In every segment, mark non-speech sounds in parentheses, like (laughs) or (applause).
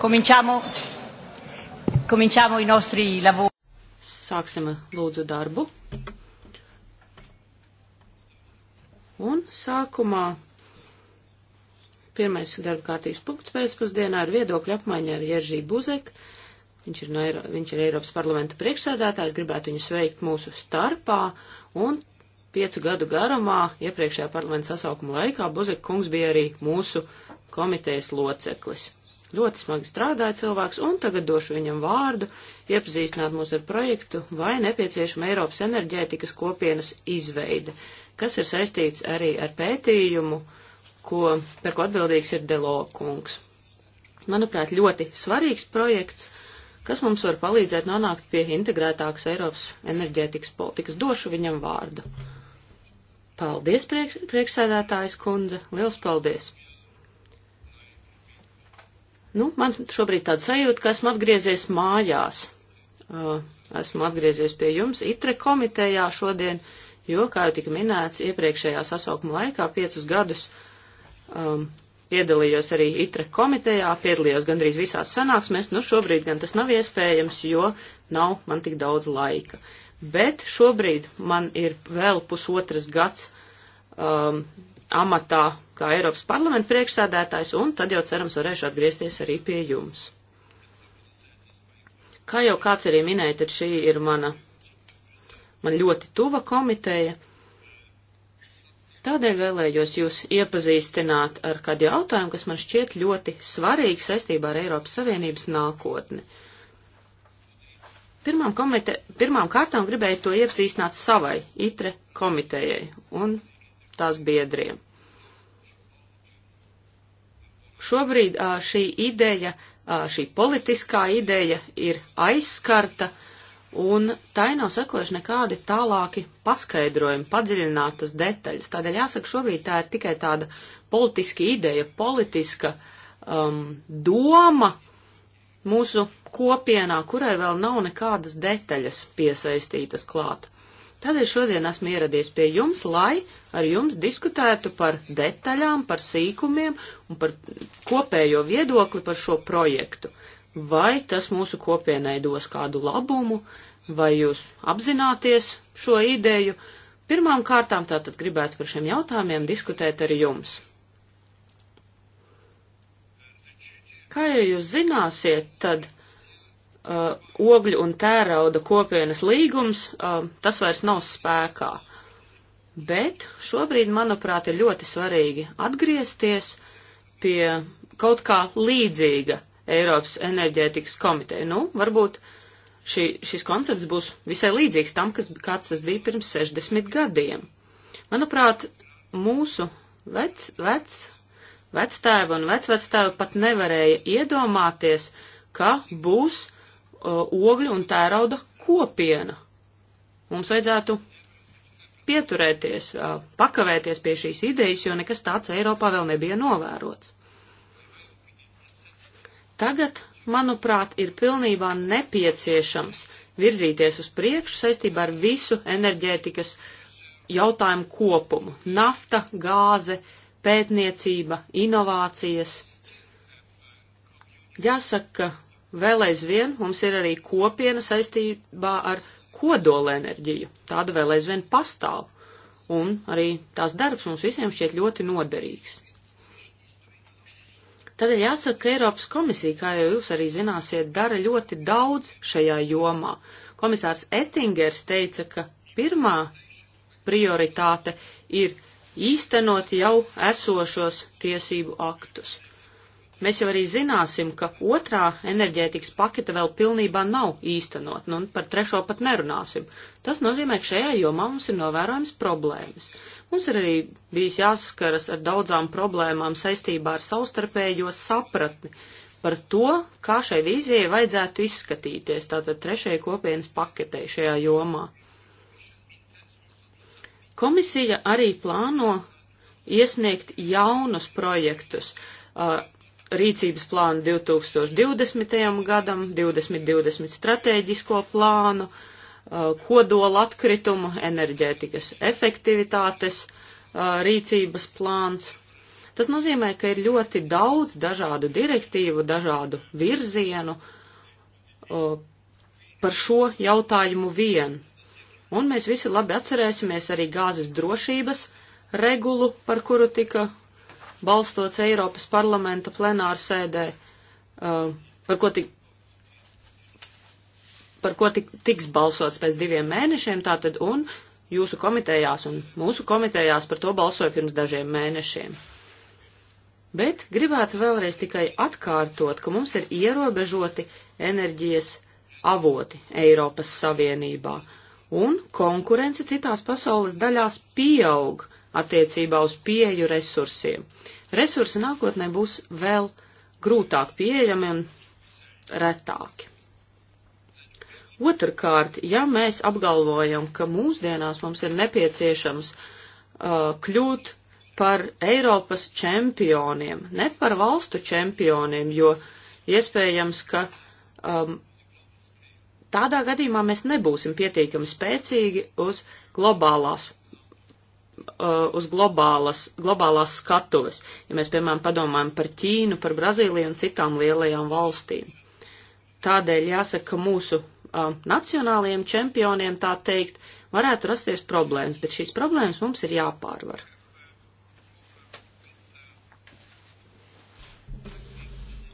Cominciamo, cominciamo i nostri lavori. Sāksim lūdzu darbu. Un sākumā pirmais darba kārtības punkts pēcpusdienā ir viedokļa apmaiņa ar Jeržī Buzeku. Viņš ir, no Eiro, viņš ir Eiropas parlamenta priekšsēdētājs, gribētu viņu sveikt mūsu starpā, un piecu gadu garumā, iepriekšējā parlamenta sasaukuma laikā, Buzek kungs bija arī mūsu komitejas loceklis. Ļoti smagi strādāja cilvēks, un tagad došu viņam vārdu, iepazīstināt mūs ar projektu vai nepieciešama Eiropas enerģētikas kopienas izveide, kas ir saistīts arī ar pētījumu, ko, par ko atbildīgs ir Delo kungs. Manuprāt, ļoti svarīgs projekts kas mums var palīdzēt nonākt pie integrētākas Eiropas enerģētikas politikas. Došu viņam vārdu. Paldies, priekš, priekšsēdētājs kundze, liels paldies! Nu, man šobrīd tāds sajūta, ka esmu atgriezies mājās. Uh, esmu atgriezies pie jums ITRE komitejā šodien, jo, kā jau tika minēts, iepriekšējā sasaukuma laikā piecus gadus um, piedalījos arī ITRE komitejā, piedalījos gandrīz visās sanāksmēs. Nu, šobrīd gan tas nav iespējams, jo nav man tik daudz laika. Bet šobrīd man ir vēl pusotras gads um, amatā kā Eiropas parlamenta priekšsādētājs, un tad jau cerams varēšu atgriezties arī pie jums. Kā jau kāds arī minēja, tad šī ir mana, man ļoti tuva komiteja. Tādēļ vēlējos jūs iepazīstināt ar kādu jautājumu, kas man šķiet ļoti svarīgs saistībā ar Eiropas Savienības nākotni. Pirmām, komite, pirmām kārtām gribēju to iepazīstināt savai ITRE komitejai un tās biedriem. Šobrīd šī ideja, šī politiskā ideja ir aizskarta, un tai nav sekojuši nekādi tālāki paskaidrojumi, padziļinātas detaļas. Tādēļ jāsaka, šobrīd tā ir tikai tāda politiska ideja, politiska um, doma mūsu kopienā, kurai vēl nav nekādas detaļas piesaistītas klāt. Tādēļ šodien esmu ieradies pie jums, lai ar jums diskutētu par detaļām, par sīkumiem un par kopējo viedokli par šo projektu. Vai tas mūsu kopienai dos kādu labumu, vai jūs apzināties šo ideju? Pirmām kārtām tātad gribētu par šiem jautājumiem diskutēt ar jums. Kā jau jūs zināsiet, tad uh, ogļu un tērauda kopienas līgums, uh, tas vairs nav spēkā. Bet šobrīd, manuprāt, ir ļoti svarīgi atgriezties pie kaut kā līdzīga Eiropas enerģētikas komiteja. Nu, varbūt šī, šis koncepts būs visai līdzīgs tam, kas, kāds tas bija pirms 60 gadiem. Manuprāt, mūsu vec, vec, vectēva un vecvectēva pat nevarēja iedomāties, ka būs Uh, ogļu un tērauda kopiena. Mums vajadzētu pieturēties, uh, pakavēties pie šīs idejas, jo nekas tāds Eiropā vēl nebija novērots. Tagad, manuprāt, ir pilnībā nepieciešams virzīties uz priekšu saistībā ar visu enerģētikas jautājumu kopumu - nafta, gāze, pētniecība, inovācijas. Jāsaka, Vēl aizvien mums ir arī kopiena saistībā ar kodolenerģiju. Tāda vēl aizvien pastāv. Un arī tās darbs mums visiem šķiet ļoti noderīgs. Tādēļ jāsaka, ka Eiropas komisija, kā jau jūs arī zināsiet, dara ļoti daudz šajā jomā. Komisārs Ettingers teica, ka pirmā prioritāte ir īstenot jau esošos tiesību aktus mēs jau arī zināsim, ka otrā enerģētikas paketa vēl pilnībā nav īstenot, nu, un par trešo pat nerunāsim. Tas nozīmē, ka šajā jomā mums ir novērojams problēmas. Mums ir arī bijis jāsaskaras ar daudzām problēmām saistībā ar savstarpējo sapratni par to, kā šai vīzijai vajadzētu izskatīties, tātad trešajai kopienas paketei šajā jomā. Komisija arī plāno iesniegt jaunus projektus, uh, rīcības plānu 2020. gadam, 2020 stratēģisko plānu, uh, kodola atkritumu, enerģētikas efektivitātes uh, rīcības plāns. Tas nozīmē, ka ir ļoti daudz dažādu direktīvu, dažādu virzienu uh, par šo jautājumu vien. Un mēs visi labi atcerēsimies arī gāzes drošības regulu, par kuru tika balstots Eiropas parlamenta plenāra sēdē, uh, par ko tik par ko tik, tiks balsots pēc diviem mēnešiem, tātad un jūsu komitejās un mūsu komitejās par to balsoja pirms dažiem mēnešiem. Bet gribētu vēlreiz tikai atkārtot, ka mums ir ierobežoti enerģijas avoti Eiropas Savienībā, un konkurence citās pasaules daļās pieaug, attiecībā uz pieju resursiem. Resursi nākotnē būs vēl grūtāk pieejami un retāki. Otrkārt, ja mēs apgalvojam, ka mūsdienās mums ir nepieciešams uh, kļūt par Eiropas čempioniem, ne par valstu čempioniem, jo iespējams, ka um, tādā gadījumā mēs nebūsim pietiekami spēcīgi uz globālās Uh, uz globālas, globālās skatuves, ja mēs, piemēram, padomājam par Ķīnu, par Brazīliju un citām lielajām valstīm. Tādēļ jāsaka, ka mūsu uh, nacionālajiem čempioniem, tā teikt, varētu rasties problēmas, bet šīs problēmas mums ir jāpārvar.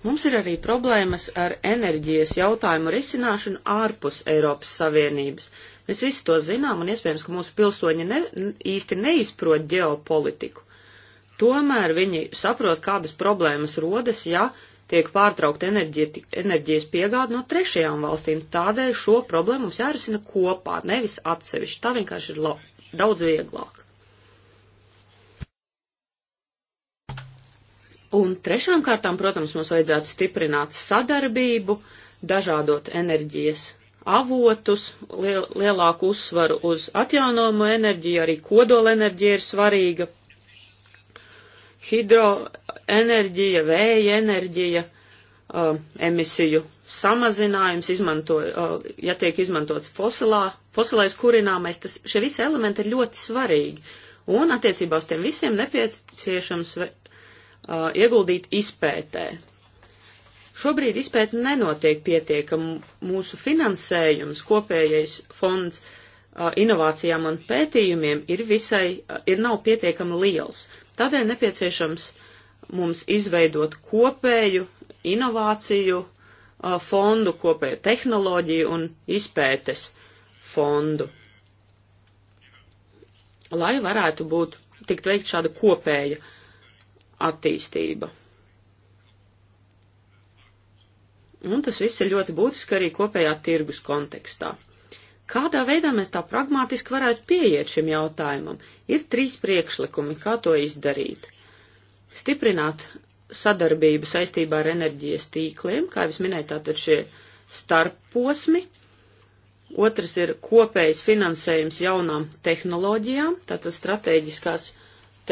Mums ir arī problēmas ar enerģijas jautājumu risināšanu ārpus Eiropas Savienības. Uh, Mēs visi to zinām, un iespējams, ka mūsu pilsoņi ne, īsti neizprot ģeopolitiku. Tomēr viņi saprot, kādas problēmas rodas, ja tiek pārtraukta enerģi, enerģijas piegāde no trešajām valstīm. Tādēļ šo problēmu mums jārisina kopā, nevis atsevišķi. Tā vienkārši ir lab, daudz vieglāk. Un trešām kārtām, protams, mums vajadzētu stiprināt sadarbību, dažādot enerģijas avotus, liel, lielāku uzsvaru uz atjaunojumu enerģiju, arī kodolenerģija ir svarīga, hidroenerģija, vēja enerģija, uh, emisiju samazinājums, izmanto, uh, ja tiek izmantots fosilā, fosilais kurināmais, tas, šie visi elementi ir ļoti svarīgi. Un attiecībā uz tiem visiem nepieciešams uh, ieguldīt izpētē. Šobrīd izpēta nenotiek pietiekam mūsu finansējums, kopējais fonds inovācijām un pētījumiem ir visai, ir nav pietiekami liels. Tādēļ nepieciešams mums izveidot kopēju inovāciju fondu, kopēju tehnoloģiju un izpētes fondu, lai varētu būt tikt veikt šāda kopēja attīstība. Un tas viss ir ļoti būtiski arī kopējā tirgus kontekstā. Kādā veidā mēs tā pragmatiski varētu pieiet šim jautājumam? Ir trīs priekšlikumi, kā to izdarīt. Stiprināt sadarbību saistībā ar enerģijas tīkliem, kā jau es minēju, tātad šie starpposmi. Otrs ir kopējs finansējums jaunām tehnoloģijām, tātad strateģiskās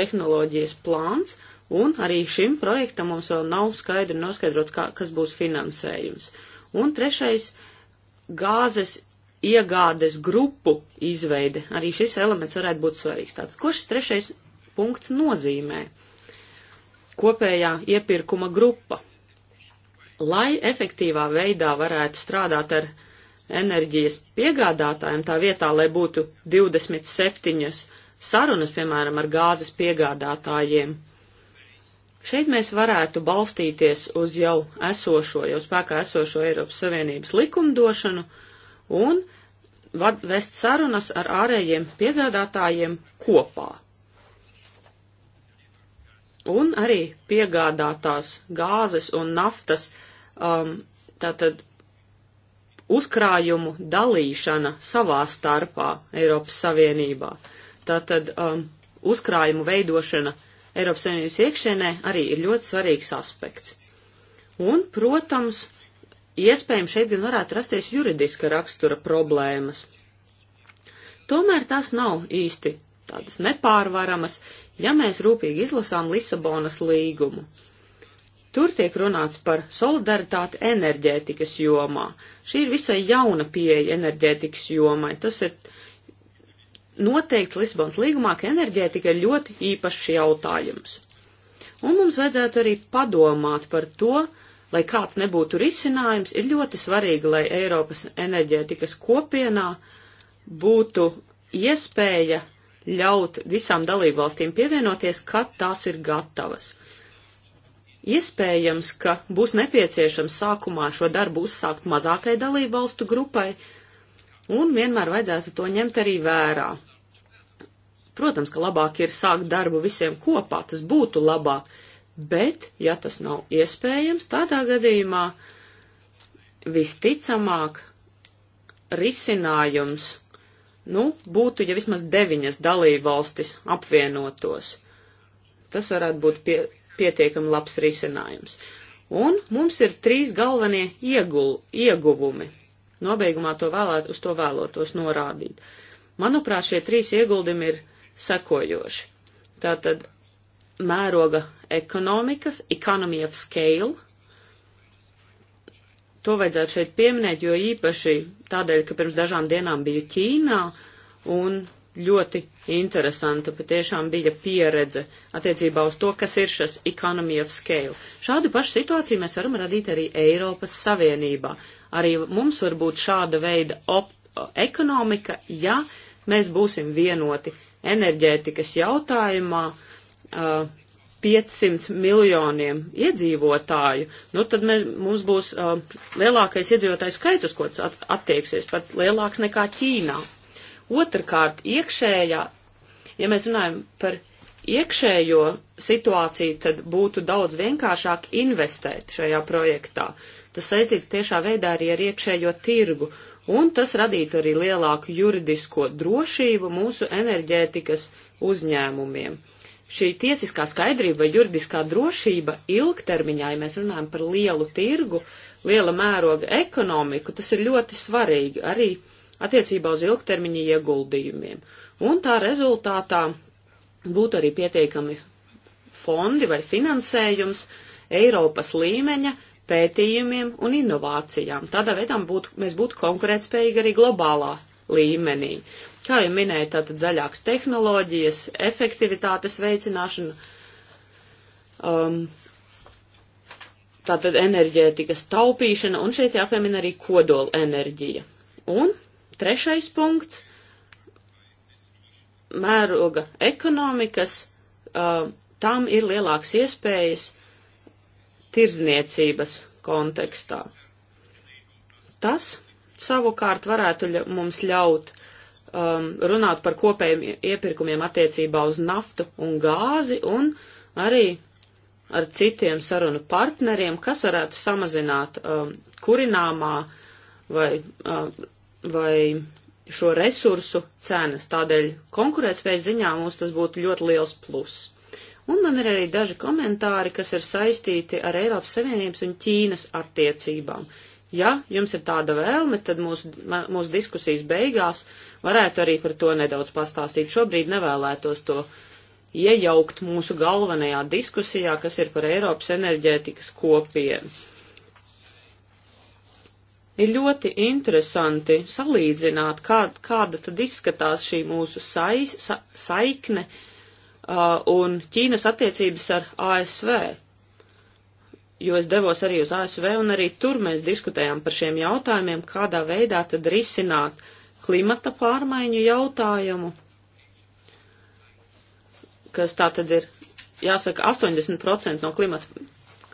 tehnoloģijas plāns. Un arī šim projektam mums vēl nav skaidri noskaidrots, kā, kas būs finansējums. Un trešais - gāzes iegādes grupu izveide. Arī šis elements varētu būt svarīgs. Tātad, ko šis trešais punkts nozīmē? Kopējā iepirkuma grupa. Lai efektīvā veidā varētu strādāt ar enerģijas piegādātājiem, tā vietā, lai būtu 27 sarunas, piemēram, ar gāzes piegādātājiem, Šeit mēs varētu balstīties uz jau esošo, jau spēkā esošo Eiropas Savienības likumdošanu un vad, vest sarunas ar ārējiem piegādātājiem kopā. Un arī piegādātās gāzes un naftas um, tātad uzkrājumu dalīšana savā starpā Eiropas Savienībā. Tātad um, uzkrājumu veidošana uh, Eiropas Savienības iekšēnē arī ir ļoti svarīgs aspekts. Un, protams, iespējams šeit gan varētu rasties juridiska rakstura problēmas. Tomēr tās nav īsti tādas nepārvaramas, ja mēs rūpīgi izlasām Lisabonas līgumu. Tur tiek runāts par solidaritāti enerģētikas jomā. Šī ir visai jauna pieeja enerģētikas jomai. Tas ir uh, noteikts Lisbonas līgumā, ka enerģētika ir ļoti īpašs jautājums. Un mums vajadzētu arī padomāt par to, lai kāds nebūtu risinājums, ir ļoti svarīgi, lai Eiropas enerģētikas kopienā būtu iespēja ļaut visām dalībvalstīm pievienoties, kad tās ir gatavas. Iespējams, ka būs nepieciešams sākumā šo darbu uzsākt mazākai dalībvalstu grupai, un vienmēr vajadzētu to ņemt arī vērā. Protams, ka labāk ir sākt darbu visiem kopā, tas būtu labāk, bet, ja tas nav iespējams, tādā gadījumā visticamāk risinājums, nu, būtu, ja vismaz deviņas dalībvalstis apvienotos. Tas varētu būt pie, pietiekami labs risinājums. Un mums ir trīs galvenie iegul, ieguvumi Nobeigumā to vēlēt, uz to vēlotos norādīt. Manuprāt, šie trīs ieguldījumi ir sekojoši. Tātad mēroga ekonomikas, economy of scale. To vajadzētu šeit pieminēt, jo īpaši tādēļ, ka pirms dažām dienām biju Ķīnā un ļoti interesanta patiešām bija pieredze attiecībā uz to, kas ir šis economy of scale. Šādu pašu situāciju mēs varam radīt arī Eiropas Savienībā Arī mums var būt šāda veida op, ekonomika, ja mēs būsim vienoti enerģētikas jautājumā. Uh, 500 miljoniem iedzīvotāju, nu tad mēs, mums būs uh, lielākais iedzīvotāju skaitus, ko tas at, attieksies, pat lielāks nekā Ķīnā. Otrakārt, iekšējā, ja mēs runājam par iekšējo situāciju, tad būtu daudz vienkāršāk investēt šajā projektā. Tas saistīts tiešā veidā arī ar iekšējo tirgu, un tas radītu arī lielāku juridisko drošību mūsu enerģētikas uzņēmumiem. Šī tiesiskā skaidrība vai juridiskā drošība ilgtermiņā, ja mēs runājam par lielu tirgu, liela mēroga ekonomiku, tas ir ļoti svarīgi arī attiecībā uz ilgtermiņa ieguldījumiem. Un tā rezultātā būtu arī pietiekami fondi vai finansējums Eiropas līmeņa pētījumiem un inovācijām. Tādā veidā būtu, mēs būtu konkurētspējīgi arī globālā līmenī. Kā jau minēju, tātad zaļākas tehnoloģijas, efektivitātes veicināšana, um, tātad enerģētikas taupīšana, un šeit jāpiemina arī kodola enerģija. Un trešais punkts - mēroga ekonomikas, um, tam ir lielāks iespējas tirzniecības kontekstā. Tas savukārt varētu ļa mums ļaut um, runāt par kopējiem iepirkumiem attiecībā uz naftu un gāzi un arī ar citiem sarunu partneriem, kas varētu samazināt um, kurināmā vai, um, vai šo resursu cenas. Tādēļ konkurētspējas ziņā mums tas būtu ļoti liels pluss. Un man ir arī daži komentāri, kas ir saistīti ar Eiropas Savienības un Ķīnas attiecībām. Ja jums ir tāda vēlme, tad mūsu, mūsu diskusijas beigās varētu arī par to nedaudz pastāstīt. Šobrīd nevēlētos to iejaukt mūsu galvenajā diskusijā, kas ir par Eiropas enerģētikas kopienu. Ir ļoti interesanti salīdzināt, kā, kāda tad izskatās šī mūsu sai, sa, saikne uh, Uh, un Ķīnas attiecības ar ASV, jo es devos arī uz ASV, un arī tur mēs diskutējām par šiem jautājumiem, kādā veidā tad risināt klimata pārmaiņu jautājumu, kas tā tad ir, jāsaka, 80% no klimata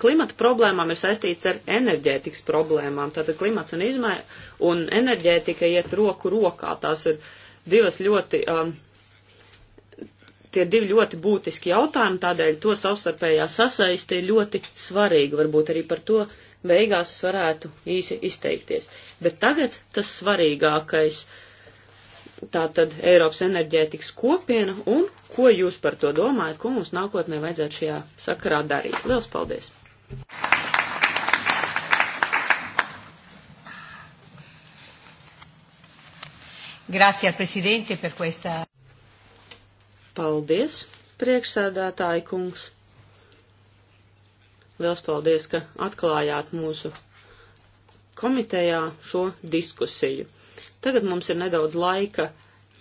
klimata problēmām ir saistīts ar enerģētikas problēmām. Tātad klimats un, izmē, un enerģētika iet roku rokā. Tās ir divas ļoti um, tie divi ļoti būtiski jautājumi, tādēļ to savstarpējā sasaiste ir ļoti svarīga. Varbūt arī par to beigās es varētu īsi izteikties. Bet tagad tas svarīgākais tātad Eiropas enerģētikas kopiena un ko jūs par to domājat, ko mums nākotnē vajadzētu šajā sakarā darīt. Liels paldies! Grazie al Presidente per questa. Paldies, priekšsēdētāji kungs. Liels paldies, ka atklājāt mūsu komitejā šo diskusiju. Tagad mums ir nedaudz laika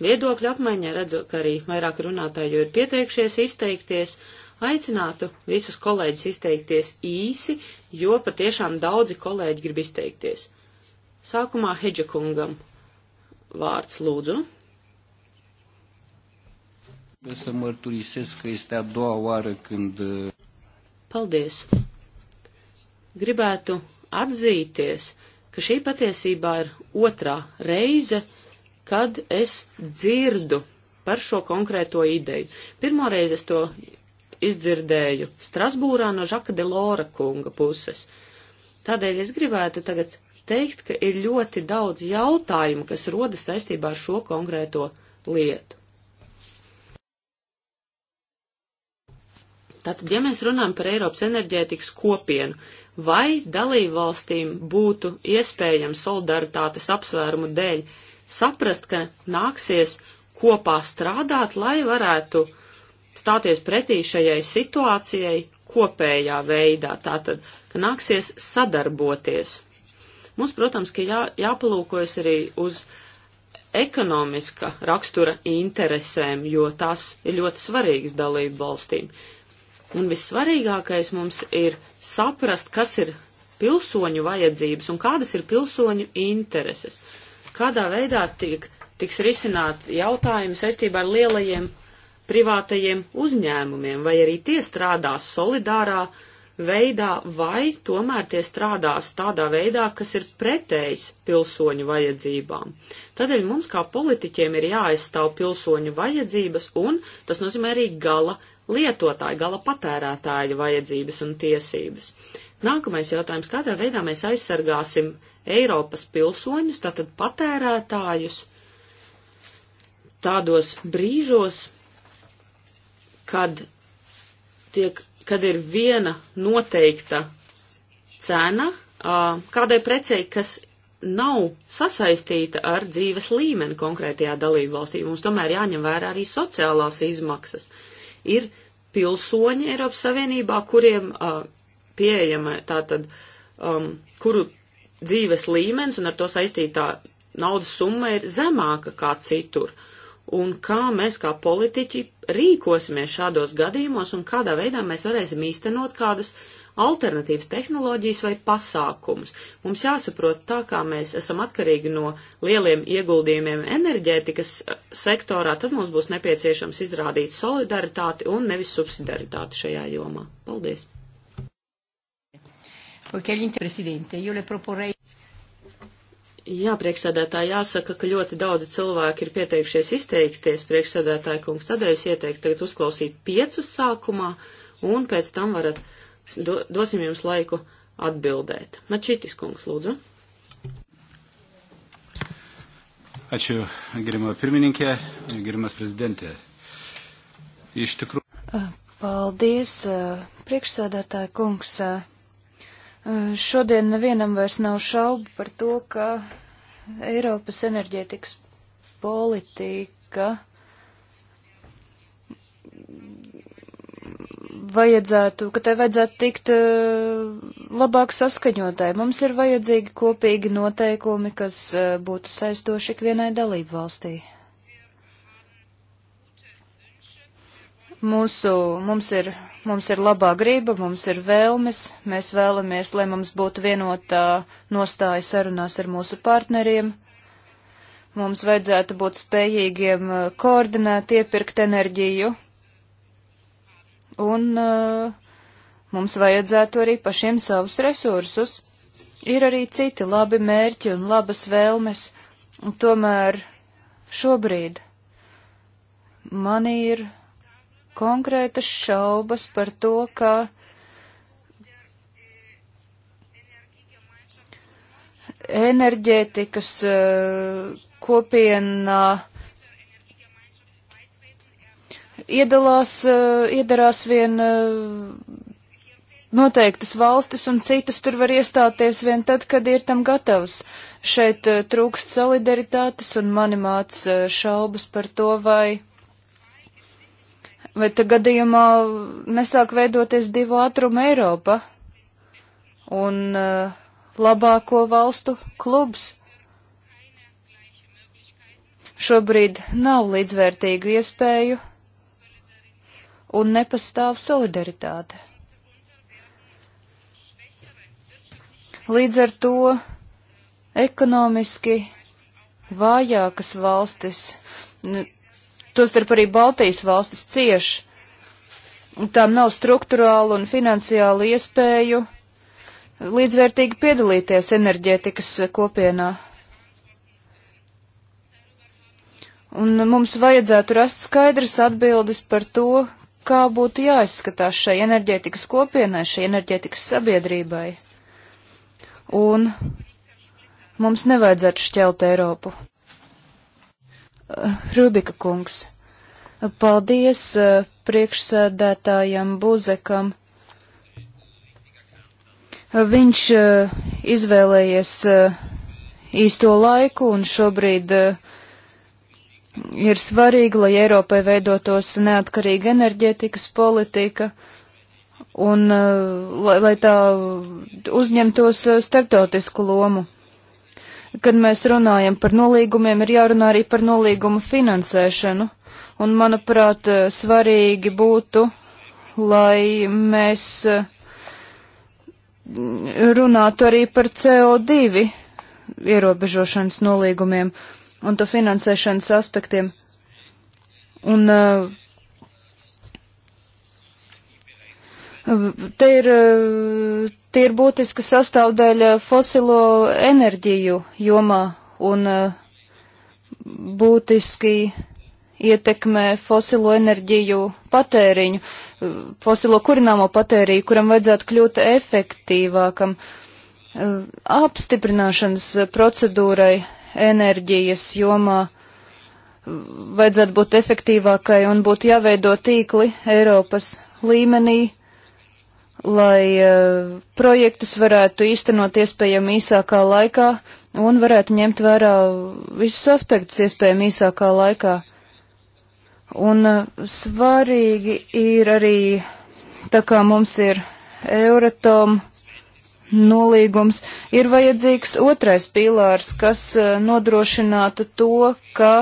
viedokļu apmaiņā, redzu, ka arī vairāk runātāju ir pieteikšies izteikties. Aicinātu visus kolēģis izteikties īsi, jo patiešām daudzi kolēģi grib izteikties. Sākumā Hedžakungam vārds lūdzu. Trebuie să mărturisesc că este a doua oară când... Uh, Paldies! Gribētu atzīties, ka šī patiesībā ir otrā reize, kad es dzirdu par šo konkrēto ideju. Pirmoreiz es to izdzirdēju Strasbūrā no Žaka de Lora kunga puses. Tādēļ es gribētu tagad teikt, ka ir ļoti daudz jautājumu, kas rodas saistībā ar šo konkrēto lietu. Tātad, ja mēs runājam par Eiropas enerģētikas kopienu, vai dalību valstīm būtu iespējams solidaritātes apsvērumu dēļ saprast, ka nāksies kopā strādāt, lai varētu stāties pretī šajai situācijai kopējā veidā, tātad, ka nāksies sadarboties. Mums, protams, ka jā, jāpalūkojas arī uz ekonomiska rakstura interesēm, jo tās ir ļoti svarīgas dalību valstīm. Un vissvarīgākais mums ir saprast, kas ir pilsoņu vajadzības un kādas ir pilsoņu intereses. Kādā veidā tiek, tiks risināt jautājumi saistībā ar lielajiem privātajiem uzņēmumiem, vai arī tie strādās solidārā veidā, vai tomēr tie strādās tādā veidā, kas ir pretējs pilsoņu vajadzībām. Tādēļ mums kā politiķiem ir jāaizstāv pilsoņu vajadzības, un tas nozīmē arī gala lietotāju, gala patērētāju vajadzības un tiesības. Nākamais jautājums, kādā veidā mēs aizsargāsim Eiropas pilsoņus, tātad patērētājus, tādos brīžos, kad, tiek, kad ir viena noteikta cena kādai precei, kas nav sasaistīta ar dzīves līmeni konkrētajā dalību valstī. Mums tomēr jāņem vērā arī sociālās izmaksas. Ir pilsoņi Eiropas Savienībā, kuriem uh, pieejama tātad, um, kuru dzīves līmenis un ar to saistītā naudas summa ir zemāka kā citur. Un kā mēs kā politiķi rīkosimies šādos gadījumos un kādā veidā mēs varēsim īstenot kādas uh, alternatīvas tehnoloģijas vai pasākumus. Mums jāsaprot tā, kā mēs esam atkarīgi no lieliem ieguldījumiem enerģētikas eh, sektorā, tad mums būs nepieciešams izrādīt solidaritāti un nevis subsidaritāti šajā jomā. Paldies! Jā, priekšsēdētāji, jāsaka, ka ļoti daudzi cilvēki ir pieteikušies izteikties, priekšsēdētāji kungs, tādēļ es ieteiktu tagad uzklausīt piecus sākumā, un pēc tam varat do, dosim jums laiku atbildēt. Mačītis kungs, lūdzu. Ačiū, gerimo pirmininkė, gerimas prezidentė. Iš tikrųjų. Uh, paldies, uh, priekšsādātāja kungs. Uh, šodien nevienam vairs nav šaubu par to, ka Eiropas enerģētikas politika vajadzētu, ka tai vajadzētu tikt eh, labāk saskaņotai. Mums ir vajadzīgi kopīgi noteikumi, kas eh, būtu saistoši ikvienai dalību valstī. Mūsu, mums ir, mums ir labā grība, mums ir vēlmes, mēs vēlamies, lai mums būtu vienotā nostāja sarunās ar mūsu partneriem. Mums vajadzētu būt spējīgiem eh, koordinēt, iepirkt enerģiju, un uh, mums vajadzētu arī pašiem savus resursus. Ir arī citi labi mērķi un labas vēlmes, un tomēr šobrīd man ir konkrētas šaubas par to, ka enerģētikas uh, kopienā uh, iedalās, eh, iedarās vien eh, noteiktas valstis un citas tur var iestāties vien tad, kad ir tam gatavs. Šeit eh, trūkst solidaritātes un mani māc šaubas par to, vai, vai te gadījumā nesāk veidoties divu ātrumu Eiropa un labāko valstu klubs. Šobrīd nav līdzvērtīgu iespēju un nepastāv solidaritāte. Līdz ar to ekonomiski vājākas valstis, tostarp arī Baltijas valstis cieš, tām nav struktūrālu un finansiālu iespēju līdzvērtīgi piedalīties enerģētikas kopienā. Un mums vajadzētu rast skaidras atbildes par to, kā būtu jāizskatās šai enerģētikas kopienai, šai enerģētikas sabiedrībai. Un mums nevajadzētu šķelt Eiropu. Eh, Rubika kungs, paldies eh, priekšsēdētājam Buzekam. Viņš eh, izvēlējies īsto laiku un šobrīd uh, ir svarīgi, lai Eiropai veidotos neatkarīga enerģētikas politika un uh, lai, lai tā uzņemtos uh, starptautisku lomu. Kad mēs runājam par nolīgumiem, ir jārunā arī par nolīgumu finansēšanu, un, manuprāt, uh, svarīgi būtu, lai mēs runātu arī par CO2 ierobežošanas nolīgumiem. Uh, un to finansēšanas aspektiem. Un uh, te ir, uh, te ir būtiska sastāvdaļa fosilo enerģiju jomā un uh, būtiski ietekmē fosilo enerģiju patēriņu, fosilo kurināmo patēriju, kuram vajadzētu kļūt efektīvākam. Apstiprināšanas procedūrai enerģijas jomā vajadzētu būt efektīvākai un būtu jāveido tīkli Eiropas līmenī, lai uh, projektus varētu īstenot iespējami īsākā laikā un varētu ņemt vērā visus aspektus iespējami īsākā laikā. Un uh, svarīgi ir arī, tā kā mums ir Euratom, nolīgums, ir vajadzīgs otrais pīlārs, kas eh, nodrošinātu to, ka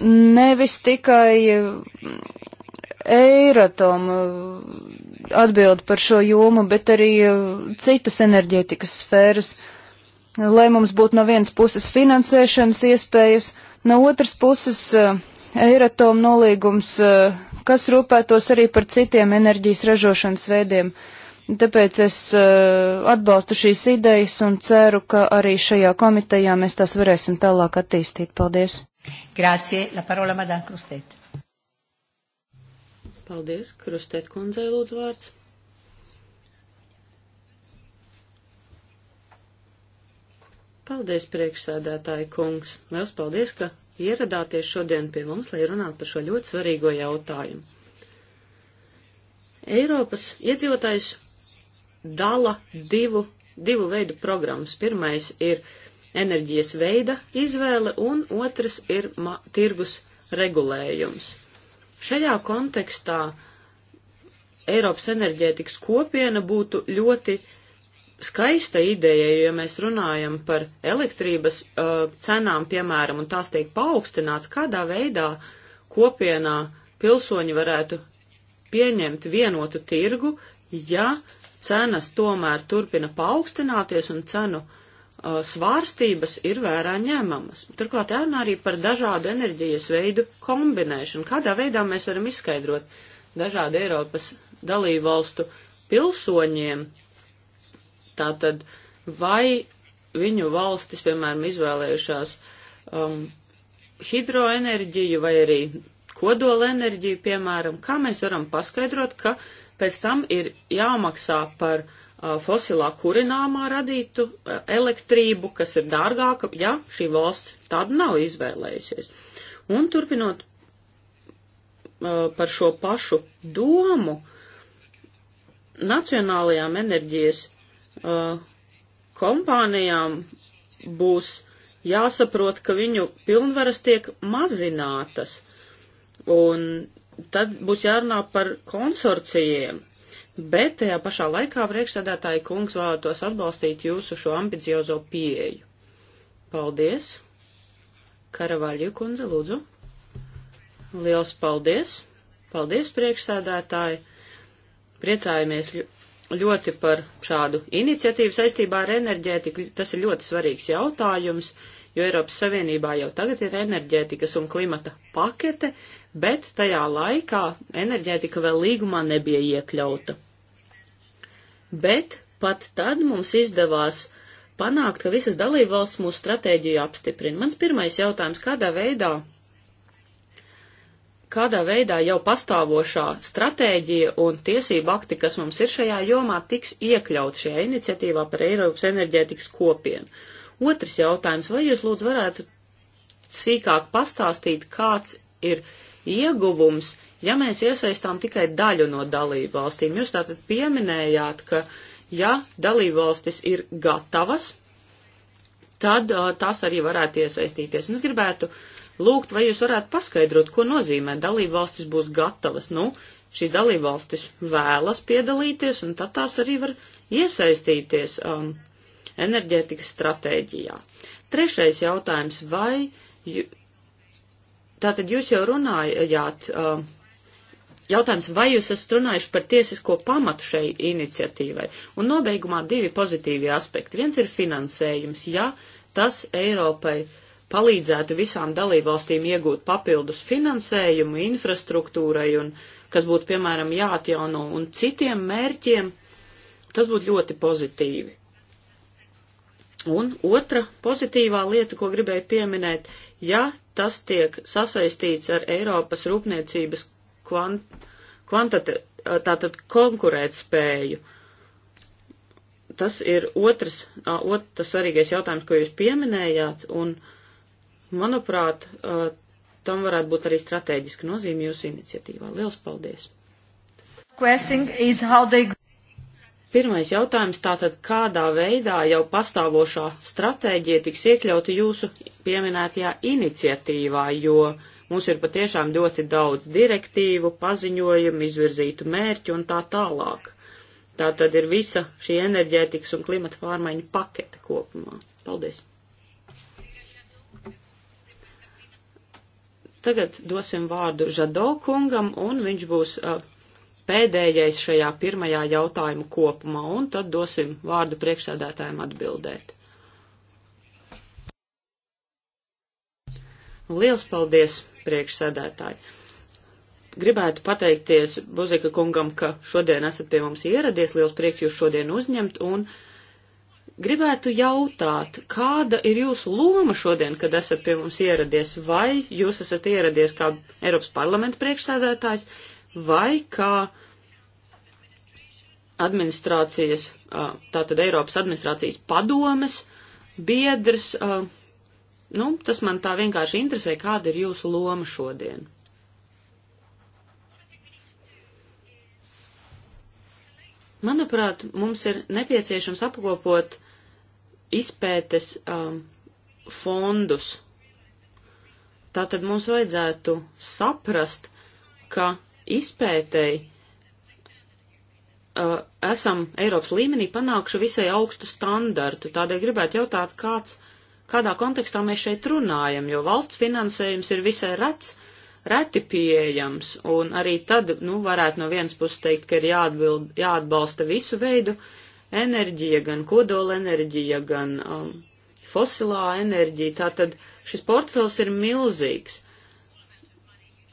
nevis tikai eh, Eiratom eh, atbild par šo jomu, bet arī citas enerģētikas sfēras, lai mums būtu no vienas puses finansēšanas iespējas, no otras puses Eiratom nolīgums, kas rūpētos arī par citiem enerģijas ražošanas veidiem. Uh, Tāpēc es uh, atbalstu šīs idejas un ceru, ka arī šajā komitejā mēs tās varēsim tālāk attīstīt. Paldies! Grācie, la parola madam Krustēt. Paldies, Krustēt kundzei lūdzu vārds. Paldies, priekšsēdētāji kungs. Liels paldies, ka ieradāties šodien pie mums, lai runātu par šo ļoti svarīgo jautājumu. Eiropas iedzīvotājs dala divu, divu veidu programmas. Pirmais ir enerģijas veida izvēle un otrs ir tirgus regulējums. Šajā kontekstā Eiropas enerģētikas kopiena būtu ļoti skaista ideja, jo mēs runājam par elektrības uh, cenām, piemēram, un tās tiek paaugstināts, kādā veidā kopienā pilsoņi varētu pieņemt vienotu tirgu, ja cenas tomēr turpina paaugstināties un cenu uh, svārstības ir vērā ņemamas. Turklāt jārunā arī par dažādu enerģijas veidu kombinēšanu. Kādā veidā mēs varam izskaidrot dažādu Eiropas dalību valstu pilsoņiem, tātad vai viņu valstis, piemēram, izvēlējušās um, hidroenerģiju vai arī kodolenerģiju, piemēram, kā mēs varam paskaidrot, ka uh, pēc tam ir jāmaksā par uh, fosilā kurināmā radītu uh, elektrību, kas ir dārgāka, ja šī valsts tādu nav izvēlējusies. Un turpinot uh, par šo pašu domu, nacionālajām enerģijas uh, kompānijām būs jāsaprot, ka viņu pilnvaras tiek mazinātas. Un tad būs jārunā par konsorcijiem. Bet tajā pašā laikā priekšsēdētāji kungs vēlētos atbalstīt jūsu šo ambiciozo pieeju. Paldies! Karavaļu kundze, lūdzu! Liels paldies! Paldies, priekšsēdētāji! Priecājamies ļoti par šādu iniciatīvu saistībā ar enerģētiku. Tas ir ļoti svarīgs jautājums, jo Eiropas Savienībā jau tagad ir enerģētikas un klimata pakete, bet tajā laikā enerģētika vēl līgumā nebija iekļauta. Bet pat tad mums izdevās panākt, ka visas dalībvalsts mūsu stratēģiju apstiprina. Mans pirmais jautājums, kādā veidā, kādā veidā jau pastāvošā stratēģija un tiesība akti, kas mums ir šajā jomā, tiks iekļaut šajā iniciatīvā par Eiropas enerģētikas kopienu? Otrs jautājums, vai jūs lūdzu varētu sīkāk pastāstīt, kāds ir ieguvums, ja mēs iesaistām tikai daļu no dalību valstīm. Jūs tātad pieminējāt, ka ja dalību valstis ir gatavas, tad uh, tās arī varētu iesaistīties. Un es gribētu lūgt, vai jūs varētu paskaidrot, ko nozīmē dalību valstis būs gatavas. Nu, šīs dalību valstis vēlas piedalīties, un tad tās arī var iesaistīties um, enerģētikas stratēģijā. Trešais jautājums, vai Tātad jūs jau runājāt, uh, jautājums, vai jūs esat runājuši par tiesisko pamatu šai iniciatīvai? Un nobeigumā divi pozitīvi aspekti. Viens ir finansējums, ja tas Eiropai palīdzētu visām dalībvalstīm iegūt papildus finansējumu infrastruktūrai un kas būtu, piemēram, jāatjauno un citiem mērķiem, tas būtu ļoti pozitīvi. Un otra pozitīvā lieta, ko gribēju pieminēt, ja tas tiek sasaistīts ar Eiropas rūpniecības kvant, kvantate, tātad konkurētspēju. Tas ir otrs, otrs svarīgais jautājums, ko jūs pieminējāt, un, manuprāt, tam varētu būt arī strateģiska nozīme jūsu iniciatīvā. Liels paldies! They... Pirmais jautājums tātad, kādā veidā jau pastāvošā stratēģija tiks iekļauta jūsu pieminētajā iniciatīvā, jo mums ir patiešām ļoti daudz direktīvu, paziņojumu, izvirzītu mērķu un tā tālāk. Tātad ir visa šī enerģētikas un klimata pārmaiņu pakete kopumā. Paldies! Tagad dosim vārdu Žado kungam, un viņš būs uh, pēdējais šajā pirmajā jautājuma kopumā, un tad dosim vārdu priekšsēdētājiem atbildēt. Liels paldies, priekšsēdētāji! Gribētu pateikties Buzika kungam, ka šodien esat pie mums ieradies, liels prieks jūs šodien uzņemt, un gribētu jautāt, kāda ir jūsu loma šodien, kad esat pie mums ieradies, vai jūs esat ieradies kā Eiropas parlamenta priekšsēdētājs, vai kā administrācijas, tātad Eiropas administrācijas padomes biedrs. Nu, tas man tā vienkārši interesē, kāda ir jūsu loma šodien. Manuprāt, mums ir nepieciešams apkopot izpētes um, fondus. Tātad mums vajadzētu saprast, ka izpētēji uh, esam Eiropas līmenī panākuši visai augstu standartu. Tādēļ gribētu jautāt, kāds, kādā kontekstā mēs šeit runājam, jo valsts finansējums ir visai rets, reti pieejams, un arī tad, nu, varētu no vienas puses teikt, ka ir jāatbild, jāatbalsta visu veidu enerģija, gan kodola enerģija, gan um, fosilā enerģija. Tātad šis portfels ir milzīgs. Uh,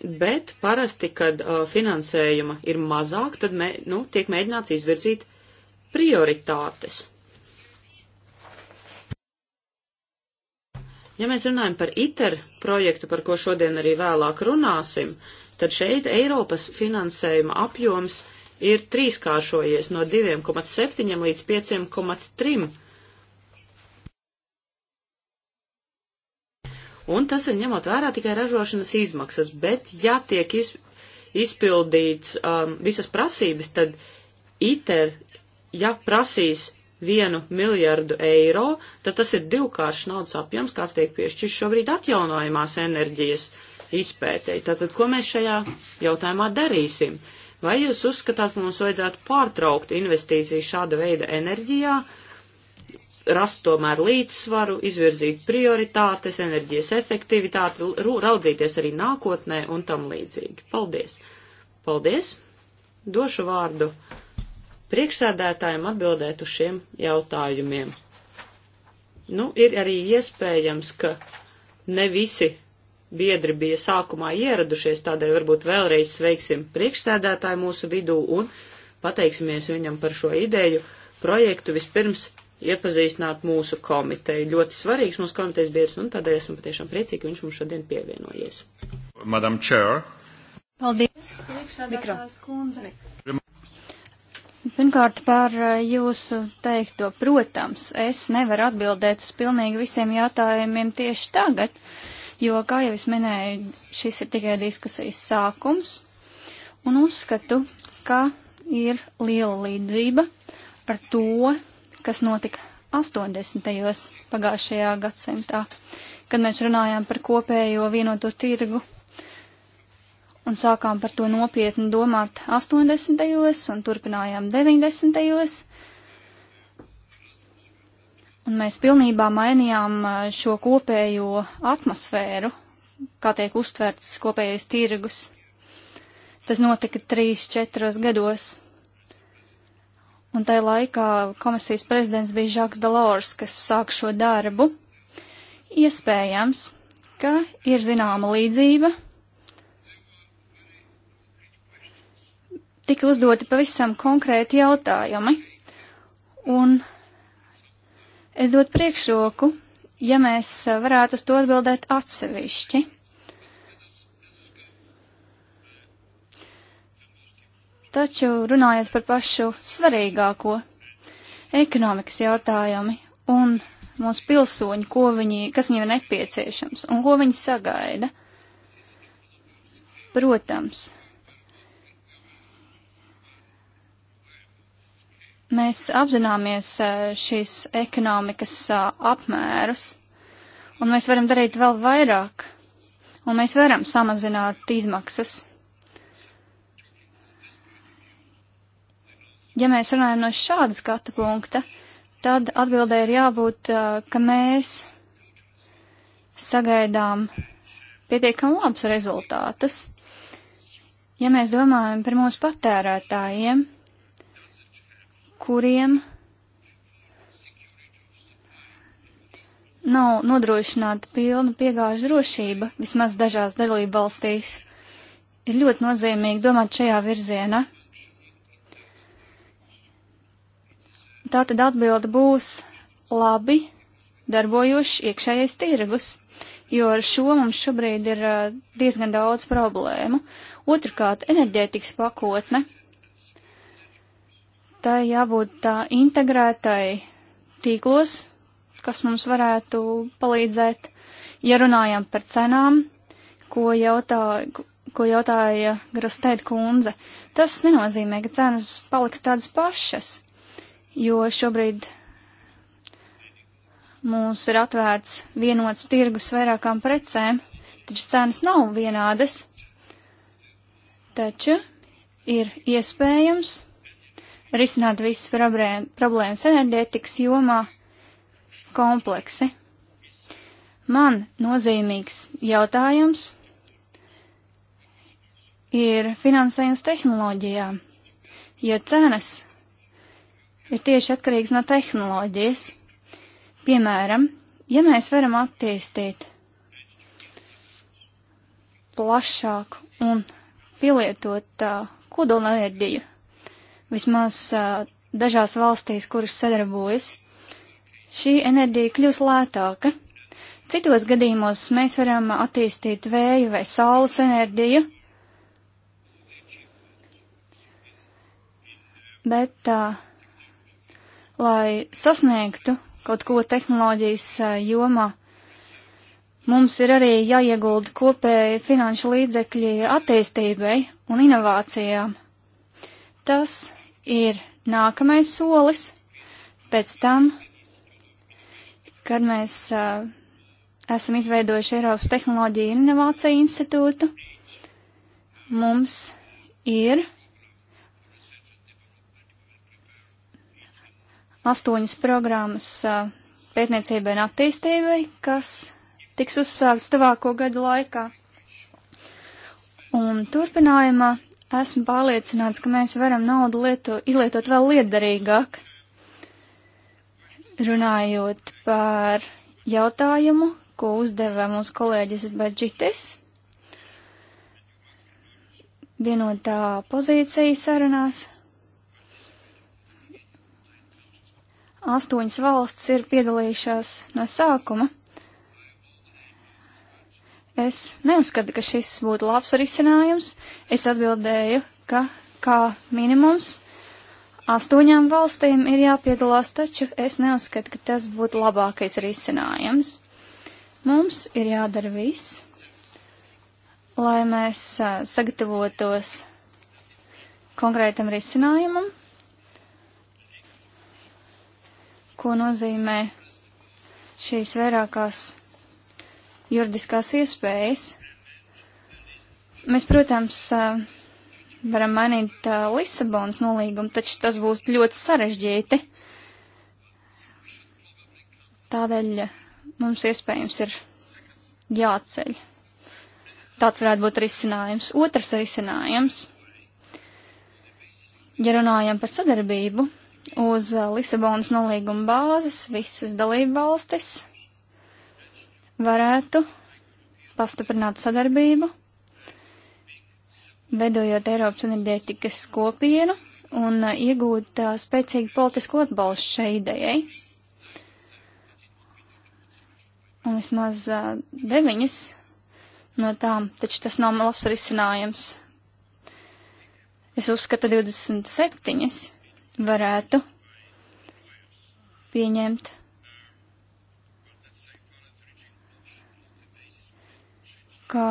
bet parasti, kad uh, finansējuma ir mazāk, tad mē, nu, tiek mēģināts izvirzīt prioritātes. Ja mēs runājam par ITER projektu, par ko šodien arī vēlāk runāsim, tad šeit Eiropas finansējuma apjoms ir trīskāršojies no 2,7 līdz 5,3 un tas ir ņemot vērā tikai ražošanas izmaksas, bet ja tiek iz, izpildīts um, visas prasības, tad ITER, ja prasīs vienu miljardu eiro, tad tas ir divkāršs naudas apjoms, kāds tiek piešķirts šobrīd atjaunojumās enerģijas izpētēji. Tātad, ko mēs šajā jautājumā darīsim? Vai jūs uzskatāt, ka mums vajadzētu pārtraukt investīcijas šāda veida enerģijā? Uh, rast tomēr līdzsvaru, izvirzīt prioritātes, enerģijas efektivitāti, raudzīties arī nākotnē un tam līdzīgi. Paldies! Paldies! Došu vārdu priekšsēdētājiem atbildēt uz šiem jautājumiem. Nu, ir arī iespējams, ka ne visi biedri bija sākumā ieradušies, tādēļ varbūt vēlreiz sveiksim priekšsēdētāju mūsu vidū un pateiksimies viņam par šo ideju projektu. Vispirms iepazīstināt mūsu komiteju. Ļoti svarīgs mūsu komitejas biedrs, un tādēļ esam patiešām priecīgi, ka viņš mums šodien pievienojies. Madam Chair. Paldies, priekšādātājs kundze. Pirmkārt, par eh, jūsu teikto, protams, es nevaru atbildēt uz pilnīgi visiem jautājumiem tieši tagad, jo, kā jau es minēju, šis ir tikai diskusijas sākums, un uzskatu, ka ir liela līdzība ar to, kas notika 80. pagājušajā gadsimtā, kad mēs runājām par kopējo vienoto tirgu un sākām par to nopietni domāt 80. un turpinājām 90. Un mēs pilnībā mainījām uh, šo kopējo atmosfēru, kā tiek uztverts kopējais tirgus. Tas notika 3-4 gados. Un tajā laikā komisijas prezidents bija Žaks Delors, kas sāk šo darbu. Iespējams, ka ir zināma līdzība. Tika uzdoti pavisam konkrēti jautājumi. Un es dotu priekšroku, ja mēs varētu uz to atbildēt atsevišķi. Taču runājot par pašu svarīgāko - ekonomikas jautājumi un mūsu pilsoņi, ko viņi, kas viņiem ir nepieciešams un ko viņi sagaida. Protams, mēs apzināmies eh, šīs ekonomikas eh, apmērus, un mēs varam darīt vēl vairāk, un mēs varam samazināt izmaksas Ja mēs runājam no šāda skata punkta, tad atbildē ir jābūt, ka mēs sagaidām pietiekam labs rezultātus. Ja mēs domājam par mūsu patērētājiem, kuriem nav nodrošināta pilna piegāžu drošība, vismaz dažās dalību valstīs, ir ļoti nozīmīgi domāt šajā virzienā. Tātad atbilde būs labi darbojošs iekšējais tirgus, jo ar šo mums šobrīd ir eh, diezgan daudz problēmu. Otrkārt, enerģētikas pakotne. Tā jābūt tā integrētai tīklos, kas mums varētu palīdzēt. Ja runājam par cenām, ko jautāja, ko jautāja Grastēta kundze, tas nenozīmē, ka cenas paliks tādas pašas jo šobrīd mums ir atvērts vienots tirgus vairākām precēm, taču cenas nav vienādas. Taču ir iespējams risināt visas problēmas enerģētikas jomā kompleksi. Man nozīmīgs jautājums ir finansējums tehnoloģijām. Ja cenas ir tieši atkarīgs no tehnoloģijas. Piemēram, ja mēs varam attīstīt plašāku un pielietot uh, kodolenerģiju, vismaz uh, dažās valstīs, kuras sadarbojas, šī enerģija kļūs lētāka. Citos gadījumos mēs varam attīstīt vēju vai saules enerģiju, bet uh, lai sasniegtu kaut ko tehnoloģijas jomā. Mums ir arī jāiegulda kopēji finanšu līdzekļi attīstībai un inovācijām. Tas ir nākamais solis pēc tam, kad mēs uh, esam izveidojuši Eiropas Tehnoloģiju un Inovāciju institūtu. Mums ir astoņas programmas pētniecībai un attīstībai, kas tiks uzsākts tuvāko gadu laikā. Un turpinājumā esmu pārliecināts, ka mēs varam naudu lietu, izlietot vēl liederīgāk. Runājot par jautājumu, ko uzdeva mūsu kolēģis Badžitis, vienotā pozīcija sarunās astoņas valsts ir piedalījušās no sākuma. Es neuzskatu, ka šis būtu labs risinājums. Es atbildēju, ka kā minimums astoņām valstīm ir jāpiedalās, taču es neuzskatu, ka tas būtu labākais risinājums. Mums ir jādara viss, lai mēs sagatavotos konkrētam risinājumam, ko nozīmē šīs vairākās juridiskās iespējas. Mēs, protams, varam mainīt Lisabonas nolīgumu, taču tas būs ļoti sarežģīti. Tādēļ mums iespējams ir jāceļ. Tāds varētu būt risinājums. Otrs risinājums, ja runājam par sadarbību, uz uh, Lisabonas nolīguma bāzes visas dalībvalstis varētu pastiprināt sadarbību, veidojot Eiropas enerģētikas kopienu un uh, iegūt uh, spēcīgu politisku atbalstu šai idejai. Un vismaz uh, deviņas no tām, taču tas nav labs risinājums. Es uzskatu 27 varētu pieņemt. Kā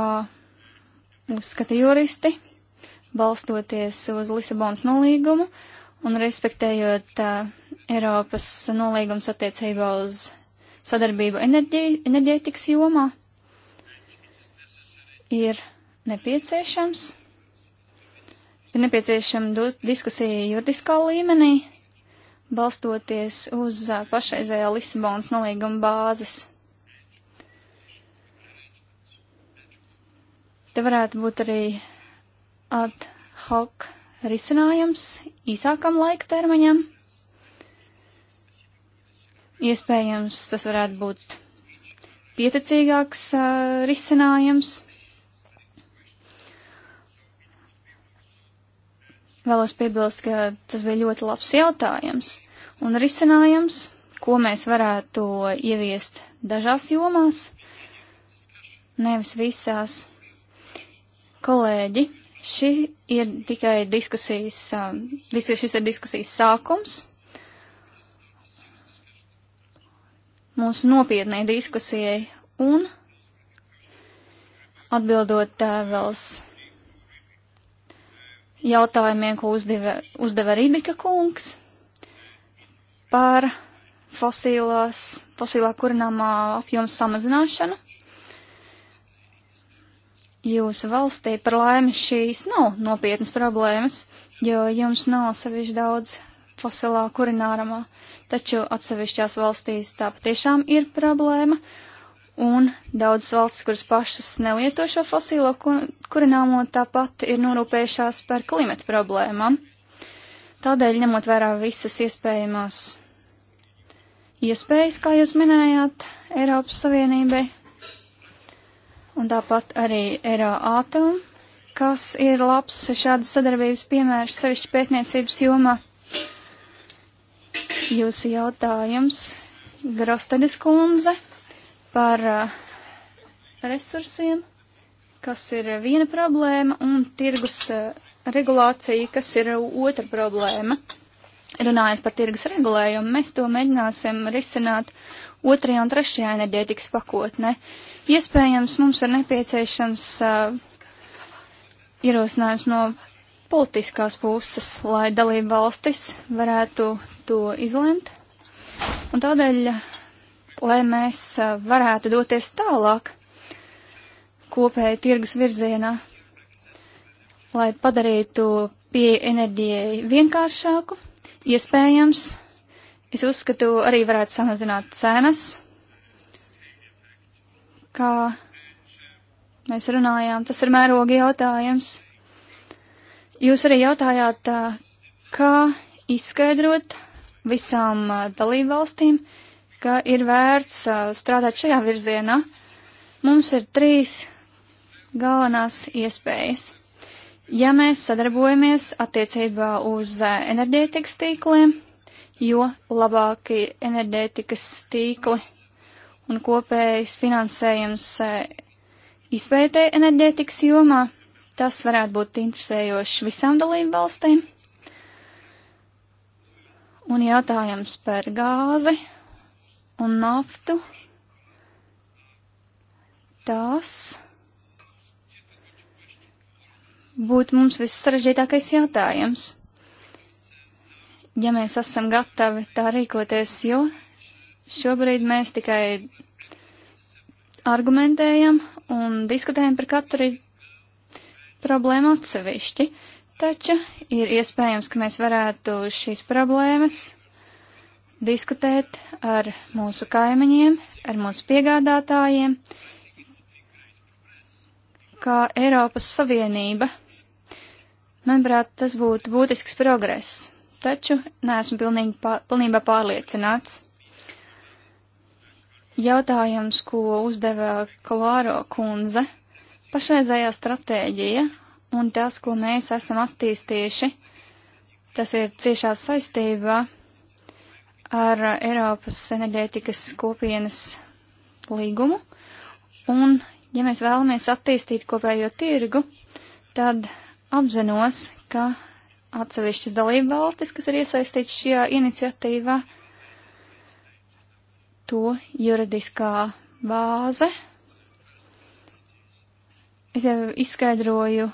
uzskata juristi, balstoties uz Lisabonas nolīgumu un respektējot uh, Eiropas nolīgums attiecībā uz sadarbību enerģētikas jomā, ir nepieciešams ir nepieciešama diskusija juridiskā līmenī, balstoties uz pašreizējā Lisabonas nolīguma bāzes. Te varētu būt arī ad hoc risinājums īsākam laika termiņam. Iespējams, tas varētu būt pieticīgāks uh, risinājums. Vēlos piebilst, ka tas bija ļoti labs jautājums un risinājums, ko mēs varētu ieviest dažās jomās, nevis visās. Kolēģi, šī ir tikai diskusijas, um, viss šis ir diskusijas sākums. Mūsu nopietnai diskusijai un atbildot tēvels uh, jautājumiem, ko uzdeva, uzdeva Rībika kungs par fosilās, fosilā kurināmā apjomu samazināšanu. Jūsu valstī par laimi šīs nav nopietnas problēmas, jo jums nav sevišķi daudz fosilā kurināramā, taču atsevišķās valstīs tā patiešām ir problēma, un daudzas valstis, kuras pašas nelieto šo fosīlo kurināmo, tāpat ir norūpējušās par klimata problēmām. Tādēļ, ņemot vērā visas iespējamās iespējas, kā jūs minējāt, Eiropas Savienībai, un tāpat arī Eiroātam, kas ir labs šādas sadarbības piemērs sevišķi pētniecības jomā. Jūsu jautājums, Grostadis kundze par uh, resursiem, kas ir viena problēma, un tirgus uh, regulācija, kas ir otra problēma. Runājot par tirgus regulējumu, mēs to mēģināsim risināt otrajā un trešajā enerģētikas pakotnē. Iespējams, mums ir nepieciešams uh, ierosinājums no politiskās puses, lai dalība valstis varētu to izlemt. Un tādēļ lai mēs varētu doties tālāk kopēja tirgus virzienā, lai padarītu pieeja enerģijai vienkāršāku, iespējams, es uzskatu, arī varētu samazināt cenas, kā mēs runājām, tas ir mērogi jautājums. Jūs arī jautājāt, kā izskaidrot visām dalībvalstīm, valstīm, ka ir vērts strādāt šajā virzienā. Mums ir trīs galvenās iespējas. Ja mēs sadarbojamies attiecībā uz enerģētikas tīkliem, jo labāki enerģētikas tīkli un kopējs finansējums izpētē enerģētikas jomā, tas varētu būt interesējoši visām dalību valstīm. Un jautājums par gāzi un naftu, tās būtu mums viss sarežģītākais jautājums. Ja mēs esam gatavi tā rīkoties, jo šobrīd mēs tikai argumentējam un diskutējam par katru problēmu atsevišķi, taču ir iespējams, ka mēs varētu šīs problēmas diskutēt ar mūsu kaimiņiem, ar mūsu piegādātājiem, kā Eiropas Savienība. Manuprāt, tas būtu būtisks progress, taču neesmu pilnīgi, pār, pilnībā pārliecināts. Jautājums, ko uzdeva Kolāro kundze, pašreizējā stratēģija un tas, ko mēs esam attīstījuši, tas ir ciešā saistībā ar Eiropas enerģētikas kopienas līgumu. Un, ja mēs vēlamies attīstīt kopējo tirgu, tad apzinos, ka atsevišķas dalība valstis, kas ir iesaistīts šajā iniciatīvā, to juridiskā bāze. Es jau izskaidroju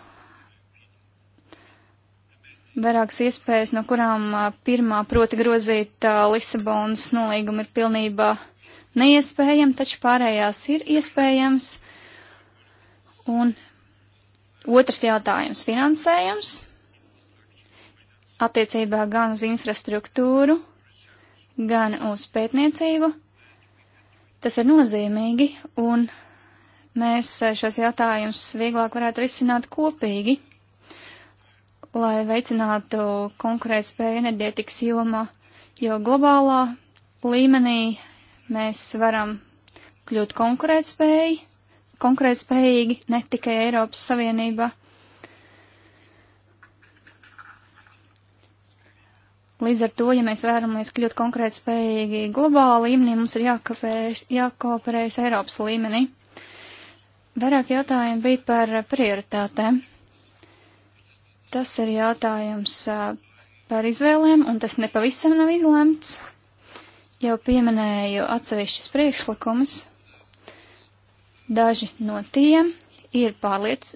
vairākas iespējas, no kurām pirmā proti grozīt Lisabonas nolīgumu ir pilnībā neiespējama, taču pārējās ir iespējams. Un otrs jautājums - finansējums attiecībā gan uz infrastruktūru, gan uz pētniecību. Tas ir nozīmīgi, un mēs šos jautājumus vieglāk varētu risināt kopīgi lai veicinātu konkurētspēju enerģētikas jomā, jo globālā līmenī mēs varam kļūt konkurētspēji, konkurētspējīgi ne tikai Eiropas Savienībā. Līdz ar to, ja mēs vēlamies kļūt konkurētspējīgi globāla līmenī, mums ir jākopējas, jākooperējas Eiropas līmenī. Vairāk jautājumu bija par prioritātēm. Tas ir jautājums par izvēlēm, un tas nepavisam nav izlemts. Jau pieminēju atsevišķus priekšlikumus. Daži no tiem ir pārliec,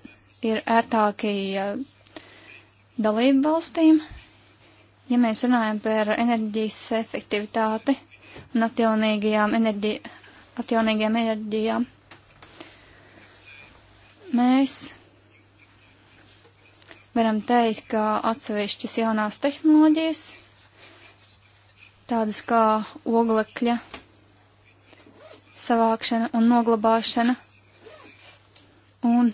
ir ērtāki dalību valstīm. Ja mēs runājam par enerģijas efektivitāti un atjaunīgajām, enerģi, atjaunīgajām enerģijām, mēs varam teikt, ka atsevišķas jaunās tehnoloģijas, tādas kā oglekļa savākšana un noglabāšana, un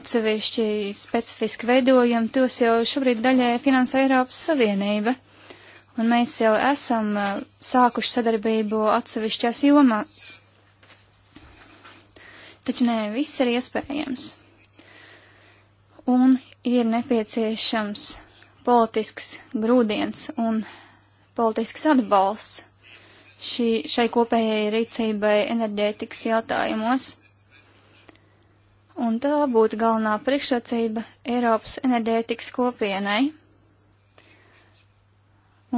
atsevišķi specifiski veidojam, tos jau šobrīd daļai finansē Eiropas Savienība. Un mēs jau esam eh, sākuši sadarbību atsevišķās jomās. Taču nē, viss ir iespējams un ir nepieciešams politisks grūdienis un politisks atbalsts šī, šai kopējai rīcībai enerģētikas jautājumos. Un tā būtu galvenā priekšrocība Eiropas enerģētikas kopienai.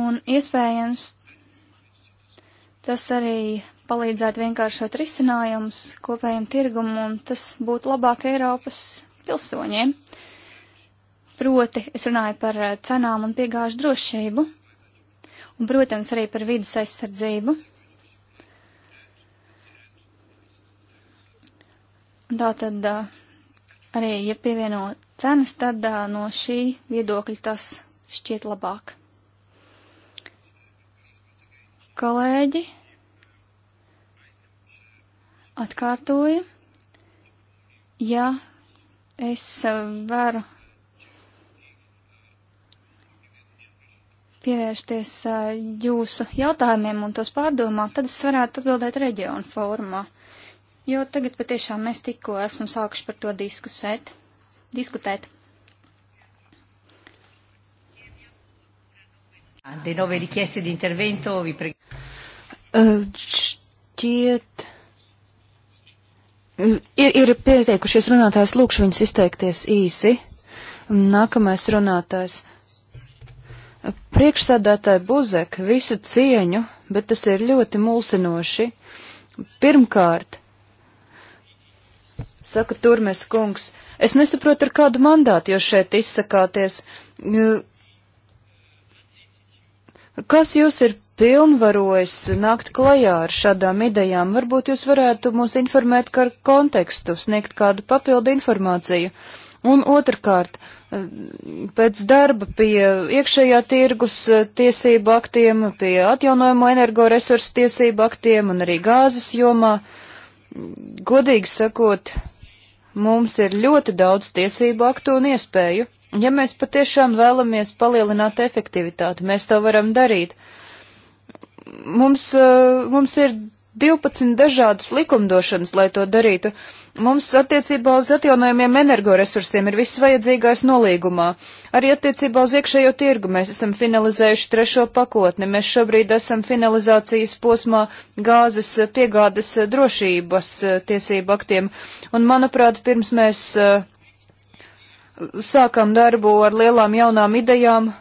Un iespējams, tas arī palīdzētu vienkāršot risinājumus kopējiem tirgumam, un tas būtu labāk Eiropas pilsoņiem. Proti, es runāju par eh, cenām un piegāžu drošību, un, protams, arī par vidas aizsardzību. Tā tad eh, arī, ja pievieno cenas, tad eh, no šī viedokļa tas šķiet labāk. Kolēģi atkārtoja, ja Es eh, varu pievērsties eh, jūsu jautājumiem un tos pārdomāt, tad es varētu atbildēt reģionu formā. Jo tagad patiešām mēs tikko esam sākuši par to diskusēt, diskutēt. Eh, šķiet, Ir, ir pieteikušies runātājs, lūkšu viņus izteikties īsi. Nākamais runātājs. Priekšsēdētāji Buzek, visu cieņu, bet tas ir ļoti mulsinoši. Pirmkārt, saka Turmes kungs, es nesaprotu, ar kādu mandātu jūs šeit izsakāties. Kas jūs ir pilnvarojis nākt klajā ar šādām idejām? Varbūt jūs varētu mūs informēt par kontekstu, sniegt kādu papildu informāciju. Un otrkārt, pēc darba pie iekšējā tirgus tiesību aktiem, pie atjaunojamo energoresursu tiesību aktiem un arī gāzes jomā, godīgi sakot, Mums ir ļoti daudz tiesību aktu un iespēju. Ja mēs patiešām vēlamies palielināt efektivitāti, mēs to varam darīt. Mums, eh, mums ir 12 dažādas likumdošanas, lai to darītu. Mums attiecībā uz atjaunojumiem energoresursiem ir viss vajadzīgais nolīgumā. Arī attiecībā uz iekšējo tirgu mēs esam finalizējuši trešo pakotni. Mēs šobrīd esam finalizācijas posmā gāzes piegādes drošības eh, tiesību aktiem. Un, manuprāt, pirms mēs eh, sākam darbu ar lielām jaunām idejām,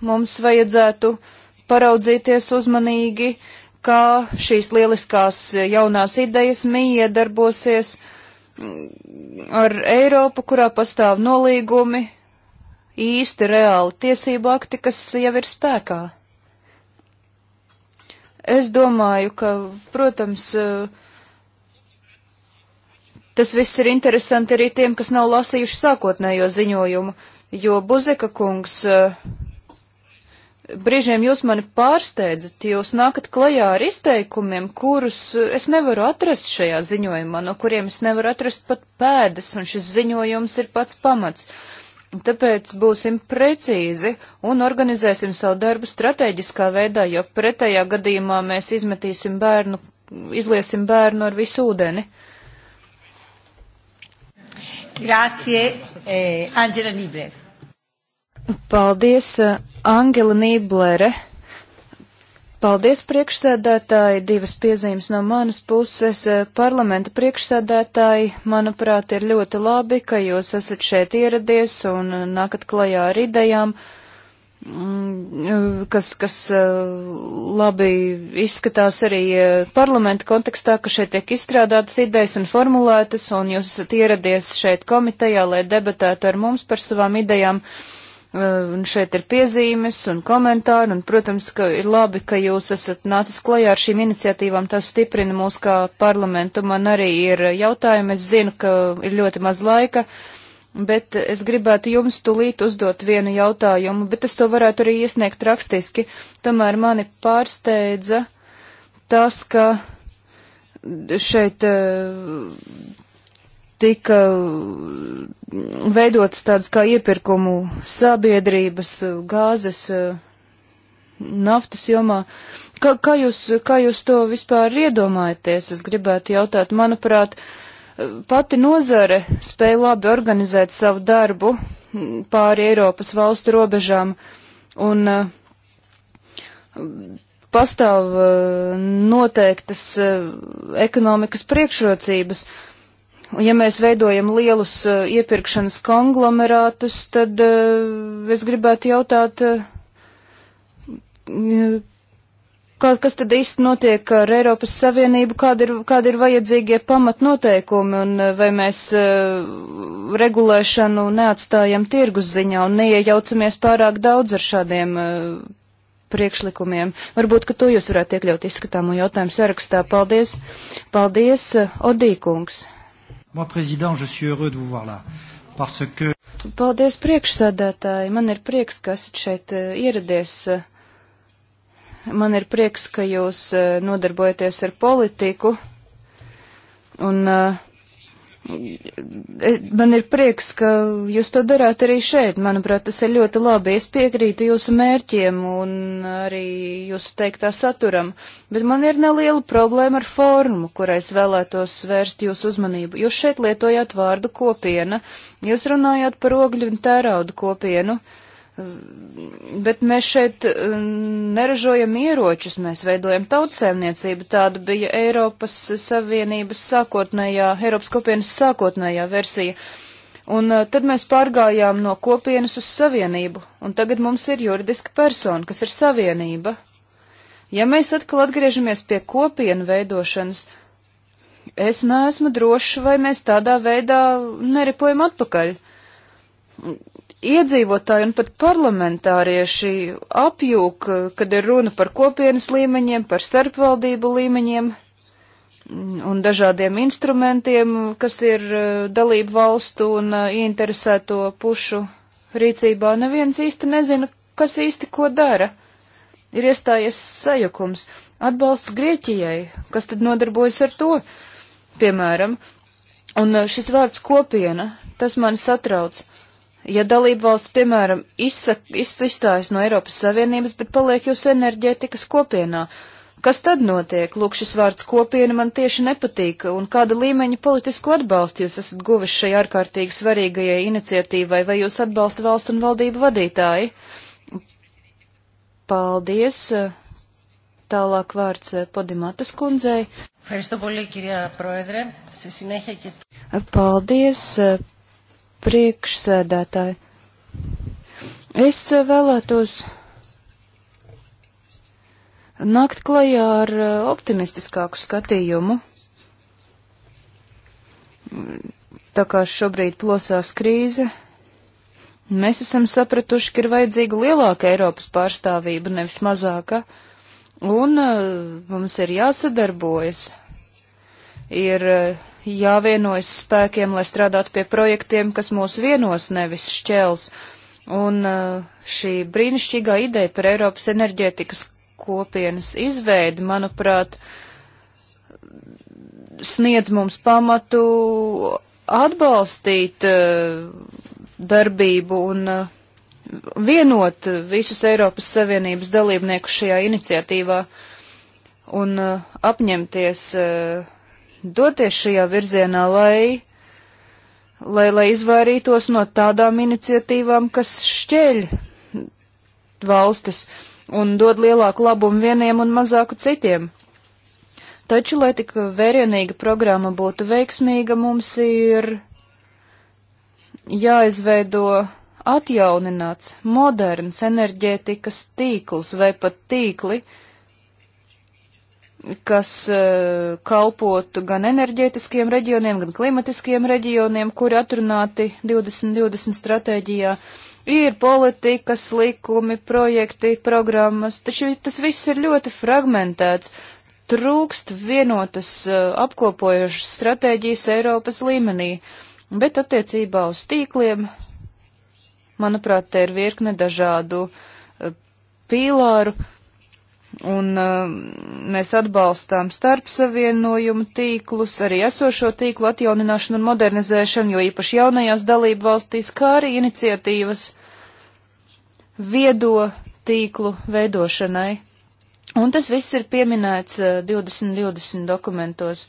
mums vajadzētu paraudzīties uzmanīgi, kā šīs lieliskās jaunās idejas mīja darbosies ar Eiropu, kurā pastāv nolīgumi, īsti reāli tiesību akti, kas jau ir spēkā. Es domāju, ka, protams, eh, tas viss ir interesanti arī tiem, kas nav lasījuši sākotnējo ziņojumu, jo Buzeka kungs eh, Brīžiem jūs mani pārsteidzat, jūs nākat klajā ar izteikumiem, kurus es nevaru atrast šajā ziņojumā, no kuriem es nevaru atrast pat pēdas, un šis ziņojums ir pats pamats. Tāpēc būsim precīzi un organizēsim savu darbu strateģiskā veidā, jo pretējā gadījumā mēs izmetīsim bērnu, izliesim bērnu ar visu ūdeni. Grācie, eh, Anģela Nībler. Paldies, eh, Angela Nīblere. Paldies priekšsēdētāji, divas piezīmes no manas puses. Parlamenta priekšsēdētāji, manuprāt, ir ļoti labi, ka jūs esat šeit ieradies un nākat klajā ar idejām, mm, kas, kas eh, labi izskatās arī eh, parlamenta kontekstā, ka šeit tiek izstrādātas idejas un formulētas, un jūs esat ieradies šeit komitejā, lai debatētu ar mums par savām idejām. Uh, Eh, un šeit ir piezīmes un komentāri, un, protams, ka ir labi, ka jūs esat nācis klajā ar šīm iniciatīvām, tas stiprina mūs kā parlamentu. Man arī ir jautājumi, es zinu, ka ir ļoti maz laika, bet es gribētu jums tulīt uzdot vienu jautājumu, bet es to varētu arī iesniegt rakstiski. Tomēr mani pārsteidza tas, ka šeit eh, tika mm, veidotas tādas kā iepirkumu sabiedrības eh, gāzes eh, naftas jomā. Kā, kā, jūs, kā jūs to vispār iedomājaties? Es gribētu jautāt, manuprāt, eh, pati nozare spēja labi organizēt savu darbu mm, pāri Eiropas valstu robežām un pastāv noteiktas ekonomikas priekšrocības. Uh, Un ja mēs veidojam lielus uh, iepirkšanas konglomerātus, tad uh, es gribētu jautāt, uh, eh, kā, kas tad īsti notiek ar Eiropas Savienību, kādi ir, kādi ir vajadzīgie pamatnoteikumi un vai mēs uh, regulēšanu neatstājam tirgus ziņā un neiejaucamies pārāk daudz ar šādiem. Uh, priekšlikumiem. Varbūt, ka to jūs varētu iekļaut izskatāmo jautājumu sarakstā. Paldies, paldies, Odīkungs. Uh, Moi, prezident, je suis heureux de vous voir là. Parce que... Paldies priekšsēdētāji. Man ir prieks, ka esat šeit eh, ieradies. Man ir prieks, ka jūs eh, nodarbojaties ar politiku. Un uh, E, man ir prieks, ka jūs to darāt arī šeit. Manuprāt, tas ir ļoti labi. Es piekrītu jūsu mērķiem un arī jūsu teiktā saturam, bet man ir neliela problēma ar formu, kurai es vēlētos vērst jūsu uzmanību. Jūs šeit lietojāt vārdu kopiena, jūs runājāt par ogļu un tēraudu kopienu. Uh, Mm, bet mēs šeit mm, neražojam ieročus, mēs veidojam tautsēmniecību. Tāda bija Eiropas Savienības sākotnējā, Eiropas kopienas sākotnējā versija. Un eh, tad mēs pārgājām no kopienas uz savienību, un tagad mums ir juridiska persona, kas ir savienība. Ja mēs atkal atgriežamies pie kopienu veidošanas, es neesmu drošs, vai mēs tādā veidā neripojam atpakaļ iedzīvotāji un pat parlamentārieši apjūk, kad ir runa par kopienas līmeņiem, par starpvaldību līmeņiem un dažādiem instrumentiem, kas ir eh, dalību valstu un eh, ieinteresēto pušu rīcībā. Neviens īsti nezina, kas īsti ko dara. Ir iestājies sajukums, atbalsts Grieķijai, kas tad nodarbojas ar to, piemēram, un eh, šis vārds kopiena, tas mani satrauc. Ja dalība valsts, piemēram, izstājas no Eiropas Savienības, bet paliek jūsu enerģētikas kopienā, kas tad notiek? Lūk, šis vārds kopiena man tieši nepatīk, un kāda līmeņa politisko atbalstu jūs esat guvis šai ārkārtīgi svarīgajai iniciatīvai, vai jūs atbalsta valstu un valdību vadītāji? Paldies! Tālāk vārds eh, Podimatas kundzei. Paldies, eh, priekšsēdētāji. Es vēlētos nākt klajā ar eh, optimistiskāku skatījumu. Tā kā šobrīd plosās krīze, mēs esam sapratuši, ka ir vajadzīga lielāka Eiropas pārstāvība, nevis mazāka, un eh, mums ir jāsadarbojas. Ir uh, jāvienojas spēkiem, lai strādātu pie projektiem, kas mūs vienos, nevis šķels. Un uh, šī brīnišķīgā ideja par Eiropas enerģētikas kopienas izveidi, manuprāt, sniedz mums pamatu atbalstīt uh, darbību un uh, vienot visus Eiropas Savienības dalībniekus šajā iniciatīvā un apņemties uh, doties šajā virzienā, lai, lai, lai izvairītos no tādām iniciatīvām, kas šķeļ valstis un dod lielāku labumu vieniem un mazāku citiem. Taču, lai tik vērienīga programma būtu veiksmīga, mums ir jāizveido atjaunināts, moderns enerģētikas tīkls vai pat tīkli, kas eh, kalpotu gan enerģētiskiem reģioniem, gan klimatiskiem reģioniem, kuri atrunāti 2020 stratēģijā. Ir politikas, likumi, projekti, programmas, taču tas viss ir ļoti fragmentēts. Trūkst vienotas eh, apkopojošas stratēģijas Eiropas līmenī, bet attiecībā uz tīkliem, manuprāt, te ir virkne dažādu eh, pīlāru, uh, Un uh, mēs atbalstām starpsavienojumu tīklus, arī esošo tīklu atjaunināšanu un modernizēšanu, jo īpaši jaunajās dalību valstīs, kā arī iniciatīvas viedo tīklu veidošanai. Un tas viss ir pieminēts 2020 uh, dokumentos.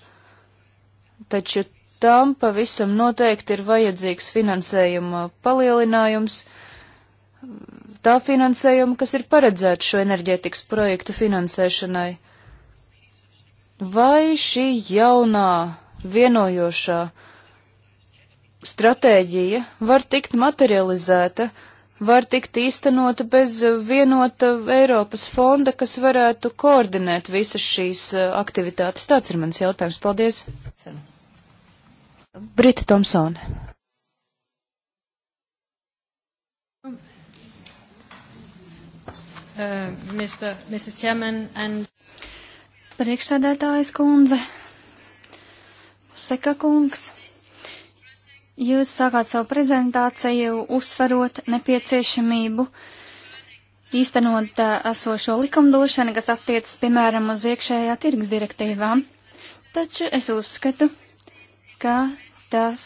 Taču tam pavisam noteikti ir vajadzīgs finansējuma palielinājums tā finansējuma, kas ir paredzēta šo enerģētikas projektu finansēšanai? Vai šī jaunā vienojošā stratēģija var tikt materializēta, var tikt īstenota bez vienota Eiropas fonda, kas varētu koordinēt visas šīs e, aktivitātes? Tāds ir mans jautājums. Paldies! Brita Tomsone. uh, Mr. Mrs. Chairman and Priekšsēdētājas kundze, Seka kungs, jūs sākāt savu prezentāciju uzsverot nepieciešamību īstenot uh, esošo likumdošanu, kas attiecas, piemēram, uz iekšējā tirgus direktīvām. Taču es uzskatu, ka tas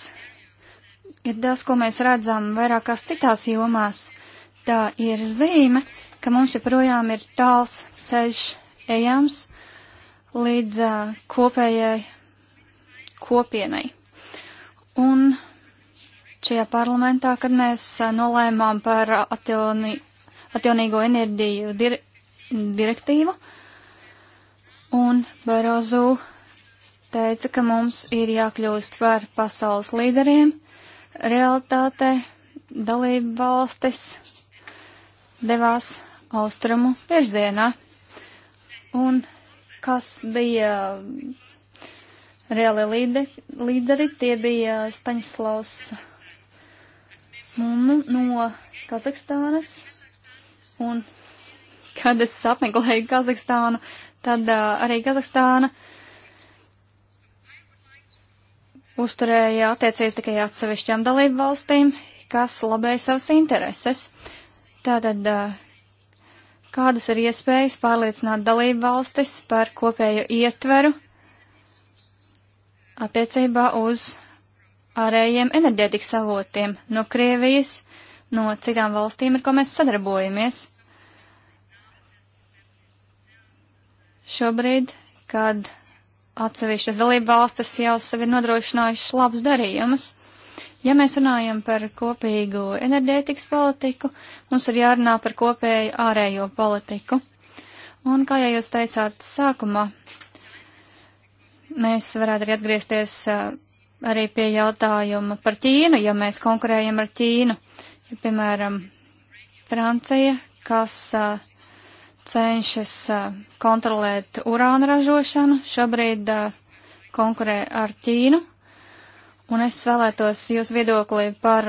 ir tas, ko mēs redzam vairākās citās jomās. Tā ir zīme, ka mums joprojām ir tāls ceļš ejams līdz uh, kopējai kopienai. Un šajā parlamentā, kad mēs uh, nolēmām par atjauni, atjaunīgo enerģiju dir direktīvu, un Barozu teica, ka mums ir jākļūst par pasaules līderiem, realitātē dalība valstis devās austrumu virzienā. Un kas bija reāli līde, līderi, tie bija Staņslavs Mumu no Kazahstānas. Un kad es apmeklēju Kazahstānu, tad uh, arī Kazahstāna uzturēja attiecības tikai atsevišķām dalību valstīm, kas labēja savas intereses. Tātad uh, Kādas ir iespējas pārliecināt dalību valstis par kopēju ietveru attiecībā uz ārējiem enerģētikas avotiem no Krievijas, no citām valstīm, ar ko mēs sadarbojamies? Šobrīd, kad atsevišķas dalību valstis jau sev ir nodrošinājušas labus darījumus, Ja mēs runājam par kopīgu enerģētikas politiku, mums ir jārunā par kopēju ārējo politiku. Un kā jau jūs teicāt sākumā, mēs varētu arī atgriezties arī pie jautājuma par Ķīnu, ja mēs konkurējam ar Ķīnu. Ja, piemēram, Francija, kas cenšas kontrolēt urāna ražošanu, šobrīd konkurē ar Ķīnu, un es vēlētos jūs viedoklī par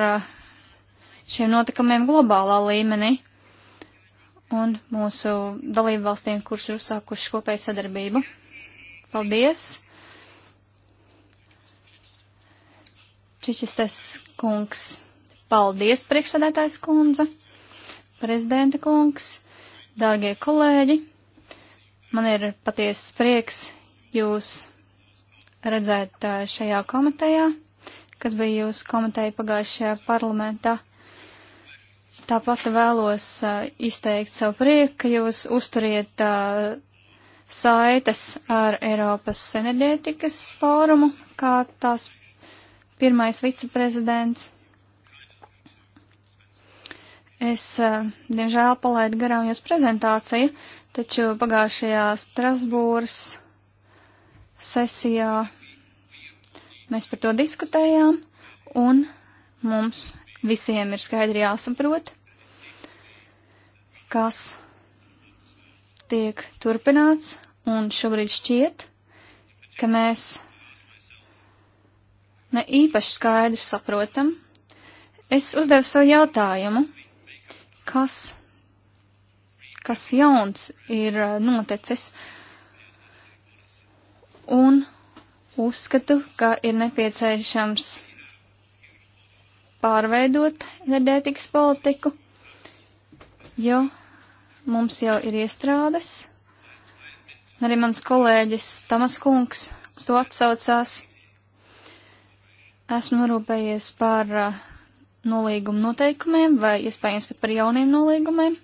šiem notikumiem globālā līmenī un mūsu dalību valstīm, kuras ir uzsākuši kopēju sadarbību. Paldies! Čičistes kungs, paldies priekšsēdētājs kundze, prezidenta kungs, dārgie kolēģi, man ir patiesas prieks jūs redzēt šajā komitejā kas bija jūsu komiteja pagājušajā parlamentā. Tāpat vēlos uh, izteikt savu prieku, ka jūs uzturiet uh, saites ar Eiropas enerģētikas fórumu, kā tās pirmais viceprezidents. Es, uh, diemžēl, palaidu garām jūs prezentāciju, taču pagājušajā Strasbūras sesijā Mēs par to diskutējām, un mums visiem ir skaidri jāsaprot, kas tiek turpināts, un šobrīd šķiet, ka mēs ne īpaši skaidri saprotam. Es uzdevu savu jautājumu, kas, kas jauns ir uh, noticis, un Uzskatu, ka ir nepieciešams pārveidot enerģētikas politiku, jo mums jau ir iestrādes. Arī mans kolēģis Tamas Kungs uz to atsaucās. Esmu norūpējies par uh, nolīgumu noteikumiem vai iespējams pat par jauniem nolīgumiem,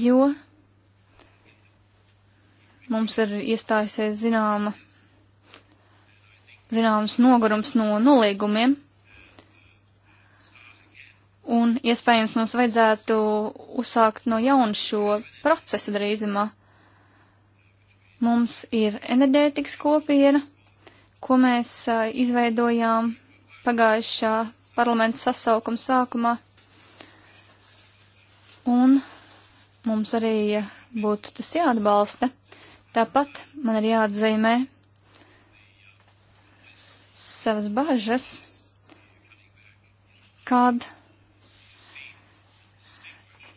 jo mums ir iestājusies zināma zināms nogurums no nolīgumiem. Un iespējams mums vajadzētu uzsākt no jauna šo procesu drīzumā. Mums ir enerģētikas kopiena, ko mēs uh, izveidojām pagājušā parlamenta sasaukuma sākumā. Un mums arī būtu tas jāatbalsta. Tāpat man ir jāatzīmē, savas bažas, kad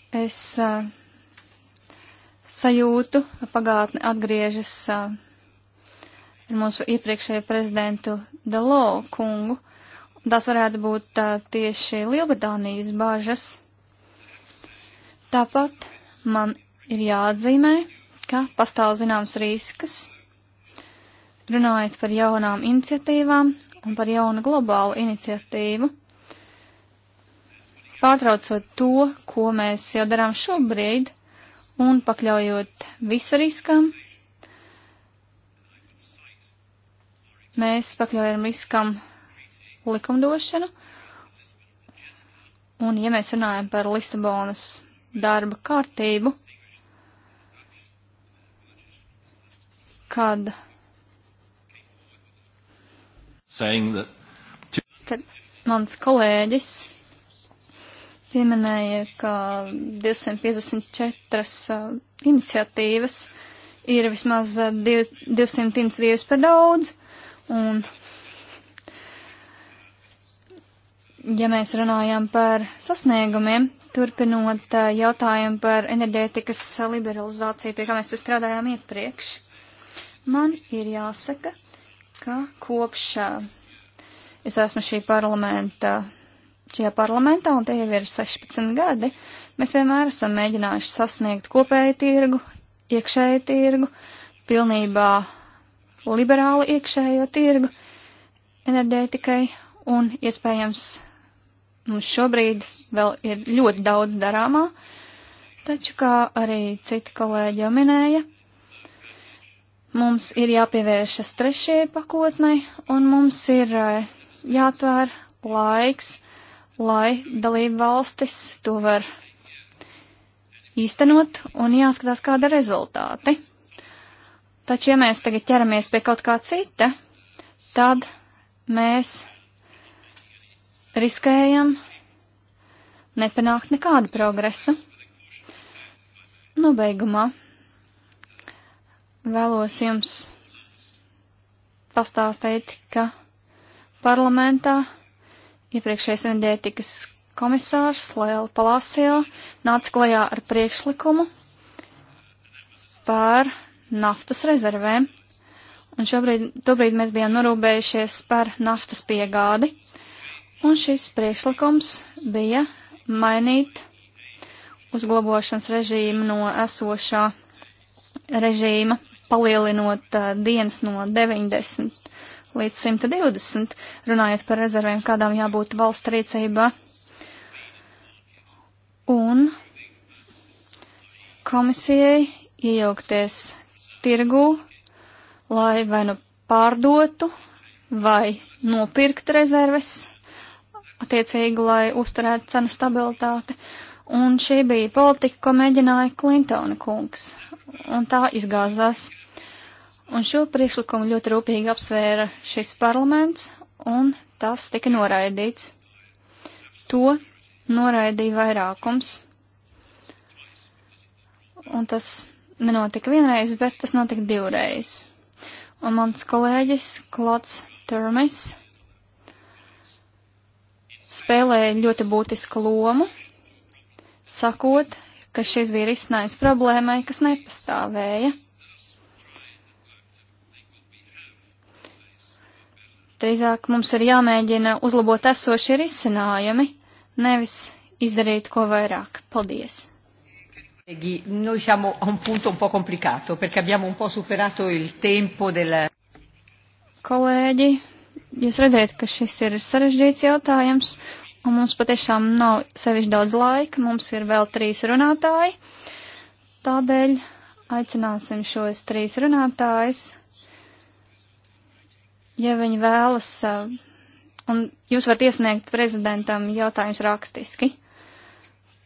es uh, sajūtu, pagātne atgriežas uh, ar mūsu iepriekšējo prezidentu Dalo kungu. Tās varētu būt uh, tieši Lielbritānijas bažas. Tāpat man ir jāatzīmē, ka pastāv zināms risks, runājot par jaunām iniciatīvām, un par jaunu globālu iniciatīvu, pārtraucot to, ko mēs jau darām šobrīd, un pakļaujot visu riskam, mēs pakļaujam riskam likumdošanu, un ja mēs runājam par Lisabonas darba kārtību, kad that... Kad mans kolēģis pieminēja, ka 254 uh, iniciatīvas ir vismaz uh, 200 iniciatīvas par daudz, un ja mēs runājam par sasniegumiem, turpinot uh, jautājumu par enerģētikas liberalizāciju, pie kā mēs strādājām iepriekš, man ir jāsaka, ka kopš uh, es esmu šī parlamenta, šajā parlamentā, un tie jau ir 16 gadi, mēs vienmēr esam mēģinājuši sasniegt kopēju tirgu, iekšēju tirgu, pilnībā liberālu iekšējo tirgu enerģētikai, un iespējams mums šobrīd vēl ir ļoti daudz darāmā, taču, kā arī citi kolēģi jau minēja, Mums ir jāpievēršas trešajai pakotnei, un mums ir eh, jātvēr laiks, lai dalību valstis to var īstenot, un jāskatās, kāda ir rezultāti. Taču, ja mēs tagad ķeramies pie kaut kā cita, tad mēs riskējam nepanākt nekādu progresu. Nobeigumā. Nu, vēlos jums pastāstīt, ka parlamentā iepriekšējais enerģētikas komisārs Lēla Palasio nāca klajā ar priekšlikumu par naftas rezervēm. Un šobrīd, tobrīd mēs bijām norūpējušies par naftas piegādi. Un šis priekšlikums bija mainīt uzglabošanas režīmu no esošā režīma palielinot uh, dienas no 90 līdz 120, runājot par rezervēm, kādām jābūt valsts rīcībā. Un komisijai iejaukties tirgū, lai vai nu pārdotu, vai nopirkt rezerves, attiecīgi, lai uzturētu cenu stabilitāti. Un šī bija politika, ko mēģināja Klintona kungs, un tā izgāzās Un šo priekšlikumu ļoti rūpīgi apsvēra šis parlaments, un tas tika noraidīts. To noraidīja vairākums. Un tas nenotika vienreiz, bet tas notika divreiz. Un mans kolēģis Klots Termis spēlēja ļoti būtisku lomu, sakot, ka šis bija risinājums problēmai, kas nepastāvēja. Drīzāk mums ir jāmēģina uzlabot esošie risinājumi, nevis izdarīt ko vairāk. Paldies! Colleghi, noi siamo a un punto un po' complicato perché abbiamo un po' superato il tempo del. Kolēģi, jūs redzat, ka šis ir sarežģīts jautājums, un mums patiešām nav sevišķi daudz laika. Mums ir vēl trīs runātāji. Tādēļ aicināsim šos trīs runātājus ja viņi vēlas, eh, un jūs varat iesniegt prezidentam jautājumus rakstiski.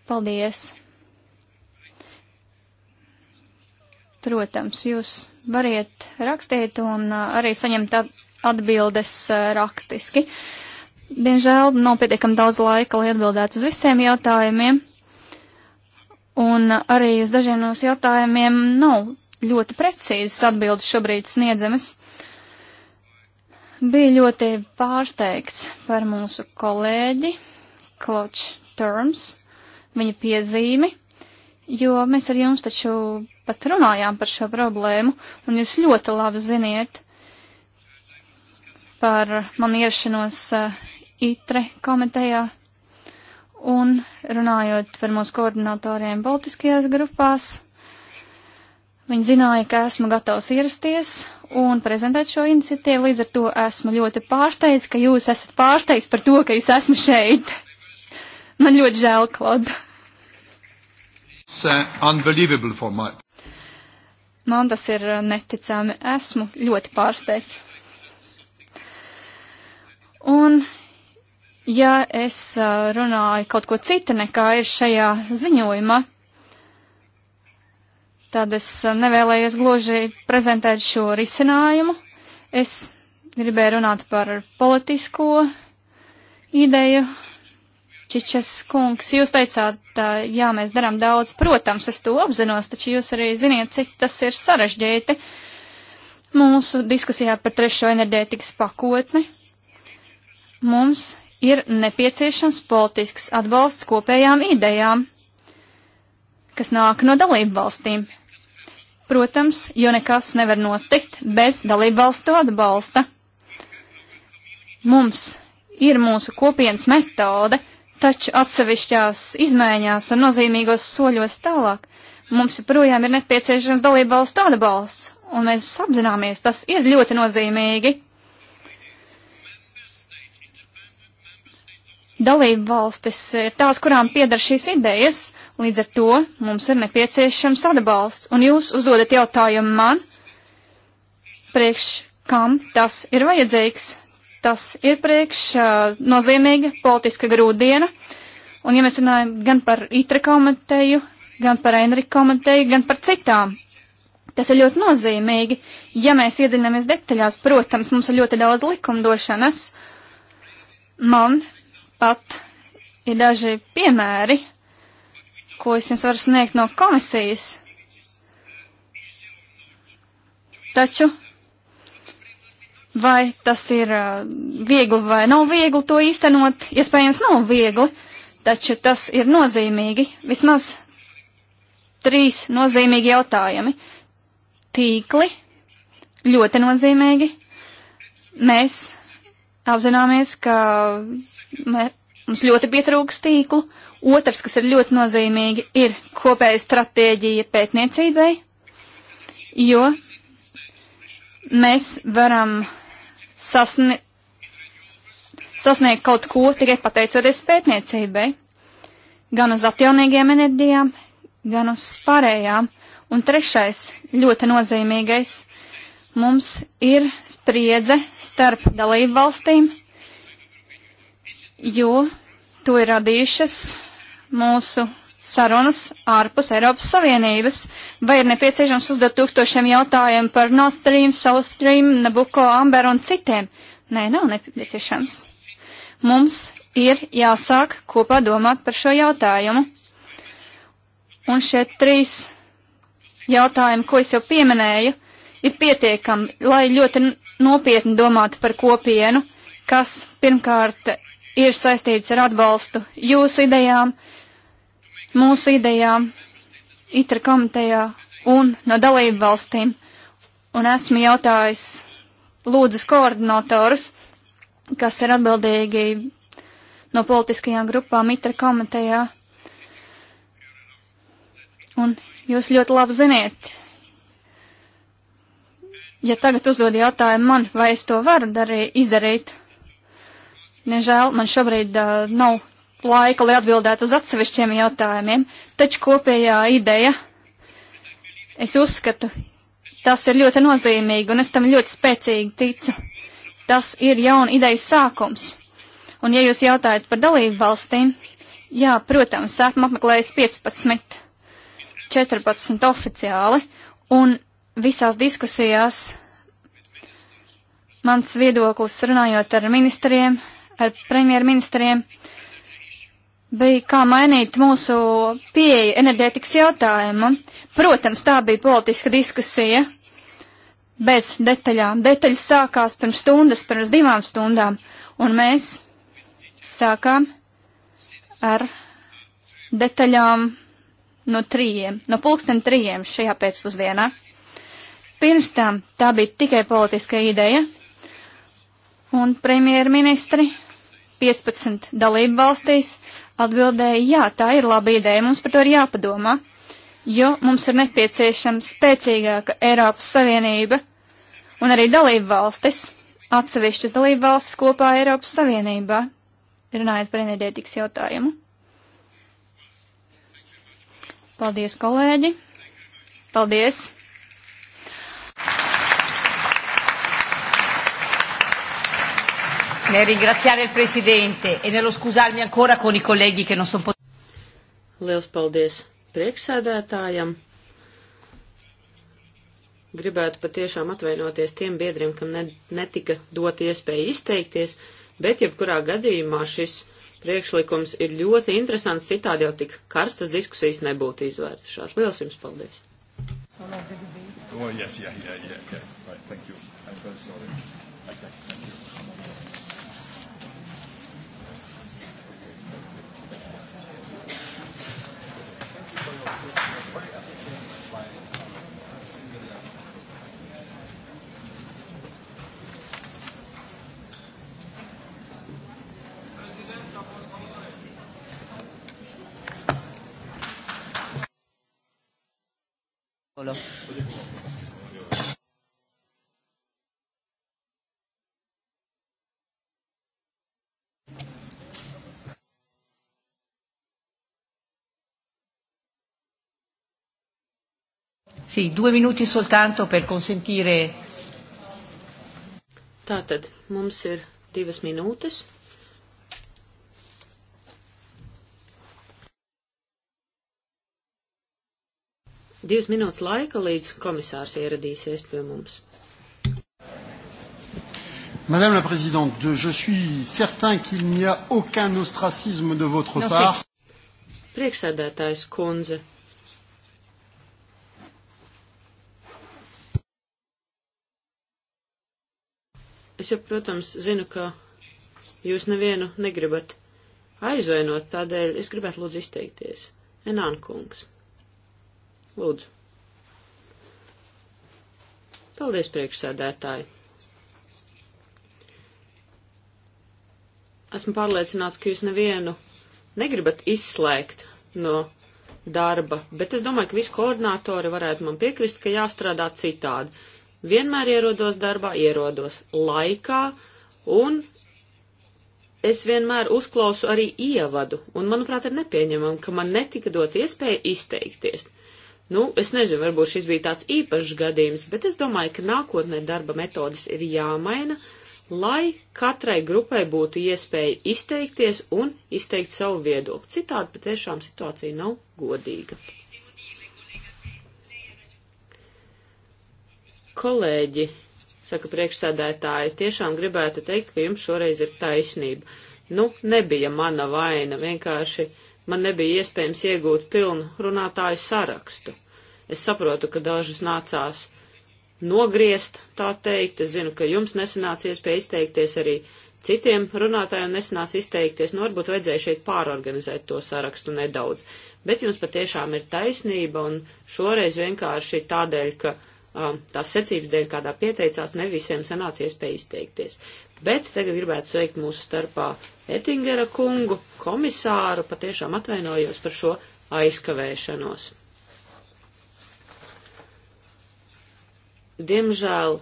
Paldies! Protams, jūs variet rakstīt un eh, arī saņemt atbildes eh, rakstiski. Diemžēl nav pietiekami daudz laika, lai atbildētu uz visiem jautājumiem, un arī uz dažiem no jautājumiem nav ļoti precīzas atbildes šobrīd sniedzamas bija ļoti pārsteigts par mūsu kolēģi Clutch Terms, viņa piezīmi, jo mēs ar jums taču pat runājām par šo problēmu, un jūs ļoti labi ziniet par man ierašanos uh, ITRE komitejā un runājot par mūsu koordinatoriem Baltiskajās grupās. Viņi zināja, ka esmu gatavs ierasties un prezentēt šo iniciatīvu, līdz ar to esmu ļoti pārsteigts, ka jūs esat pārsteigts par to, ka es esmu šeit. (laughs) Man ļoti žēl, Klod. Uh, Man tas ir uh, neticami. Esmu ļoti pārsteigts. Un, ja es uh, runāju kaut ko citu nekā ir šajā ziņojumā, tad es eh, nevēlējos gluži prezentēt šo risinājumu. Es gribēju runāt par politisko ideju. Čičes kungs, jūs teicāt, jā, mēs darām daudz, protams, es to apzinos, taču jūs arī ziniet, cik tas ir sarežģīti mūsu diskusijā par trešo enerģētikas pakotni. Mums ir nepieciešams politisks atbalsts kopējām idejām, kas nāk no dalību valstīm protams, jo nekas nevar notikt bez dalību valstu atbalsta. Mums ir mūsu kopienas metode, taču atsevišķās izmaiņās un nozīmīgos soļos tālāk mums joprojām ir nepieciešams dalību valstu atbalsts, un mēs apzināmies, tas ir ļoti nozīmīgi. dalību valstis ir tās, kurām piedar šīs idejas, līdz ar to mums ir nepieciešams atbalsts. Un jūs uzdodat jautājumu man, priekš kam tas ir vajadzīgs. Tas ir priekš uh, nozīmīga politiska grūdiena. Un ja mēs runājam gan par ITRA komiteju, gan par Enrika komiteju, gan par citām, tas ir ļoti nozīmīgi. Ja mēs iedziļināmies detaļās, protams, mums ir ļoti daudz likumdošanas. Man Pat ir daži piemēri, ko es jums varu sniegt no komisijas. Taču vai tas ir viegli vai nav viegli to īstenot, iespējams nav viegli, taču tas ir nozīmīgi. Vismaz trīs nozīmīgi jautājumi. Tīkli ļoti nozīmīgi. Mēs apzināmies, ka mē, mums ļoti pietrūks tīklu. Otrs, kas ir ļoti nozīmīgi, ir kopēja stratēģija pētniecībai, jo mēs varam sasni sasniegt kaut ko tikai pateicoties pētniecībai, gan uz atjaunīgiem enerģijām, gan uz pārējām. Un trešais ļoti nozīmīgais Mums ir spriedze starp dalību valstīm, jo to ir radījušas mūsu sarunas ārpus Eiropas Savienības, vai ir nepieciešams uzdot tūkstošiem jautājumu par North Stream, South Stream, Nabucco, Amber un citiem. Nē, nav nepieciešams. Mums ir jāsāk kopā domāt par šo jautājumu. Un šie trīs jautājumi, ko es jau pieminēju, ir pietiekami, lai ļoti nopietni domātu par kopienu, kas pirmkārt ir saistīts ar atbalstu jūsu idejām, mūsu idejām, itra komitejā un no dalību valstīm. Un esmu jautājis lūdzas koordinatorus, kas ir atbildīgi no politiskajām grupām itra komitejā. Un jūs ļoti labi ziniet, ja tagad uzdod jautājumu man, vai es to varu darī, izdarīt, nežēl, man šobrīd uh, nav laika, lai atbildētu uz atsevišķiem jautājumiem, taču kopējā ideja, es uzskatu, tas ir ļoti nozīmīgi, un es tam ļoti spēcīgi ticu. Tas ir jauna idejas sākums. Un ja jūs jautājat par dalību valstīm, jā, protams, esmu apmeklējis 15, 14 oficiāli, un visās diskusijās mans viedoklis runājot ar ministriem, ar premjerministriem, bija kā mainīt mūsu pieeju enerģētikas jautājumu. Protams, tā bija politiska diskusija bez detaļām. Detaļas sākās pirms stundas, pirms divām stundām, un mēs sākām ar detaļām no trījiem, no pulksten trījiem šajā pēcpusdienā. Pirms tam tā bija tikai politiska ideja, un premjerministri 15 dalību valstīs atbildēja, jā, tā ir laba ideja, mums par to ir jāpadomā, jo mums ir nepieciešama spēcīgāka Eiropas Savienība un arī dalību valstis, atsevišķas dalību valstis kopā Eiropas Savienībā, runājot par enerģētikas jautājumu. Paldies, kolēģi! Paldies! nel ringraziare il Presidente e nello scusarmi ancora con i colleghi che non sono potuti. Liels paldies priekšsēdētājam. Gribētu patiešām atvainoties tiem biedriem, kam ne, netika dot iespēja izteikties, bet jebkurā gadījumā šis priekšlikums ir ļoti interesants, citādi jau tik karstas diskusijas nebūtu izvērtušās. Liels jums paldies! Oh, yes, yeah, yeah, yeah, yeah. Right, thank you. I'm very sorry. Sì, due minuti soltanto per consentire. Tātad mums ir divas minūtes. Divas minūtes laika, līdz komisārs ieradīsies pie mums. Madame la Présidente, je suis certain qu'il n'y a aucun ostracisme de votre non, part. Priekšsēdētājs kundze, Es jau, protams, zinu, ka jūs nevienu negribat aizvainot, tādēļ es gribētu lūdzu izteikties. Enānkungs. Lūdzu. Paldies, priekšsēdētāji. Esmu pārliecināts, ka jūs nevienu negribat izslēgt no darba, bet es domāju, ka visi koordinātori varētu man piekrist, ka jāstrādā citādi vienmēr ierodos darbā, ierodos laikā, un es vienmēr uzklausu arī ievadu, un, manuprāt, ir nepieņemami, ka man netika dot iespēja izteikties. Nu, es nezinu, varbūt šis bija tāds īpašs gadījums, bet es domāju, ka nākotnē darba metodas ir jāmaina, lai katrai grupai būtu iespēja izteikties un izteikt savu viedokli. Citādi patiešām situācija nav godīga. Kolēģi, saka priekšsēdētāji, tiešām gribētu teikt, ka jums šoreiz ir taisnība. Nu, nebija mana vaina, vienkārši man nebija iespējams iegūt pilnu runātāju sarakstu. Es saprotu, ka dažus nācās nogriezt, tā teikt, es zinu, ka jums nesanāca iespēja izteikties arī citiem runātājiem nesanāca izteikties, nu varbūt vajadzēja šeit pārorganizēt to sarakstu nedaudz. Bet jums patiešām ir taisnība, un šoreiz vienkārši tādēļ, ka tās secības dēļ, kādā pieteicās, ne visiem sanāca iespēja izteikties. Bet tagad gribētu sveikt mūsu starpā Ettingera kungu, komisāru, patiešām atvainojos par šo aizkavēšanos. Diemžēl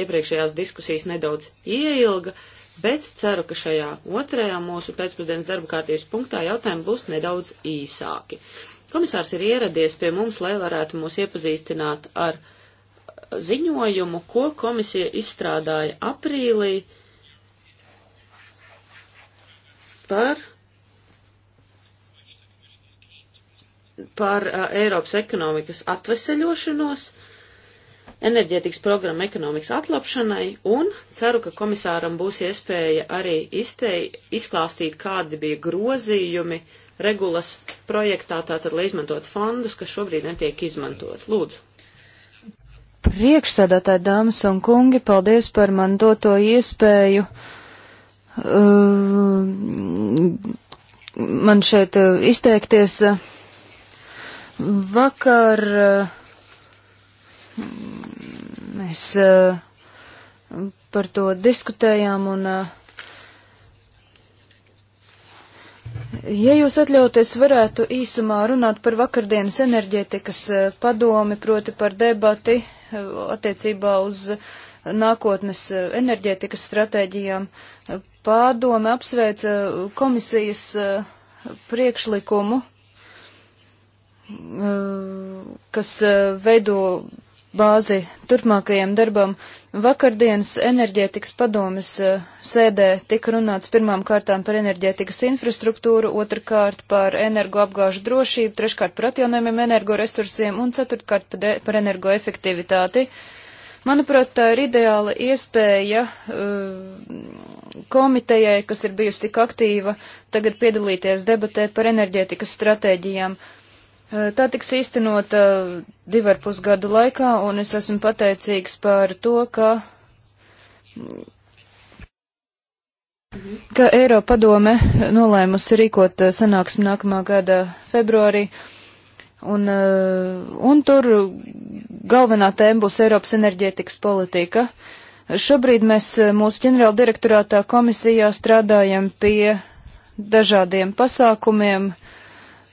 iepriekšējās diskusijas nedaudz ieilga, bet ceru, ka šajā otrajā mūsu pēcpusdienas darba kārtības punktā jautājumi būs nedaudz īsāki. Komisārs ir ieradies pie mums, lai varētu mūs iepazīstināt ar uh, ziņojumu, ko komisija izstrādāja aprīlī par, par uh, Eiropas ekonomikas atveseļošanos, enerģētikas programma ekonomikas atlapšanai, un ceru, ka komisāram būs iespēja arī iztei, izklāstīt, kādi bija grozījumi regulas projektā, tātad, lai izmantot fondus, kas šobrīd netiek izmantot. Lūdzu priekšsēdētāji, dāmas un kungi, paldies par man doto iespēju. Uh, man šeit uh, izteikties uh, vakar. Mēs par to diskutējām un. Ja jūs atļauties, varētu īsumā runāt par vakardienas enerģētikas padomi, proti par debati attiecībā uz nākotnes enerģētikas stratēģijām. Pārdome apsveica komisijas eh, priekšlikumu, eh, kas eh, veido bāzi turpmākajam darbam. Vakardienas enerģētikas padomes eh, sēdē tika runāts pirmām kārtām par enerģētikas infrastruktūru, otrkārt par energoapgāžu drošību, treškārt par atjaunojumiem energoresursiem un ceturtkārt par, e-, par energoefektivitāti. Manuprāt, tā ir ideāla iespēja eh, komitejai, kas ir bijusi tik aktīva, tagad piedalīties debatē par enerģētikas stratēģijām. Uh, Eh, tā tiks īstenota eh, divu ar pus gadu laikā, un es esmu pateicīgs par to, ka, ka Eiropa padome nolēmusi rīkot eh, sanāksmi nākamā gada februārī, un, un tur galvenā tēma būs Eiropas enerģētikas politika. Šobrīd mēs mūsu ģenerāldirektorātā komisijā strādājam pie dažādiem pasākumiem,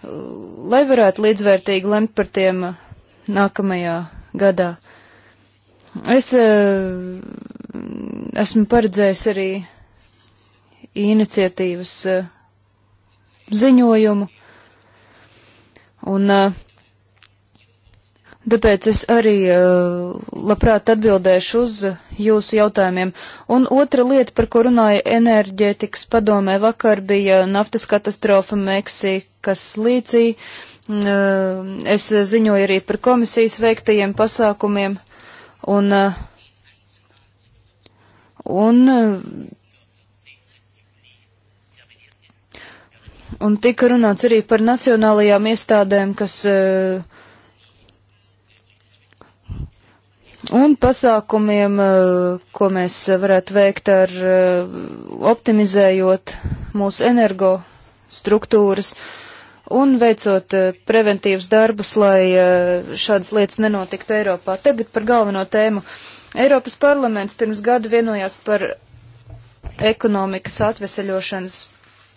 lai varētu līdzvērtīgi lemt par tiem uh, nākamajā gadā. Es uh, esmu paredzējis arī iniciatīvas uh, ziņojumu, un uh, Tāpēc es arī uh, labprāt atbildēšu uz jūsu jautājumiem. Un otra lieta, par ko runāja enerģētikas padomē vakar, bija naftas katastrofa Meksikas līcī. Mm, uh, es ziņoju arī par komisijas veiktajiem pasākumiem. Un, uh, un, uh, un tika runāts arī par nacionālajām iestādēm, kas. Uh, un pasākumiem, eh, ko mēs varētu veikt ar eh, optimizējot mūsu energo struktūras un veicot eh, preventīvas darbus, lai šādas lietas nenotiktu Eiropā. Tagad par galveno tēmu. Eiropas parlaments pirms gadu vienojās par ekonomikas atveseļošanas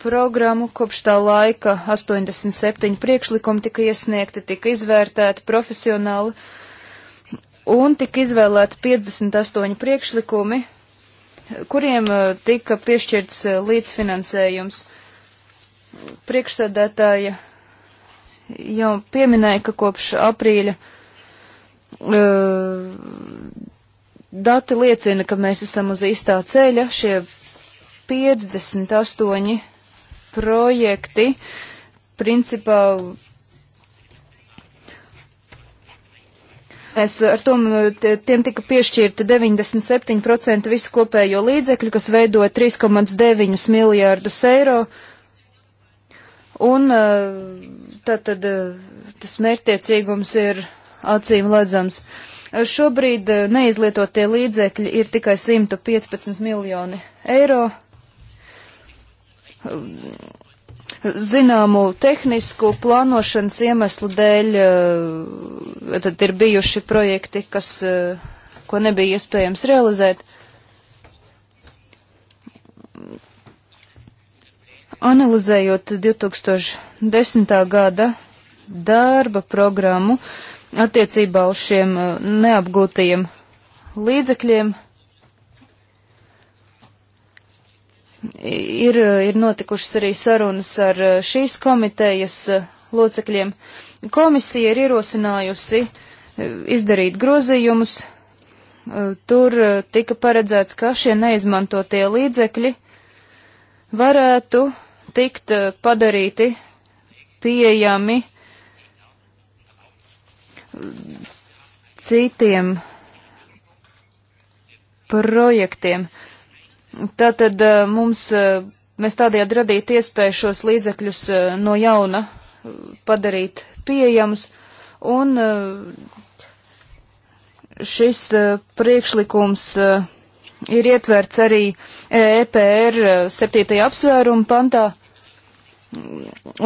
programmu. Kopš tā laika 87 priekšlikumi tika iesniegti, tika izvērtēti profesionāli. Uh, un tika izvēlēti 58 priekšlikumi, kuriem eh, tika piešķirts eh, līdzfinansējums. Priekšsēdētāja jau pieminēja, ka kopš aprīļa uh, dati liecina, ka mēs esam uz īstā ceļa. Šie 58 projekti principā Es ar tom, tiem tika piešķirta 97% visu kopējo līdzekļu, kas veido 3,9 miljārdus eiro. Un eh, tātad eh, tas mērķtiecīgums ir acīm redzams. Eh, šobrīd neizlietotie līdzekļi ir tikai 115 miljoni eiro zināmu tehnisku plānošanas iemeslu dēļ eh, tad ir bijuši projekti, kas, eh, ko nebija iespējams realizēt. Analizējot 2010. gada darba programmu attiecībā uz šiem eh, neapgūtajiem līdzekļiem, Ir, ir notikušas arī sarunas ar eh, šīs komitejas eh, locekļiem. Komisija ir ierosinājusi eh, izdarīt grozījumus. Tur tika paredzēts, ka šie neizmantotie līdzekļi varētu tikt padarīti pieejami citiem projektiem. Uh, Tātad eh, mums, eh, mēs tādējādi radītu iespēju šos līdzekļus eh, no jauna padarīt pieejamus, un šis priekšlikums ir ietverts arī e EPR 7. apsvērumu pantā,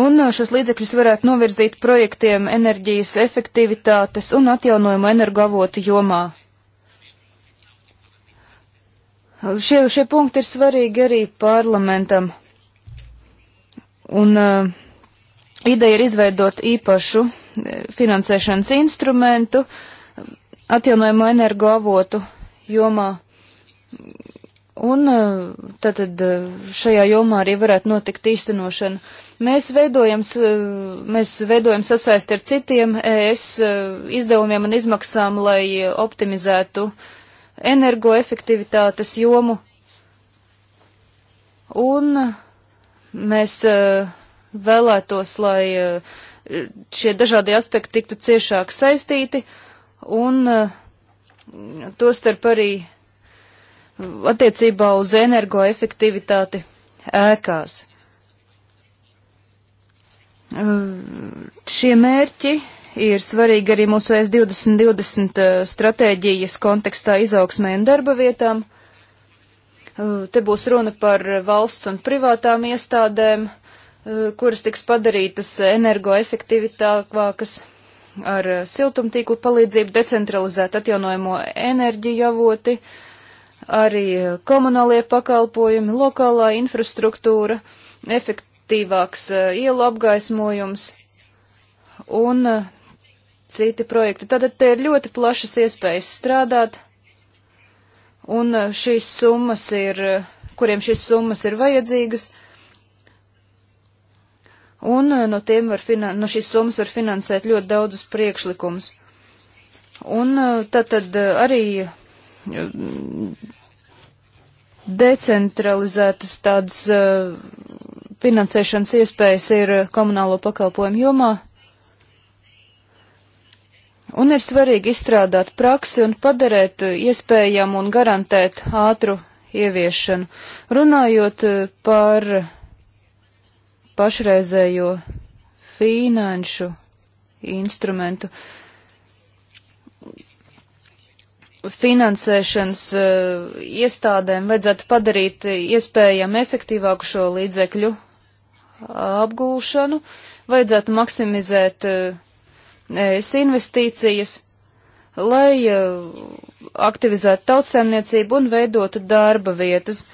un šos līdzekļus varētu novirzīt projektiem enerģijas efektivitātes un atjaunojumu energoavotu jomā. Šie, šie punkti ir svarīgi arī parlamentam. Un uh, ideja ir izveidot īpašu eh, finansēšanas instrumentu atjaunojamo energoavotu jomā. Un tātad eh, eh, šajā jomā arī varētu notikt īstenošana. Mēs veidojam, mēs veidojam sasaisti ar citiem ES izdevumiem un izmaksām, lai optimizētu uh, energoefektivitātes jomu. Un mēs e, vēlētos, lai e, šie dažādie aspekti tiktu ciešāk saistīti un e, tostarp arī attiecībā uz energoefektivitāti ēkās. Šie mērķi ir svarīgi arī mūsu S2020 eh, stratēģijas kontekstā izaugsmē un darba vietām. Eh, te būs runa par valsts un privātām iestādēm, eh, kuras tiks padarītas energoefektivitākākas ar siltumtīklu palīdzību, decentralizēt atjaunojamo enerģiju avoti, arī komunālie pakalpojumi, lokālā infrastruktūra, efektīvāks ielu apgaismojums un citi projekti. Tātad te ir ļoti plašas iespējas strādāt, un eh, šīs summas ir, eh, kuriem šīs summas ir vajadzīgas, un eh, no, var finan, no šīs summas var finansēt ļoti daudzus priekšlikumus. Un tātad arī decentralizētas tādas finansēšanas iespējas ir komunālo pakalpojumu jomā, Un ir svarīgi izstrādāt praksi un padarēt eh, iespējamu un garantēt ātru ieviešanu. Runājot eh, par pašreizējo finanšu instrumentu, finansēšanas uh, iestādēm vajadzētu padarīt iespējami efektīvāku šo līdzekļu apgūšanu, vajadzētu maksimizēt uh, es investīcijas, lai uh, aktivizētu tautsēmniecību un veidotu darba vietas.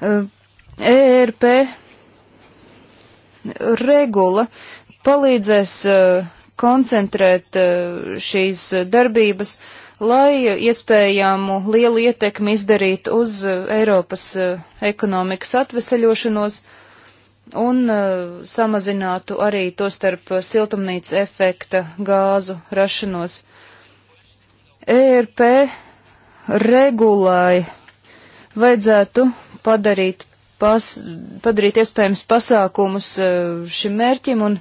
Uh, ERP regula palīdzēs uh, koncentrēt šīs darbības, lai iespējamu lielu ietekmi izdarītu uz Eiropas ekonomikas atveseļošanos, un uh, samazinātu arī to starp siltumnīca efekta gāzu rašanos. ERP regulai vajadzētu padarīt, pas, padarīt iespējams pasākumus uh, šim mērķim, un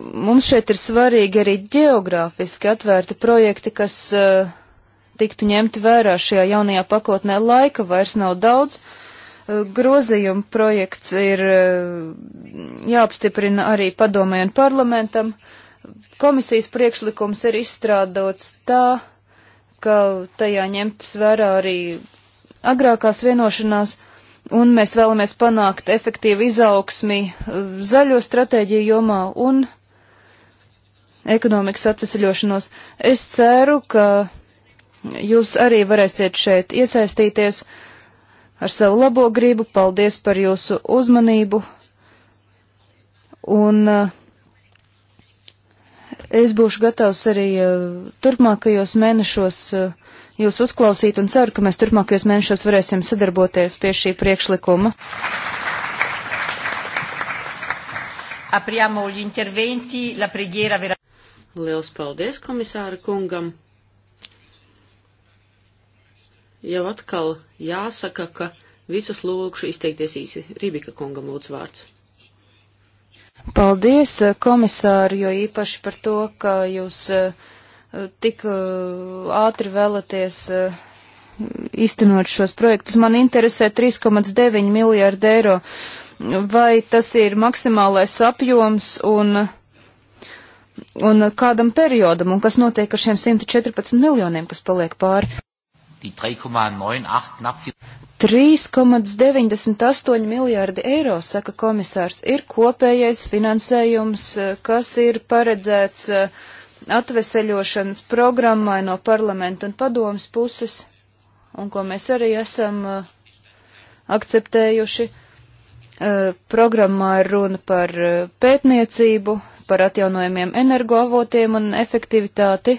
mums šeit ir svarīgi arī geogrāfiski atvērti projekti, kas uh, tiktu ņemti vērā šajā jaunajā pakotnē. Laika vairs nav daudz. Uh, Eh, grozījuma projekts ir eh, jāapstiprina arī padomē un parlamentam. Komisijas priekšlikums ir izstrādots tā, ka tajā ņemtas vērā arī agrākās vienošanās, un mēs vēlamies panākt efektīvu izaugsmi eh, zaļo stratēģiju jomā un ekonomikas atvesaļošanos. Es ceru, ka jūs arī varēsiet šeit iesaistīties. Uh, ar savu labo gribu, paldies par jūsu uzmanību, un eh, es būšu gatavs arī eh, turpmākajos mēnešos eh, jūs uzklausīt un ceru, ka mēs turpmākajos mēnešos varēsim sadarboties pie šī priekšlikuma. Apriamo gli interventi, la preghiera vera. Liels paldies komisāra kungam! jau atkal jāsaka, ka visus lūkšu izteikties īsi. Rībika kungam lūdz vārds. Paldies, komisāri, jo īpaši par to, ka jūs eh, tik eh, ātri vēlaties iztenot eh, šos projektus. Man interesē 3,9 miljārdi eiro. Vai tas ir maksimālais apjoms un, un kādam periodam, un kas notiek ar šiem 114 miljoniem, kas paliek pāri? die 3,98 knapp 3,98 miljārdi eiro, saka komisārs, ir kopējais finansējums, eh, kas ir paredzēts eh, atveseļošanas programmai no parlamenta un padomas puses, un ko mēs arī esam eh, akceptējuši. Programmā ir runa par pētniecību, par atjaunojumiem energoavotiem un efektivitāti.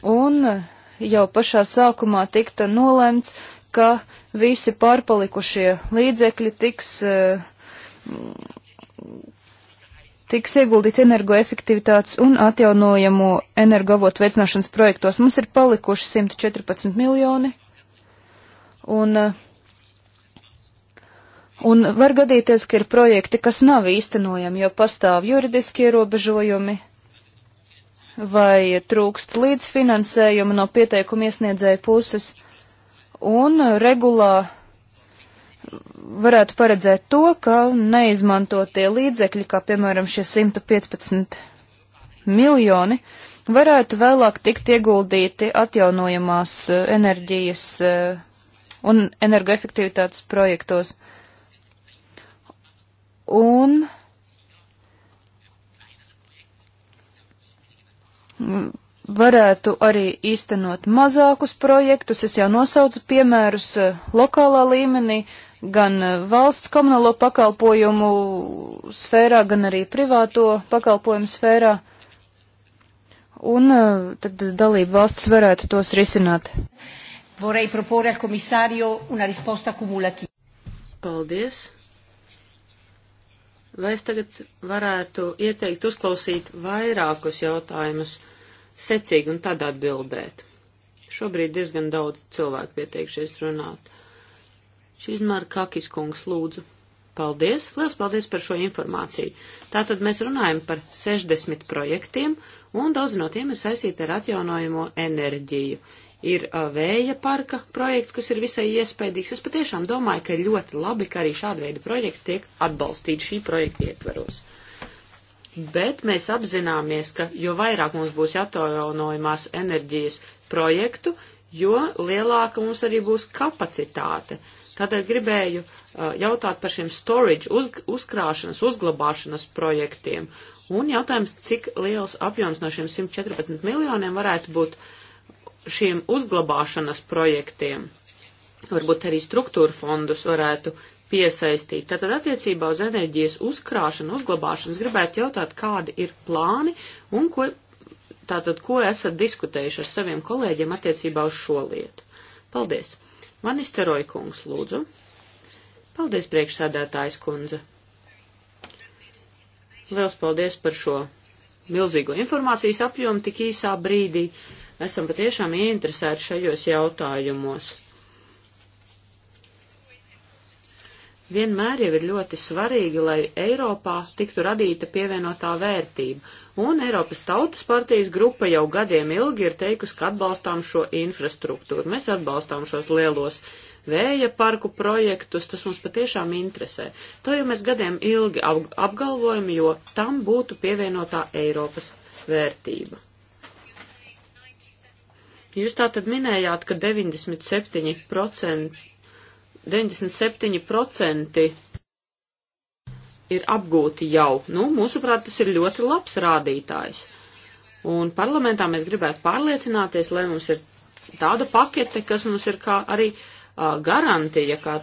Un jau pašā sākumā tikta nolemts, ka visi pārpalikušie līdzekļi tiks, eh, tiks ieguldīti energoefektivitātes un atjaunojamo energoavotu veicināšanas projektos. Mums ir palikuši 114 miljoni, un, eh, un var gadīties, ka ir projekti, kas nav īstenojami, jo pastāv juridiski ierobežojumi vai trūkst līdzfinansējuma no pieteikuma iesniedzēja puses, un regulā varētu paredzēt to, ka neizmantotie līdzekļi, kā piemēram šie 115 miljoni, varētu vēlāk tikt ieguldīti atjaunojamās eh, enerģijas eh, un energoefektivitātes projektos. Un varētu arī īstenot mazākus projektus. Es jau nosaucu piemērus eh, lokālā līmenī, gan eh, valsts komunālo pakalpojumu sfērā, gan arī privāto pakalpojumu sfērā. Un eh, tad dalību valsts varētu tos risināt. Paldies! Vai es tagad varētu ieteikt uzklausīt vairākus jautājumus? secīgi un tad atbildēt. Šobrīd diezgan daudz cilvēku pieteikšies runāt. Šis Markakis kungs lūdzu. Paldies! Lielas paldies par šo informāciju. Tātad mēs runājam par 60 projektiem, un daudz no tiem ir saistīti ar atjaunojamo enerģiju. Ir uh, vēja parka projekts, kas ir visai iespējams. Es patiešām domāju, ka ir ļoti labi, ka arī šāda veida projekti tiek atbalstīti šī projekta ietvaros. Uh, bet mēs apzināmies, ka jo vairāk mums būs atjaunojumās enerģijas projektu, jo lielāka mums arī būs kapacitāte. Tādēļ gribēju uh, jautāt par šiem storage, uz, uzkrāšanas, uzglabāšanas projektiem. Un jautājums, cik liels apjoms no šiem 114 miljoniem varētu būt šiem uzglabāšanas projektiem. Varbūt arī struktūra fondus varētu piesaistīt. Tātad attiecībā uz enerģijas uzkrāšanu, uzglabāšanu es gribētu jautāt, kādi ir plāni un ko, tātad, ko esat diskutējuši ar saviem kolēģiem attiecībā uz šo lietu. Paldies. Manisteroj kungs, lūdzu. Paldies, priekšsēdētājs kundze. Liels paldies par šo milzīgo informācijas apjomu tik īsā brīdī. Esam patiešām ieinteresēti šajos jautājumos. vienmēr jau ir ļoti svarīgi, lai Eiropā tiktu radīta pievienotā vērtība, un Eiropas Tautas partijas grupa jau gadiem ilgi ir teikusi, ka atbalstām šo infrastruktūru. Mēs atbalstām šos lielos vēja parku projektus, tas mums patiešām interesē. To jau mēs gadiem ilgi apgalvojam, jo tam būtu pievienotā Eiropas vērtība. Jūs tātad minējāt, ka 97% 97% ir apgūti jau. Nu, mūsuprāt, tas ir ļoti labs rādītājs. Un parlamentā mēs gribētu pārliecināties, lai mums ir tāda pakete, kas mums ir kā arī uh, garantija, kā,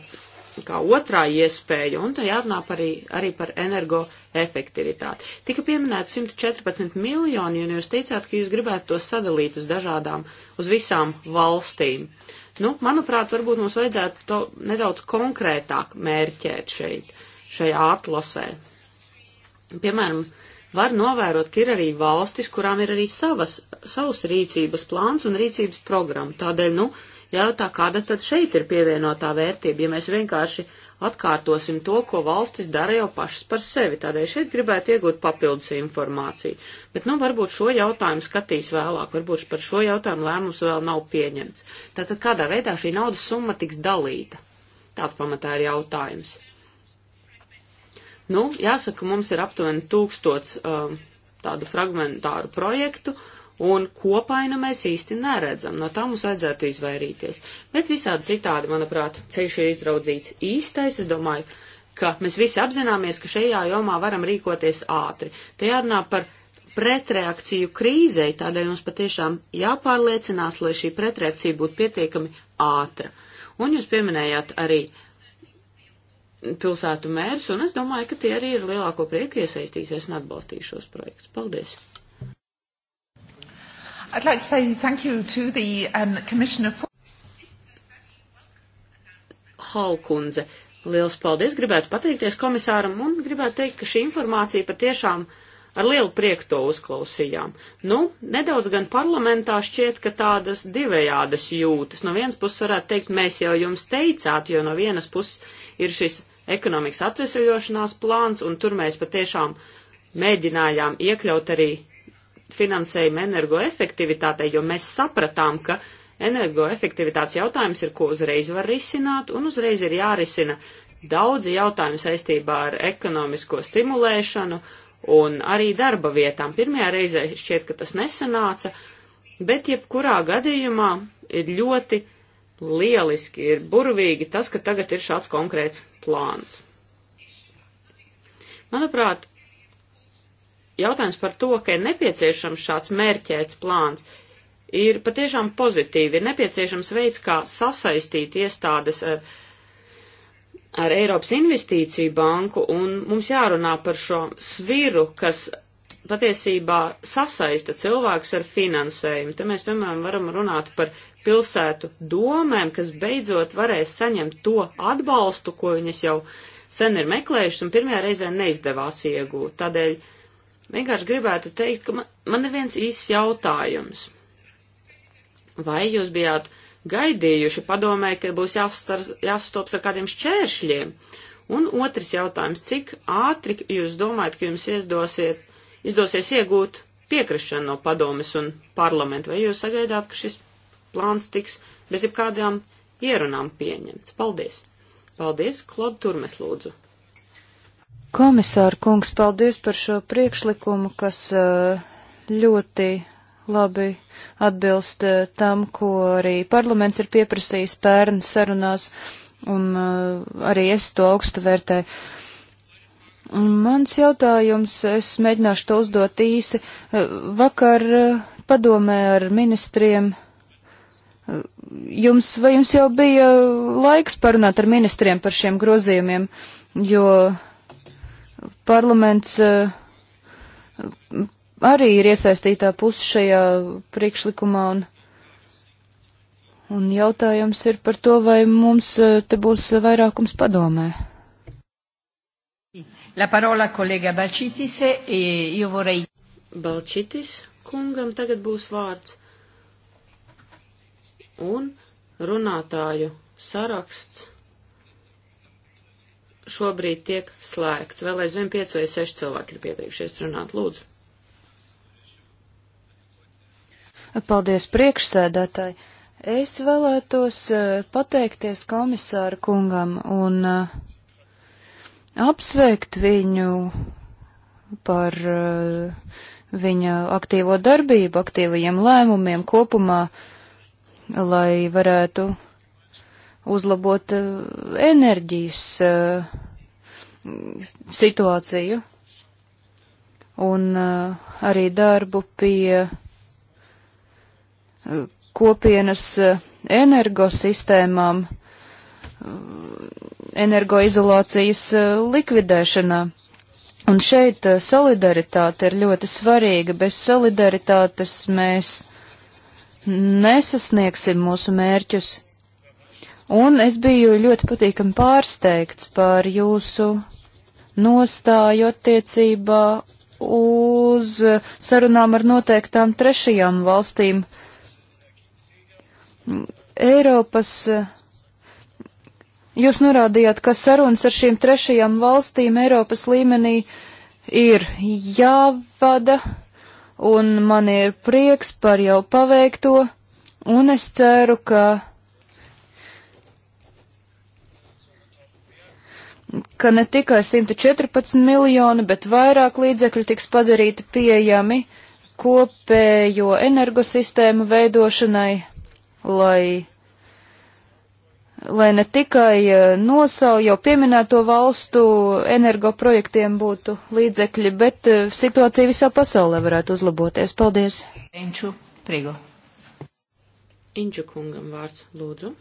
kā otrā iespēja, un tā jārunā par arī, arī par energoefektivitāti. Tika pieminēts 114 miljoni, un jūs teicāt, ka jūs gribētu to sadalīt uz dažādām, uz visām valstīm. Uh, Nu, manuprāt, varbūt mums vajadzētu to nedaudz konkrētāk mērķēt šeit, šajā atlasē. Piemēram, var novērot, ka ir arī valstis, kurām ir arī savas, savs rīcības plāns un rīcības programma. Tādēļ, nu, jautā, kāda tad šeit ir pievienotā vērtība, ja mēs vienkārši uh, atkārtosim to, ko valstis dara jau pašas par sevi. Tādēļ šeit gribētu iegūt papildus informāciju. Bet, nu, varbūt šo jautājumu skatīs vēlāk, varbūt par šo jautājumu lēmums vēl nav pieņemts. Tātad kādā veidā šī naudas summa tiks dalīta? Tāds pamatā ir jautājums. Nu, jāsaka, mums ir aptuveni tūkstots um, tādu fragmentāru projektu, uh, un kopainu mēs īsti neredzam. No tā mums vajadzētu izvairīties. Bet visādi citādi, manuprāt, ceļš ir izraudzīts īstais. Es domāju, ka mēs visi apzināmies, ka šajā jomā varam rīkoties ātri. Te jārunā par pretreakciju krīzei, tādēļ mums patiešām jāpārliecinās, lai šī pretreakcija būtu pietiekami ātra. Un jūs pieminējāt arī pilsētu mērs, un es domāju, ka tie arī ir lielāko prieku iesaistīsies un atbalstīšos projektus. Paldies! I'd like to say thank you to the um, Commissioner for. Halkundze, liels paldies! Gribētu pateikties komisāram un gribētu teikt, ka šī informācija patiešām ar lielu prieku to uzklausījām. Nu, nedaudz gan parlamentā šķiet, ka tādas divējādas jūtas. No vienas puses varētu teikt, mēs jau jums teicāt, jo no vienas puses ir šis ekonomikas atvesaļošanās plāns, un tur mēs patiešām mēģinājām iekļaut arī finansējumu energoefektivitātei, jo mēs sapratām, ka energoefektivitātes jautājums ir, ko uzreiz var risināt, un uzreiz ir jārisina daudzi jautājumi saistībā ar ekonomisko stimulēšanu un arī darba vietām. Pirmajā reizē šķiet, ka tas nesanāca, bet jebkurā gadījumā ir ļoti lieliski, ir burvīgi tas, ka tagad ir šāds konkrēts plāns. Manuprāt, jautājums par to, ka ir nepieciešams šāds mērķēts plāns, ir patiešām pozitīvi. Ir nepieciešams veids, kā sasaistīt iestādes ar, eh, ar Eiropas investīciju banku, un mums jārunā par šo sviru, kas patiesībā sasaista cilvēkus ar finansējumu. Te mēs, piemēram, varam runāt par pilsētu domēm, kas beidzot varēs saņemt to atbalstu, ko viņas jau sen ir meklējušas un pirmajā reizē neizdevās iegūt. Tādēļ uh, Vienkārši gribētu teikt, ka man, man ir viens īsts jautājums. Vai jūs bijāt gaidījuši padomē, ka būs jāstar, jāstops ar kādiem šķēršļiem? Un otrs jautājums, cik ātri jūs domājat, ka jums izdosiet, izdosies iegūt piekrišanu no padomes un parlamenta, vai jūs sagaidāt, ka šis plāns tiks bez jebkādām ierunām pieņemts? Paldies! Paldies, Klod Turmes lūdzu! Komisāra kungs, paldies par šo priekšlikumu, kas eh, ļoti labi atbilst eh, tam, ko arī parlaments ir pieprasījis pērn sarunās, un eh, arī es to augstu vērtēju. Mans jautājums, es mēģināšu to uzdot īsi. Vakar padomē ar ministriem Jums, vai jums jau bija laiks parunāt ar ministriem par šiem grozījumiem, jo Parlaments eh, arī ir iesaistītā puse šajā priekšlikumā, un, un jautājums ir par to, vai mums eh, te būs vairākums padomē. La parola kolēga Balčitis, jo e vorrei. Balčitis kungam tagad būs vārds. Un runātāju saraksts šobrīd tiek slēgts. Vēl aizvien 5 vai 6 cilvēki ir pieteikušies runāt. Lūdzu. Paldies priekšsēdētāji. Es vēlētos eh, pateikties komisāra kungam un eh, apsveikt viņu par eh, viņa aktīvo darbību, aktīvajiem lēmumiem kopumā, lai varētu uzlabot eh, enerģijas eh, situāciju un eh, arī darbu pie kopienas energosistēmām, energoizolācijas likvidēšanā. Un šeit solidaritāte ir ļoti svarīga. Bez solidaritātes mēs nesasniegsim mūsu mērķus un es biju ļoti patīkami pārsteigts par jūsu nostāju attiecībā uz sarunām ar noteiktām trešajām valstīm. Eiropas, jūs norādījāt, ka sarunas ar šīm trešajām valstīm Eiropas līmenī ir jāvada, un man ir prieks par jau paveikto, un es ceru, ka ka ne tikai 114 miljoni, bet vairāk līdzekļu tiks padarīti pieejami kopējo energosistēmu veidošanai, lai, lai ne tikai eh, nosau jau pieminēto valstu energoprojektiem būtu līdzekļi, bet eh, situācija visā pasaulē varētu uzlaboties. Paldies! Inču, prigo. Inču kungam vārds, lūdzu.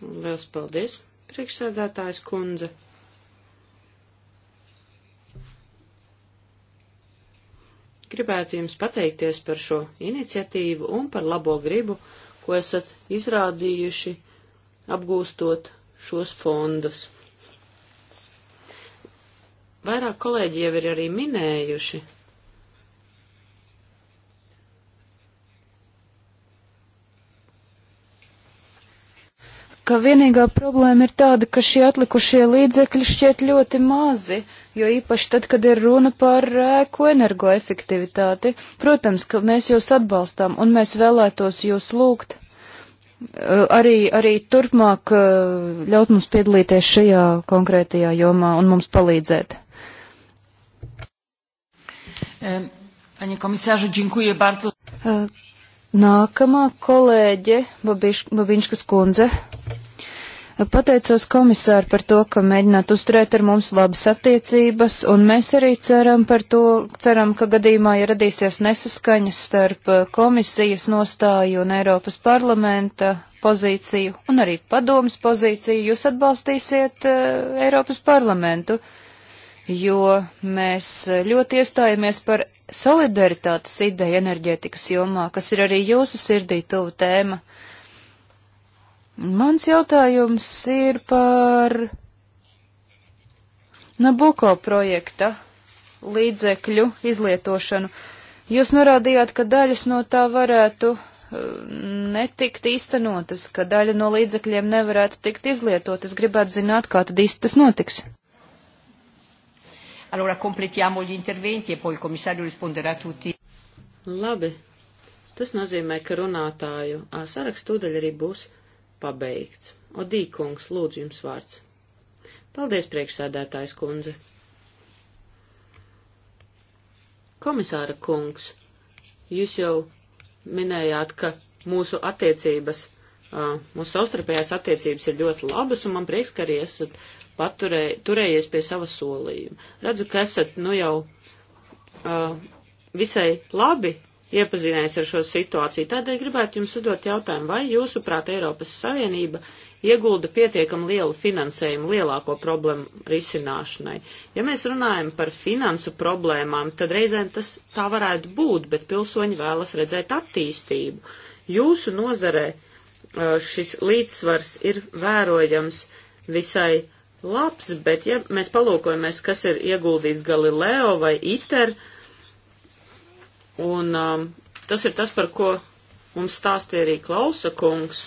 Liels paldies, priekšsēdētājs kundze. Gribētu jums pateikties par šo iniciatīvu un par labo gribu, ko esat izrādījuši apgūstot šos fondus. Vairāk kolēģi jau ir arī minējuši, ka vienīgā problēma ir tāda, ka šie atlikušie līdzekļi šķiet ļoti mazi, jo īpaši tad, kad ir runa par ēku energoefektivitāti. Protams, ka mēs jūs atbalstām un mēs vēlētos jūs lūgt eh, arī, arī turpmāk eh, ļaut mums piedalīties šajā konkrētajā jomā un mums palīdzēt. Panie komisārzu, dziękuję bardzo. Eh, nākamā kolēģe Babiņškas kundze. Pateicos komisāru par to, ka mēģināt uzturēt ar mums labas attiecības, un mēs arī ceram par to, ceram, ka gadījumā, ja radīsies nesaskaņas starp uh, komisijas nostāju un Eiropas parlamenta pozīciju, un arī padomas pozīciju, jūs atbalstīsiet uh, Eiropas parlamentu, jo mēs uh, ļoti iestājamies par solidaritātes ideju enerģētikas jomā, kas ir arī jūsu sirdī tuva tēma. Uh, Mans jautājums ir par Nabuko projekta līdzekļu izlietošanu. Jūs norādījāt, ka daļas no tā varētu eh, netikt īstenotas, ka daļa no līdzekļiem nevarētu tikt izlietot. Es gribētu zināt, kā tad īsti tas notiks. Allora completiamo gli interventi e poi il commissario risponderà a tutti. Labi. Tas nozīmē, ka runātāju sarakstu daļa arī būs pabeigts. Odī kungs, lūdzu jums vārds. Paldies, priekšsēdētājs kundze. Komisāra kungs, jūs jau minējāt, ka mūsu attiecības, mūsu savstarpējās attiecības ir ļoti labas, un man prieks, ka arī esat paturē, turējies pie sava solījuma. Redzu, ka esat, nu jau, visai labi iepazinies ar šo situāciju. Tādēļ gribētu jums uzdot jautājumu, vai jūsuprāt Eiropas Savienība iegulda pietiekam lielu finansējumu lielāko problēmu risināšanai. Ja mēs runājam par finansu problēmām, tad reizēm tas tā varētu būt, bet pilsoņi vēlas redzēt attīstību. Jūsu nozarē šis līdzsvars ir vērojams visai labs, bet ja mēs palūkojamies, kas ir ieguldīts Galileo vai ITER, uh, Un um, tas ir tas, par ko mums stāstīja arī Klausa kungs.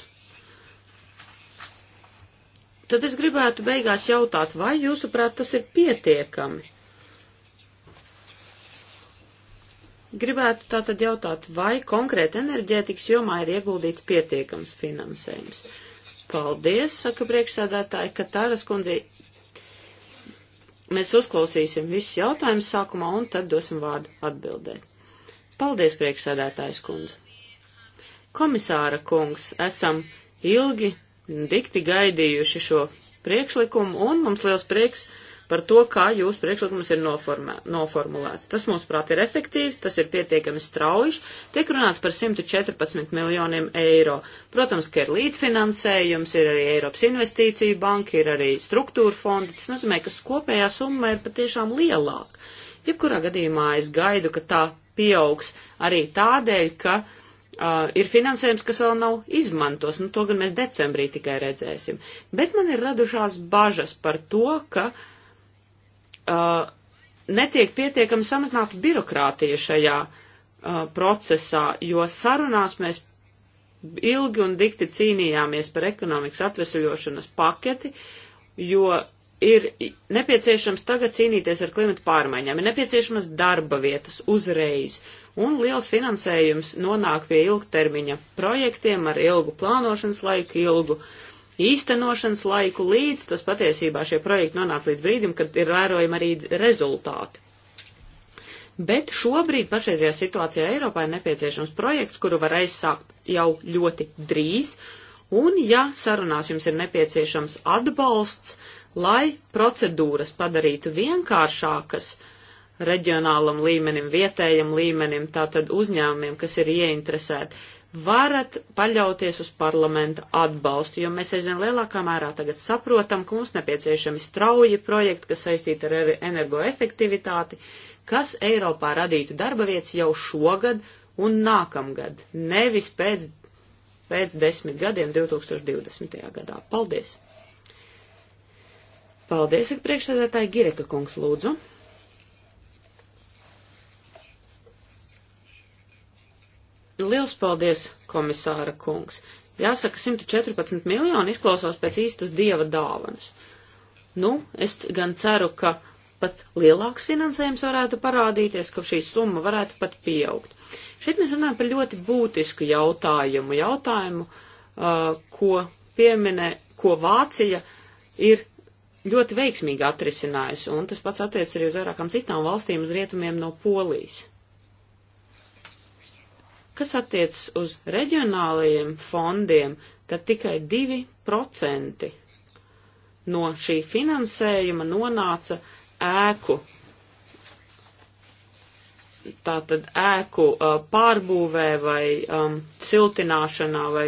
Tad es gribētu beigās jautāt, vai jūsuprāt tas ir pietiekami? Gribētu tātad jautāt, vai konkrēti enerģētikas jomā ir ieguldīts pietiekams finansējums. Paldies, saka priekšsēdētāji, ka Tāras kundzī. Mēs uzklausīsim visus jautājumus sākumā un tad dosim vārdu atbildēt. Paldies, priekšsēdētājs kundze. Komisāra kungs, esam ilgi dikti gaidījuši šo priekšlikumu, un mums liels prieks par to, kā jūsu priekšlikums ir noformē, noformulēts. Tas, mums prāt, ir efektīvs, tas ir pietiekami straujišs, tiek runāts par 114 miljoniem eiro. Protams, ka ir līdzfinansējums, ir arī Eiropas investīcija banka, ir arī struktūra fondi, tas nozīmē, ka kopējā summa ir patiešām lielāka. Jebkurā gadījumā es gaidu, ka tā pieaugs arī tādēļ, ka uh, ir finansējums, kas vēl nav izmantos, nu to gan mēs decembrī tikai redzēsim. Bet man ir radušās bažas par to, ka uh, netiek pietiekami samazināta birokrātija šajā uh, procesā, jo sarunās mēs ilgi un dikti cīnījāmies par ekonomikas atvesaļošanas paketi, jo ir nepieciešams tagad cīnīties ar klimatu pārmaiņām, ir nepieciešamas darba vietas uzreiz, un liels finansējums nonāk pie ilgtermiņa projektiem ar ilgu plānošanas laiku, ilgu īstenošanas laiku, līdz tas patiesībā šie projekti nonāk līdz brīdim, kad ir vērojami arī rezultāti. Bet šobrīd pašreizajā situācijā Eiropā ir nepieciešams projekts, kuru var aizsākt jau ļoti drīz, un ja sarunās jums ir nepieciešams atbalsts, uh, lai procedūras padarītu vienkāršākas reģionālam līmenim, vietējam līmenim, tātad uzņēmumiem, kas ir ieinteresēti, varat paļauties uz parlamenta atbalstu, jo mēs aizvien lielākā mērā tagad saprotam, ka mums nepieciešami strauji projekti, kas saistīti ar energoefektivitāti, kas Eiropā radītu darba vietas jau šogad un nākamgad, nevis pēc, pēc desmit gadiem 2020. gadā. Paldies! Paldies, ka priekšsēdētāji Gireka kungs lūdzu. Liels paldies, komisāra kungs. Jāsaka, 114 miljoni izklausās pēc īstas dieva dāvanas. Nu, es gan ceru, ka pat lielāks finansējums varētu parādīties, ka šī summa varētu pat pieaugt. Šeit mēs runājam par ļoti būtisku jautājumu, jautājumu, uh, ko pieminē, ko Vācija ir ļoti veiksmīgi atrisinājusi, un tas pats attiec arī uz vairākām citām valstīm uz rietumiem no Polijas. Kas attiec uz reģionālajiem fondiem, tad tikai 2% no šī finansējuma nonāca ēku. Tātad ēku uh, pārbūvē vai um, siltināšanā vai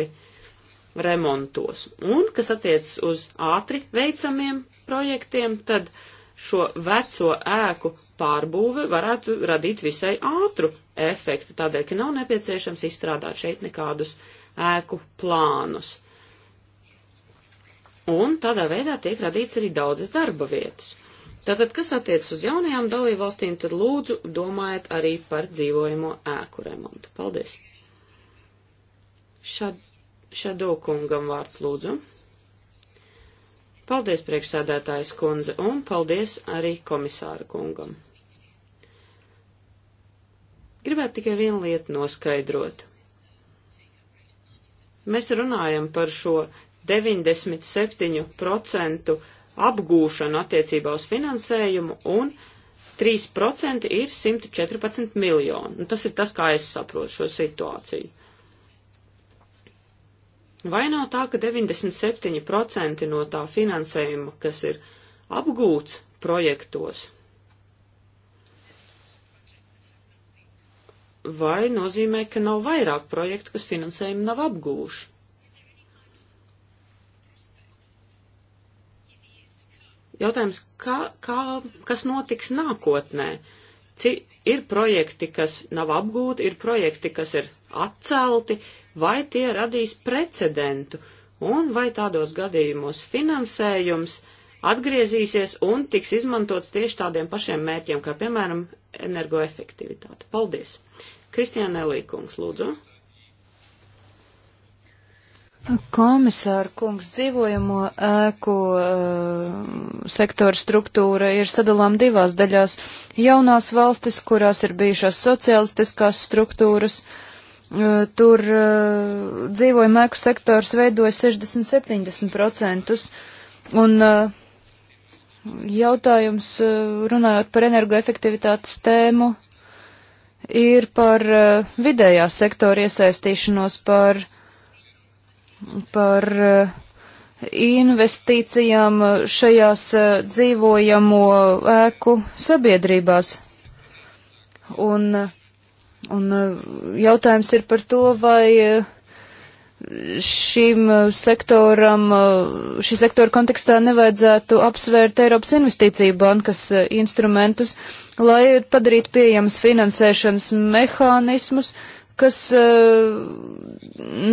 remontos. Un, kas attiec uz ātri veicamiem projektiem, tad šo veco ēku pārbūve varētu radīt visai ātru efektu, tādēļ, ka nav nepieciešams izstrādāt šeit nekādus ēku plānus. Un tādā veidā tiek radīts arī daudzas darba vietas. Tātad, kas attiecas uz jaunajām dalībvalstīm, tad lūdzu domājiet arī par dzīvojamo ēku remontu. Paldies! Šad, šadokungam vārds lūdzu. Paldies, priekšsēdētājs kundze, un paldies arī komisāra kungam. Gribētu tikai vienu lietu noskaidrot. Mēs runājam par šo 97% apgūšanu attiecībā uz finansējumu, un 3% ir 114 miljoni. Un tas ir tas, kā es saprotu šo situāciju. Vai nav tā, ka 97% no tā finansējuma, kas ir apgūts projektos, vai nozīmē, ka nav vairāk projektu, kas finansējumu nav apgūši? Jautājums, kā, kā, kas notiks nākotnē? Ci, ir projekti, kas nav apgūti, ir projekti, kas ir atcelti, vai tie radīs precedentu, un vai tādos gadījumos finansējums atgriezīsies un tiks izmantots tieši tādiem pašiem mērķiem, kā piemēram energoefektivitāte. Paldies! Kristiāna Elīkungs, lūdzu. Komisāra kungs dzīvojamo ēku uh, sektora struktūra ir sadalām divās daļās - jaunās valstis, kurās ir bijušās socialistiskās struktūras, uh, Eh, tur eh, dzīvojuma ēku sektors veidoja 60-70%. Un eh, jautājums, runājot par energoefektivitātes tēmu, ir par vidējā sektora iesaistīšanos, par, par investīcijām šajās dzīvojamo ēku sabiedrībās. Un Un uh, jautājums ir par to, vai uh, šim uh, sektoram, šī sektora kontekstā nevajadzētu apsvērt Eiropas investīciju bankas instrumentus, lai padarītu pieejams finansēšanas mehānismus, kas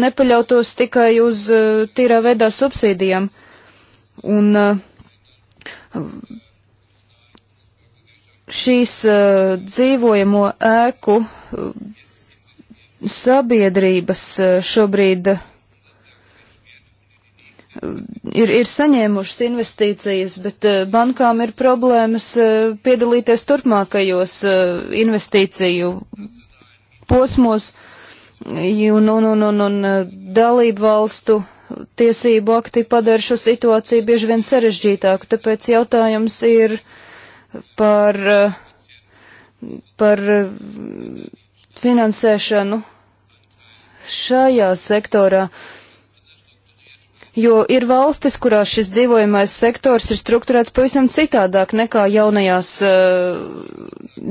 nepaļautos tikai uz tīrā veidā subsīdijām. Un šīs dzīvojamo ēku sabiedrības e, šobrīd e, ir, ir saņēmušas investīcijas, bet e, bankām ir problēmas piedalīties turpmākajos investīciju posmos un, un, un, un, un dalību valstu tiesību akti padara šo situāciju bieži vien sarežģītāku, tāpēc jautājums ir par, par finansēšanu šajā sektorā, jo ir valstis, kurās šis dzīvojamais sektors ir strukturēts pavisam citādāk nekā jaunajās uh,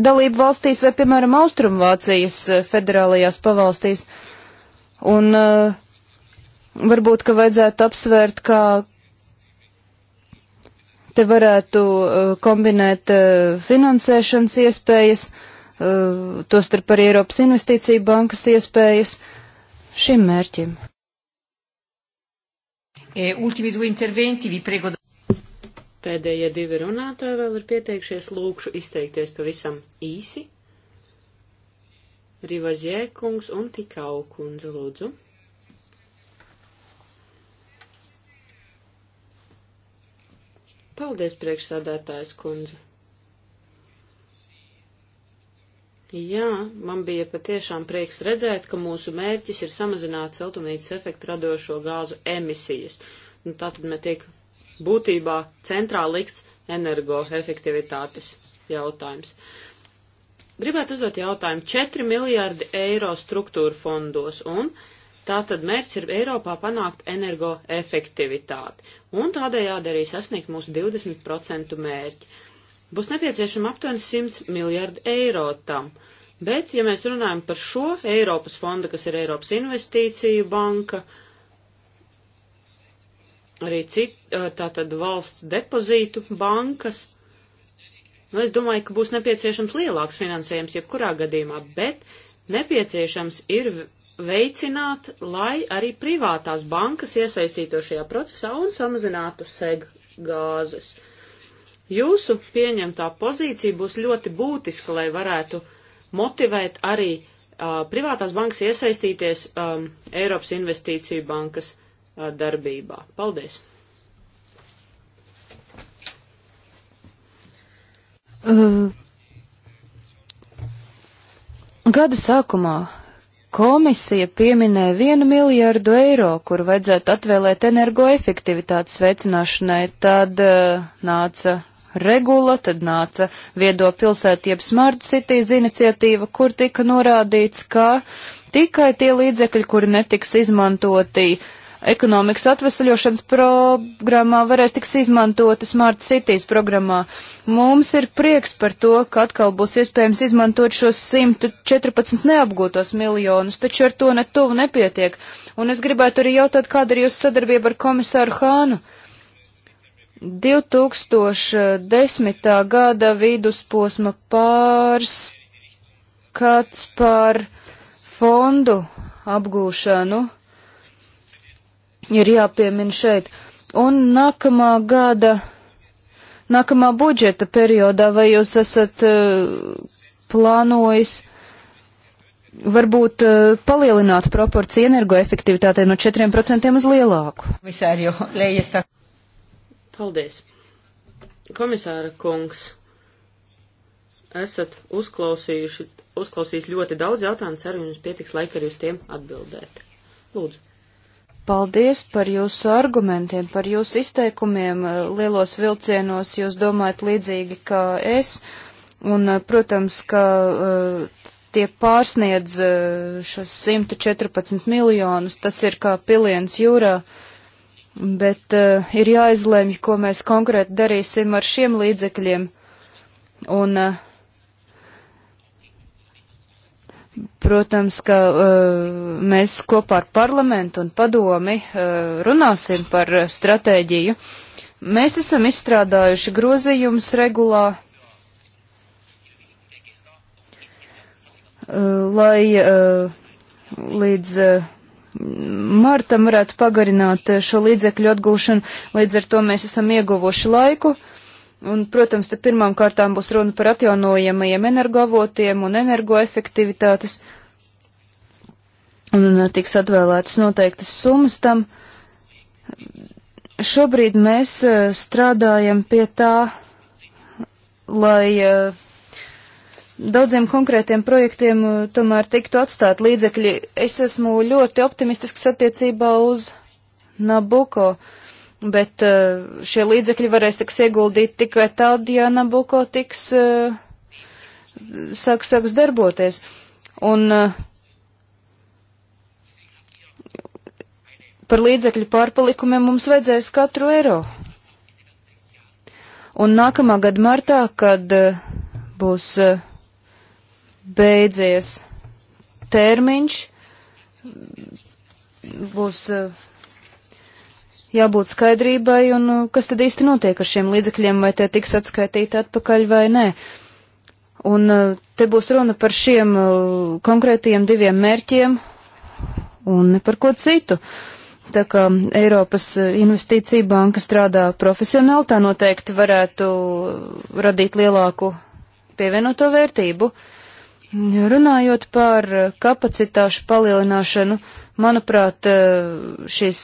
dalību valstīs vai, piemēram, Austrumvācijas eh, federālajās pavalstīs. Un uh, varbūt, ka vajadzētu apsvērt, kā te varētu uh, kombinēt uh, finansēšanas iespējas. Uh, Eh, tostarp arī Eiropas investīcija bankas iespējas šim mērķim. E, Pēdējie divi runātāji vēl ir pieteikšies, lūkšu izteikties pavisam īsi. Rivazjē kungs un Tikau kundze, lūdzu. Paldies, priekšsādātājs kundze. Jā, man bija patiešām prieks redzēt, ka mūsu mērķis ir samazināt siltumnīcas efektu radošo gāzu emisijas. Nu, tātad man tiek būtībā centrā likts energoefektivitātes jautājums. Gribētu uzdot jautājumu. 4 miljārdi eiro struktūra fondos un tātad mērķis ir Eiropā panākt energoefektivitāti un tādējādi arī sasniegt mūsu 20% mērķi. Būs nepieciešama aptuveni 100 miljardi eiro tam. Bet, ja mēs runājam par šo Eiropas fondu, kas ir Eiropas investīciju banka, arī cit, tātad valsts depozītu bankas, nu, es domāju, ka būs nepieciešams lielāks finansējums jebkurā gadījumā, bet nepieciešams ir veicināt, lai arī privātās bankas iesaistīto šajā procesā un samazinātu seg gāzes. Uh, Jūsu pieņemtā pozīcija būs ļoti būtiska, lai varētu motivēt arī uh, privātās bankas iesaistīties um, Eiropas investīciju bankas uh, darbībā. Paldies! Uh, gada sākumā Komisija pieminēja vienu miljardu eiro, kur vajadzētu atvēlēt energoefektivitātes veicināšanai, tad uh, nāca regula, tad nāca viedo pilsētu jeb Smart Cities iniciatīva, kur tika norādīts, ka tikai tie līdzekļi, kuri netiks izmantoti ekonomikas atvesaļošanas programmā, varēs tiks izmantoti Smart Cities programmā. Mums ir prieks par to, ka atkal būs iespējams izmantot šos 114 neapgūtos miljonus, taču ar to ne tuvu nepietiek. Un es gribētu arī jautāt, kāda ir jūsu sadarbība ar komisāru Hānu? 2010. gada vidusposma pārskats par fondu apgūšanu ir jāpiemina šeit. Un nākamā gada, nākamā budžeta periodā, vai jūs esat uh, plānojis varbūt uh, palielināt proporciju energoefektivitātei no 4% uz lielāku? Visāri jau lejas tā. Paldies! Komisāra kungs, esat uzklausījuši, uzklausījis ļoti daudz jautājumu, ceru, jums pietiks laika arī uz tiem atbildēt. Lūdzu. Paldies par jūsu argumentiem, par jūsu izteikumiem. Lielos vilcienos jūs domājat līdzīgi kā es, un, protams, ka uh, tie pārsniedz uh, šos 114 miljonus, tas ir kā piliens jūrā. Uh, bet uh, ir jāizlemj, ko mēs konkrēti darīsim ar šiem līdzekļiem. Un, uh, Protams, ka uh, mēs kopā ar parlamentu un padomi uh, runāsim par uh, stratēģiju. Mēs esam izstrādājuši grozījumus regulā, uh, lai uh, līdz uh, martam varētu pagarināt eh, šo līdzekļu atgūšanu, līdz ar to mēs esam ieguvuši laiku. Un, protams, te pirmām kārtām būs runa par atjaunojamajiem energoavotiem un energoefektivitātes. Un eh, tiks atvēlētas noteiktas summas tam. Šobrīd mēs eh, strādājam pie tā, lai uh, daudziem konkrētiem projektiem eh, tomēr tiktu atstāt līdzekļi. Es esmu ļoti optimistisks attiecībā uz Nabuko, bet eh, šie līdzekļi varēs tiks ieguldīt tikai tad, ja Nabuko tiks eh, sāks, sāks darboties. Un par līdzekļu pārpalikumiem mums vajadzēs katru eiro. Un nākamā gada martā, kad būs uh, beidzies termiņš, būs eh, jābūt skaidrībai, un eh, kas tad īsti notiek ar šiem līdzekļiem, vai tie tiks atskaitīti atpakaļ vai nē. Un eh, te būs runa par šiem konkrētajiem diviem mērķiem un ne par ko citu. Tā kā Eiropas investīcija banka strādā profesionāli, tā noteikti varētu radīt lielāku pievienoto vērtību. Uh, Runājot par kapacitāšu palielināšanu, manuprāt, šīs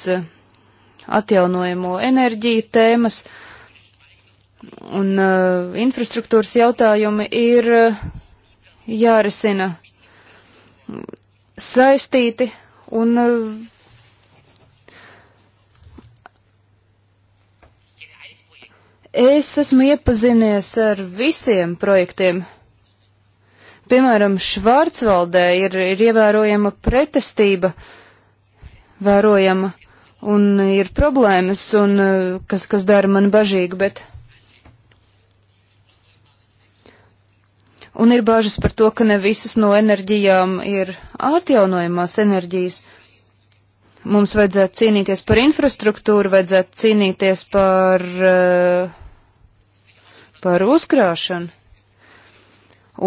atjaunojamo enerģiju tēmas un eh, infrastruktūras jautājumi ir eh, jārisina saistīti un eh, es esmu iepazinies ar visiem projektiem Piemēram, Švārcvaldē ir, ir ievērojama pretestība, vērojama, un ir problēmas, un eh, kas, kas dara mani bažīgi, bet. Un ir bažas par to, ka ne visas no enerģijām ir atjaunojamās enerģijas. Mums vajadzētu cīnīties par infrastruktūru, vajadzētu cīnīties par, eh, par uzkrāšanu.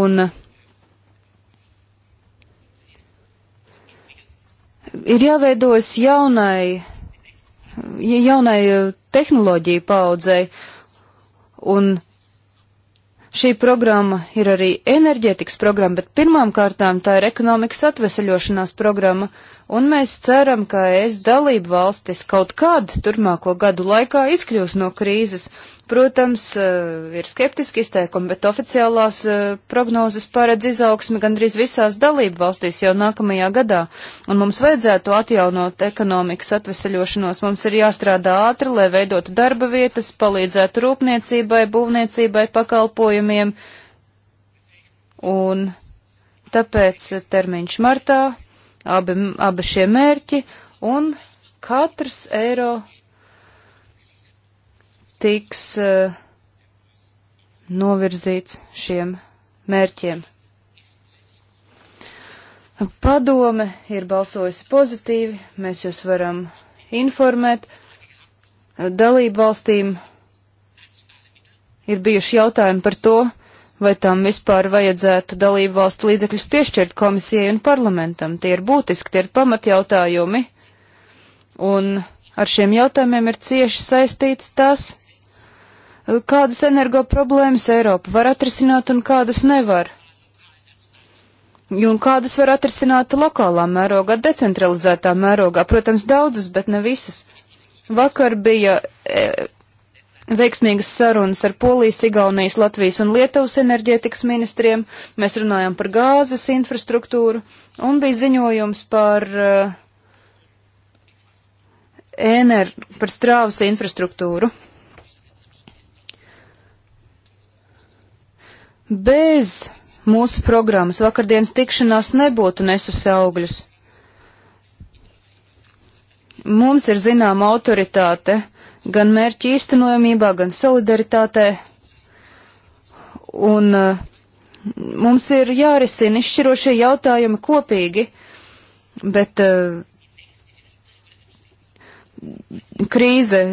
Un Ir jāveidojas jaunai, jaunai eh, tehnoloģiju paudzei, un šī programma ir arī enerģētikas programma, bet pirmām kārtām tā ir ekonomikas atveseļošanās programma, un mēs ceram, ka es dalību valstis kaut kādu turmāko gadu laikā izkļūs no krīzes, Protams, eh, ir skeptiski izteikumi, bet oficiālās eh, prognozes paredz izaugsmi gandrīz visās dalību valstīs jau nākamajā gadā, un mums vajadzētu atjaunot ekonomikas atveseļošanos, mums ir jāstrādā ātri, lai veidotu darba vietas, palīdzētu rūpniecībai, būvniecībai, pakalpojumiem, un tāpēc termiņš martā, abi, abi šie mērķi, un katrs eiro tiks uh, novirzīts šiem mērķiem. Padome ir balsojusi pozitīvi, mēs jūs varam informēt. Dalību valstīm ir bijuši jautājumi par to, vai tam vispār vajadzētu dalību valstu līdzekļus piešķirt komisijai un parlamentam. Tie ir būtiski, tie ir pamatjautājumi. Un ar šiem jautājumiem ir cieši saistīts tas, kādas energo problēmas Eiropa var atrisināt un kādas nevar. Un kādas var atrisināt lokālā mērogā, decentralizētā mērogā, protams, daudzas, bet ne visas. Vakar bija e, veiksmīgas sarunas ar Polijas, Igaunijas, Latvijas un Lietuvas enerģētikas ministriem. Mēs runājām par gāzes infrastruktūru un bija ziņojums par, e, ener, par strāvas infrastruktūru. Bez mūsu programmas vakardienas tikšanās nebūtu nesus augļus. Mums ir zināma autoritāte gan mērķu īstenojamībā, gan solidaritātē, un uh, mums ir jārisina izšķirošie jautājumi kopīgi, bet uh, krīze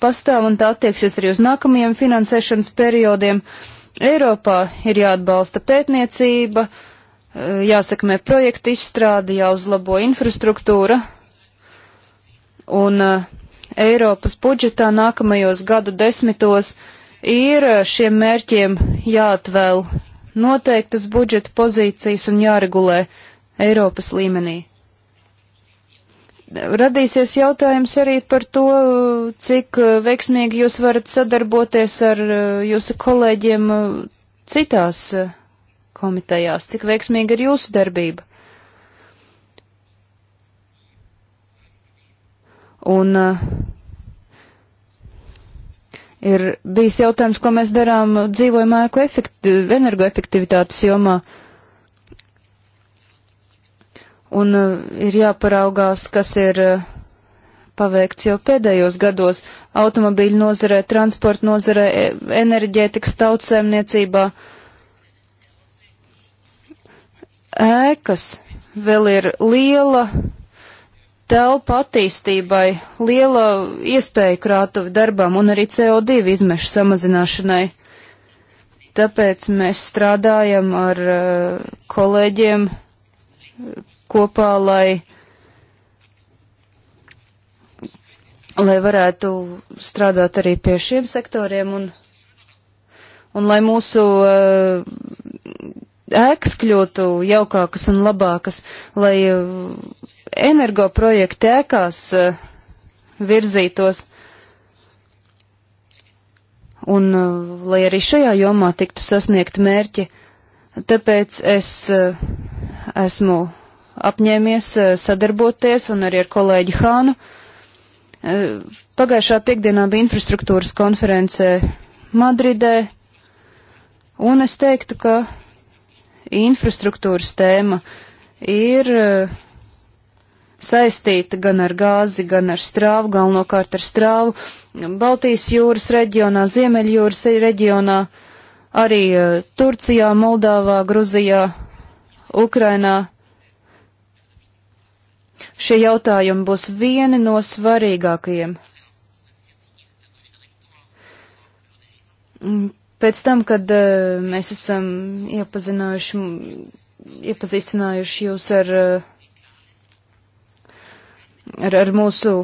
pastāv un tā attieksies arī uz nākamajiem finansēšanas periodiem. Uh, Eiropā ir jāatbalsta pētniecība, eh, jāsakmē projekta izstrāde, jāuzlabo infrastruktūra, un eh, Eiropas budžetā nākamajos gadu desmitos ir eh, šiem mērķiem jāatvēl noteiktas budžeta pozīcijas un jāregulē Eiropas līmenī. Radīsies jautājums arī par to, cik uh, veiksmīgi jūs varat sadarboties ar uh, jūsu kolēģiem uh, citās komitejās, cik veiksmīga ir jūsu darbība. Un uh, ir bijis jautājums, ko mēs darām dzīvojamā energoefektivitātes jomā. Uh, un eh, ir jāparaugās, kas ir eh, paveikts jau pēdējos gados - automobīļu nozarē, transporta nozarē, e, enerģētikas tautsēmniecībā. Ēkas vēl ir liela telpa attīstībai, liela iespēja krātuvi darbam un arī CO2 izmešu samazināšanai. Tāpēc mēs strādājam ar eh, kolēģiem, uh, kopā, lai, lai varētu strādāt arī pie šiem sektoriem un, un lai mūsu uh, ēkas kļūtu jaukākas un labākas, lai uh, energoprojekti ēkās uh, virzītos un lai arī šajā jomā tiktu sasniegt mērķi. Tāpēc es uh, esmu apņēmies eh, sadarboties un arī ar kolēģi Hānu. Eh, pagājušā piekdienā bija infrastruktūras konference Madridē, un es teiktu, ka infrastruktūras tēma ir eh, saistīta gan ar gāzi, gan ar strāvu, galvenokārt ar strāvu. Baltijas jūras reģionā, Ziemeļjūras reģionā, arī Turcijā, Moldāvā, Gruzijā, Ukrainā. Šie jautājumi būs vieni no svarīgākajiem. Pēc tam, kad uh, mēs esam iepazinājuši, iepazīstinājuši jūs ar, eh, ar, ar mūsu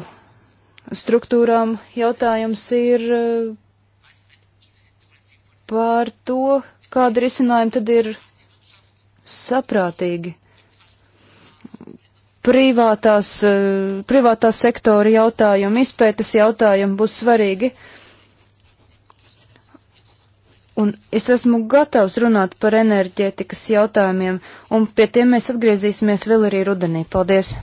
struktūrām, jautājums ir uh, par to, kāda risinājuma tad ir saprātīgi. Privātās, eh, privātā sektora jautājumi, izpētes jautājumi būs svarīgi. Un es esmu gatavs runāt par enerģētikas jautājumiem, un pie tiem mēs atgriezīsimies vēl arī rudenī. Paldies!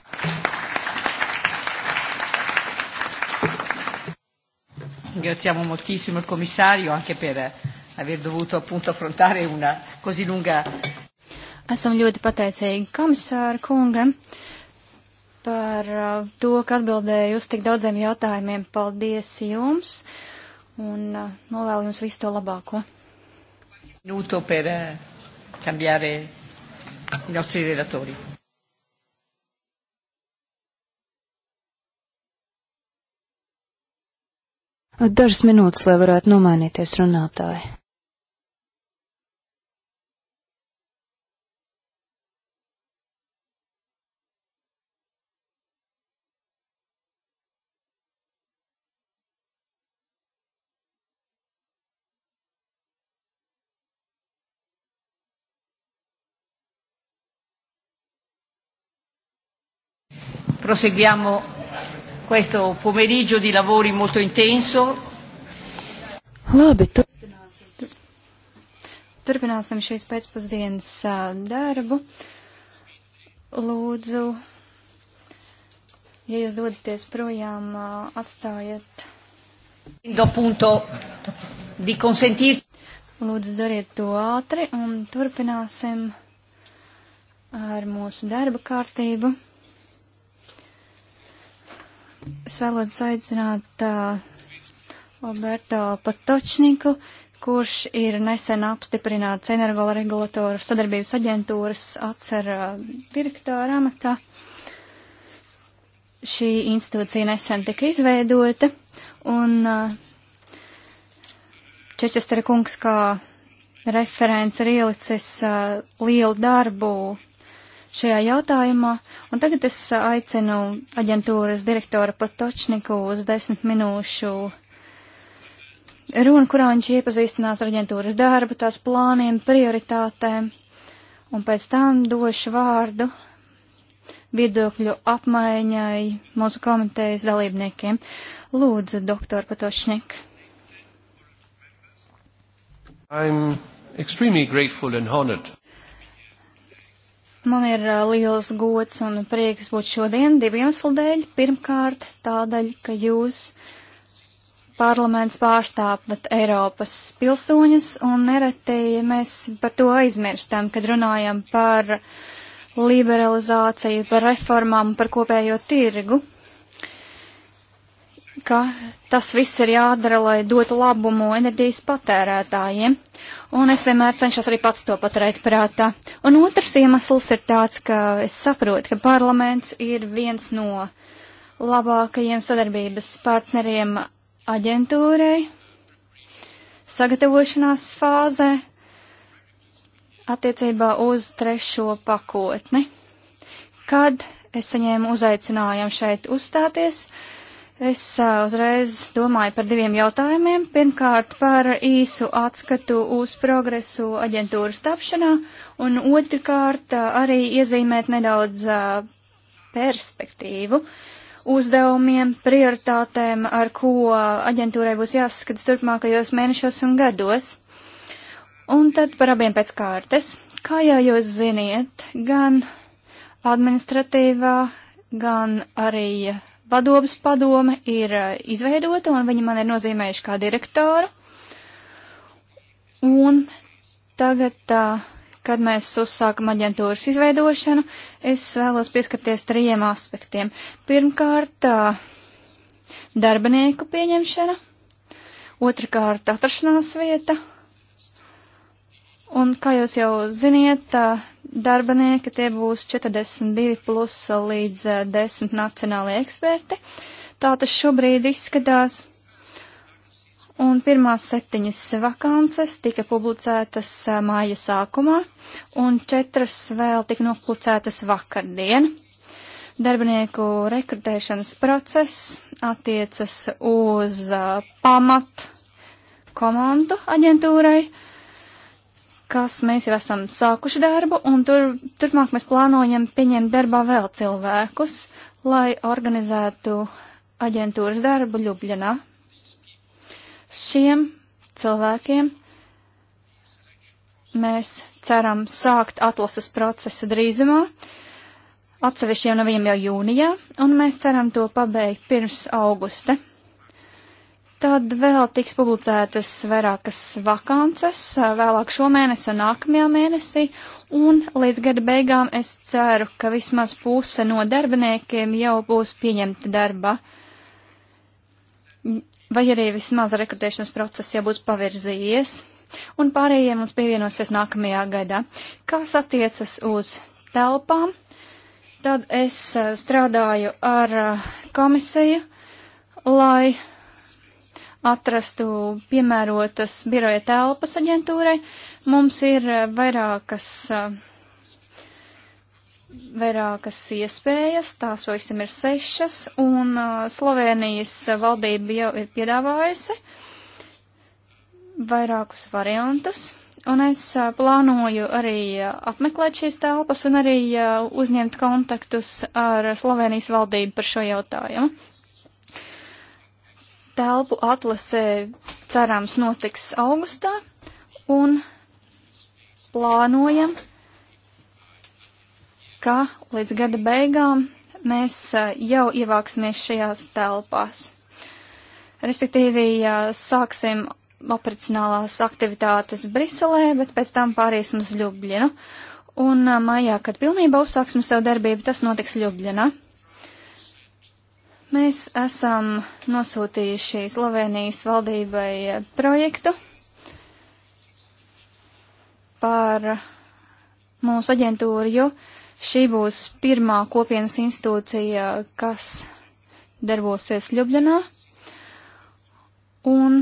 Ringraziamo moltissimo il commissario anche per aver dovuto appunto affrontare una così lunga Esam ļoti pateicīgi komisāra kungam par uh, to, ka atbildēju uz tik daudziem jautājumiem. Paldies jums un uh, novēlu jums visu to labāko. Minuto per eh, cambiare i nostri relatori. Dažas minūtes, lai varētu nomainīties runātāji. Proseguiamo questo pomeriggio di lavori molto intenso. Labi, turpināsim, turpināsim šīs pēcpusdienas darbu. Lūdzu, ja jūs dodaties projām, atstājiet. Lūdzu, dariet to ātri un turpināsim ar mūsu darba kārtību. Es vēlos aicināt uh, Alberto Patočniku, kurš ir nesen apstiprināts energoregulatoru sadarbības aģentūras atcera uh, direktora amatā. Šī institūcija nesen tika izveidota, un uh, Čečestera kungs kā referents ir ielicis uh, lielu darbu šajā jautājumā. Un tagad es aicinu aģentūras direktoru Patočniku uz desmit minūšu runu, kurā viņš iepazīstinās ar aģentūras darbu, tās plāniem, prioritātēm. Un pēc tam došu vārdu viedokļu apmaiņai mūsu komitejas dalībniekiem. Lūdzu, doktor Patočnik. I'm extremely grateful and honored. Man ir liels gods un prieks būt šodien diviem sludēļ. Pirmkārt, tādēļ, ka jūs parlaments pārstāvat Eiropas pilsoņus, un nereti mēs par to aizmirstam, kad runājam par liberalizāciju, par reformām, par kopējo tirgu, ka tas viss ir jādara, lai dotu labumu enerģijas patērētājiem. Un es vienmēr cenšos arī pats to paturēt prātā. Un otrs iemesls ir tāds, ka es saprotu, ka parlaments ir viens no labākajiem sadarbības partneriem aģentūrai, sagatavošanās fāzē attiecībā uz trešo pakotni. Kad es saņēmu uzaicinājumu šeit uzstāties, uh, Es uzreiz domāju par diviem jautājumiem. Pirmkārt, par īsu atskatu uz progresu aģentūras tapšanā, un otrkārt, arī iezīmēt nedaudz perspektīvu uzdevumiem, prioritātēm, ar ko aģentūrai būs jāsaskatās turpmākajos mēnešos un gados. Un tad par abiem pēc kārtas. Kā jau jūs ziniet, gan administratīvā, gan arī padomas padome ir eh, izveidota, un viņi man ir nozīmējuši kā direktoru. Un tagad, eh, kad mēs uzsākam aģentūras izveidošanu, es vēlos pieskarties trījiem aspektiem. Pirmkārt, eh, darbinieku pieņemšana, otrkārt, atrašanās vieta Un, kā jūs jau ziniet, darbinieki tie būs 42 plus līdz 10 eh, nacionālie eksperti. Tā tas šobrīd izskatās. Un pirmās septiņas vakances tika publicētas eh, māja sākumā, un četras vēl tika nopublicētas vakardien. Darbinieku rekrutēšanas process attiecas uz eh, pamat komandu aģentūrai kas mēs jau esam sākuši darbu, un tur, turpmāk mēs plānojam pieņemt darbā vēl cilvēkus, lai organizētu aģentūras darbu Ljubljanā. Šiem cilvēkiem mēs ceram sākt atlases procesu drīzumā, atsevišķiem no viņiem jau jūnijā, un mēs ceram to pabeigt pirms augusta. Tad vēl tiks publicētas vairākas vakances, vēlāk šomēnes un nākamajā mēnesī, un līdz gada beigām es ceru, ka vismaz puse no darbiniekiem jau būs pieņemti darba, vai arī vismaz rekrutēšanas process jau būs pavirzījies, un pārējie mums pievienosies nākamajā gadā. Kas attiecas uz telpām, tad es eh, strādāju ar eh, komisiju, lai atrastu piemērotas biroja telpas aģentūrai. Mums ir eh, vairākas, eh, vairākas iespējas, tās visam ir sešas, un eh, Slovenijas valdība jau ir piedāvājusi vairākus variantus. Un es plānoju arī apmeklēt šīs telpas un arī uzņemt kontaktus ar Slovenijas valdību par šo jautājumu. Telpu atlasē cerams notiks augustā un plānojam, ka līdz gada beigām mēs jau ievāksimies šajās telpās. Respektīvi, sāksim operacionālās aktivitātes Briselē, bet pēc tam pāriesim uz Ljubļinu. Un maijā, kad pilnībā uzsāksim savu darbību, tas notiks Ljubļinā. Mēs esam nosūtījuši Slovenijas valdībai projektu par mūsu aģentūru, jo šī būs pirmā kopienas institūcija, kas darbosies Ljubljanā. Un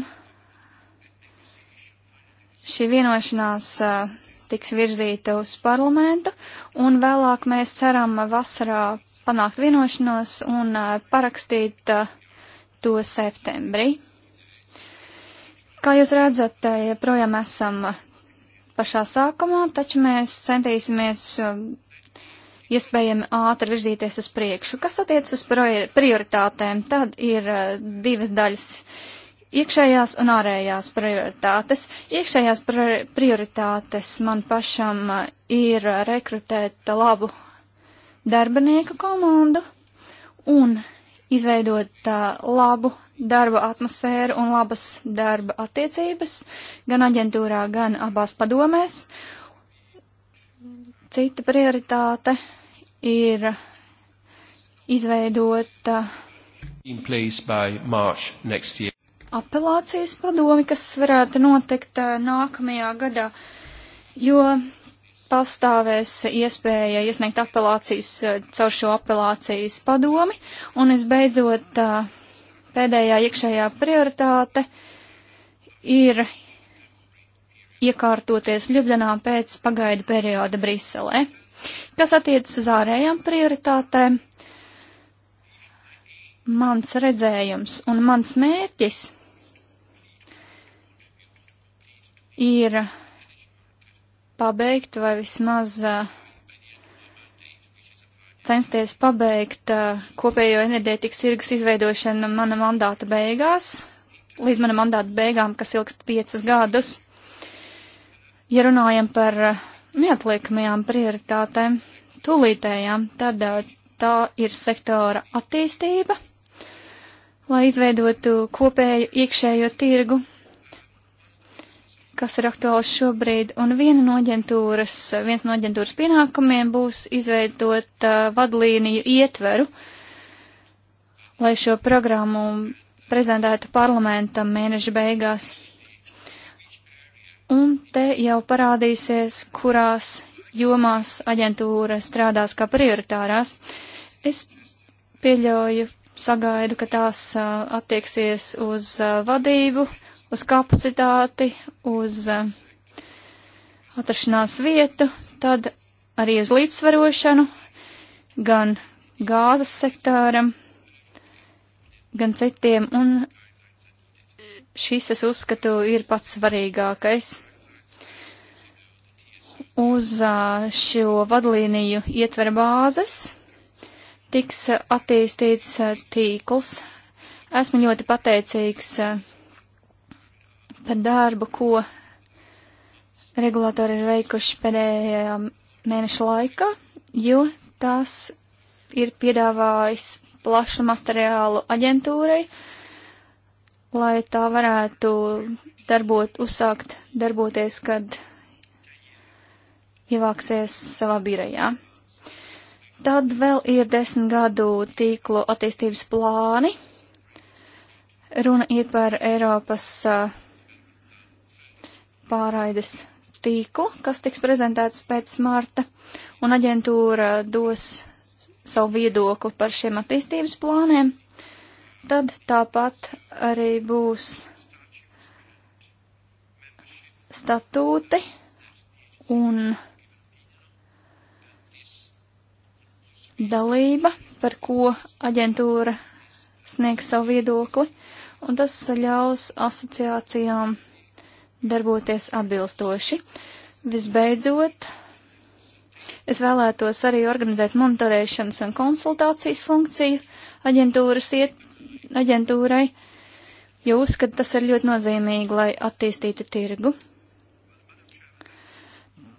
šī vienošanās uh, tiks virzīta uz parlamentu, un vēlāk mēs ceram vasarā panākt vienošanos un parakstīt to septembrī. Kā jūs redzat, joprojām esam pašā sākumā, taču mēs centīsimies iespējami ātri virzīties uz priekšu. Kas attiecas uz prioritātēm, tad ir divas daļas iekšējās un ārējās prioritātes. Iekšējās prioritātes man pašam uh, ir rekrutēt labu darbinieku komandu un izveidot uh, labu darba atmosfēru un labas darba attiecības gan aģentūrā, gan abās padomēs. Cita prioritāte ir izveidota. Uh, In place by March next year apelācijas padomi, kas varētu notikt nākamajā gadā, jo pastāvēs iespēja iesniegt apelācijas caur šo apelācijas padomi, un visbeidzot pēdējā iekšējā prioritāte ir iekārtoties Ljubljanā pēc pagaidu perioda Briselē. Kas attiecas uz ārējām prioritātēm, mans redzējums un mans mērķis ir pabeigt vai vismaz eh, censties pabeigt eh, kopējo enerģētikas tirgus izveidošanu mana mandāta beigās, līdz mana mandāta beigām, kas ilgst piecus gadus. Ja runājam par eh, neatliekamajām prioritātēm, tūlītējām, tad tā ir sektora attīstība, lai izveidotu kopēju iekšējo tirgu kas ir aktuāls šobrīd, un viena no aģentūras, viens no aģentūras pienākumiem būs izveidot uh, vadlīniju ietveru, lai šo programmu prezentētu parlamentam mēneša beigās. Un te jau parādīsies, kurās jomās aģentūra strādās kā prioritārās. Es pieļauju, sagaidu, ka tās uh, attieksies uz uh, vadību, uh, uz kapacitāti, uz eh, atrašanās vietu, tad arī uz līdzsvarošanu gan gāzes sektāram, gan citiem, un šis, es uzskatu, ir pats svarīgākais. Uz eh, šo vadlīniju ietver bāzes, tiks attīstīts eh, tīkls. Esmu ļoti pateicīgs par darbu, ko regulātori ir veikuši pēdējā mēneša laikā, jo tas ir piedāvājis plašu materiālu aģentūrai, lai tā varētu darbot, uzsākt darboties, kad ievāksies savā birajā. Tad vēl ir desmit gadu tīklu attīstības plāni. Runa ir par Eiropas uh, pārraides tīklu, kas tiks prezentēts pēc marta, un aģentūra dos savu viedokli par šiem attīstības plāniem. Tad tāpat arī būs statūti un dalība, par ko aģentūra sniegs savu viedokli, un tas ļaus asociācijām darboties atbilstoši. Visbeidzot, es vēlētos arī organizēt monitorēšanas un konsultācijas funkciju aģentūras iet, aģentūrai, jo uzskat tas ir ļoti nozīmīgi, lai attīstītu tirgu.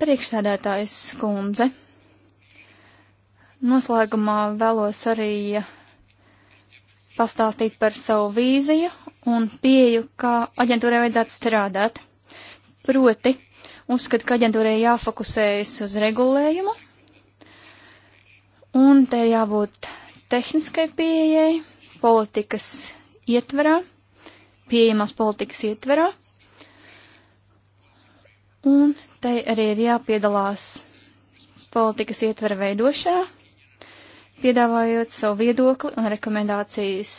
Priekšsēdētājs kundze. Noslēgumā vēlos arī pastāstīt par savu vīziju un pieju, kā aģentūrai vajadzētu strādāt. Proti, uzskat, ka aģentūrai jāfokusējas uz regulējumu, un te ir jābūt tehniskai pieejai, politikas ietverā, pieejamās politikas ietverā, un te arī ir jāpiedalās politikas ietvera veidošanā, piedāvājot savu viedokli un rekomendācijas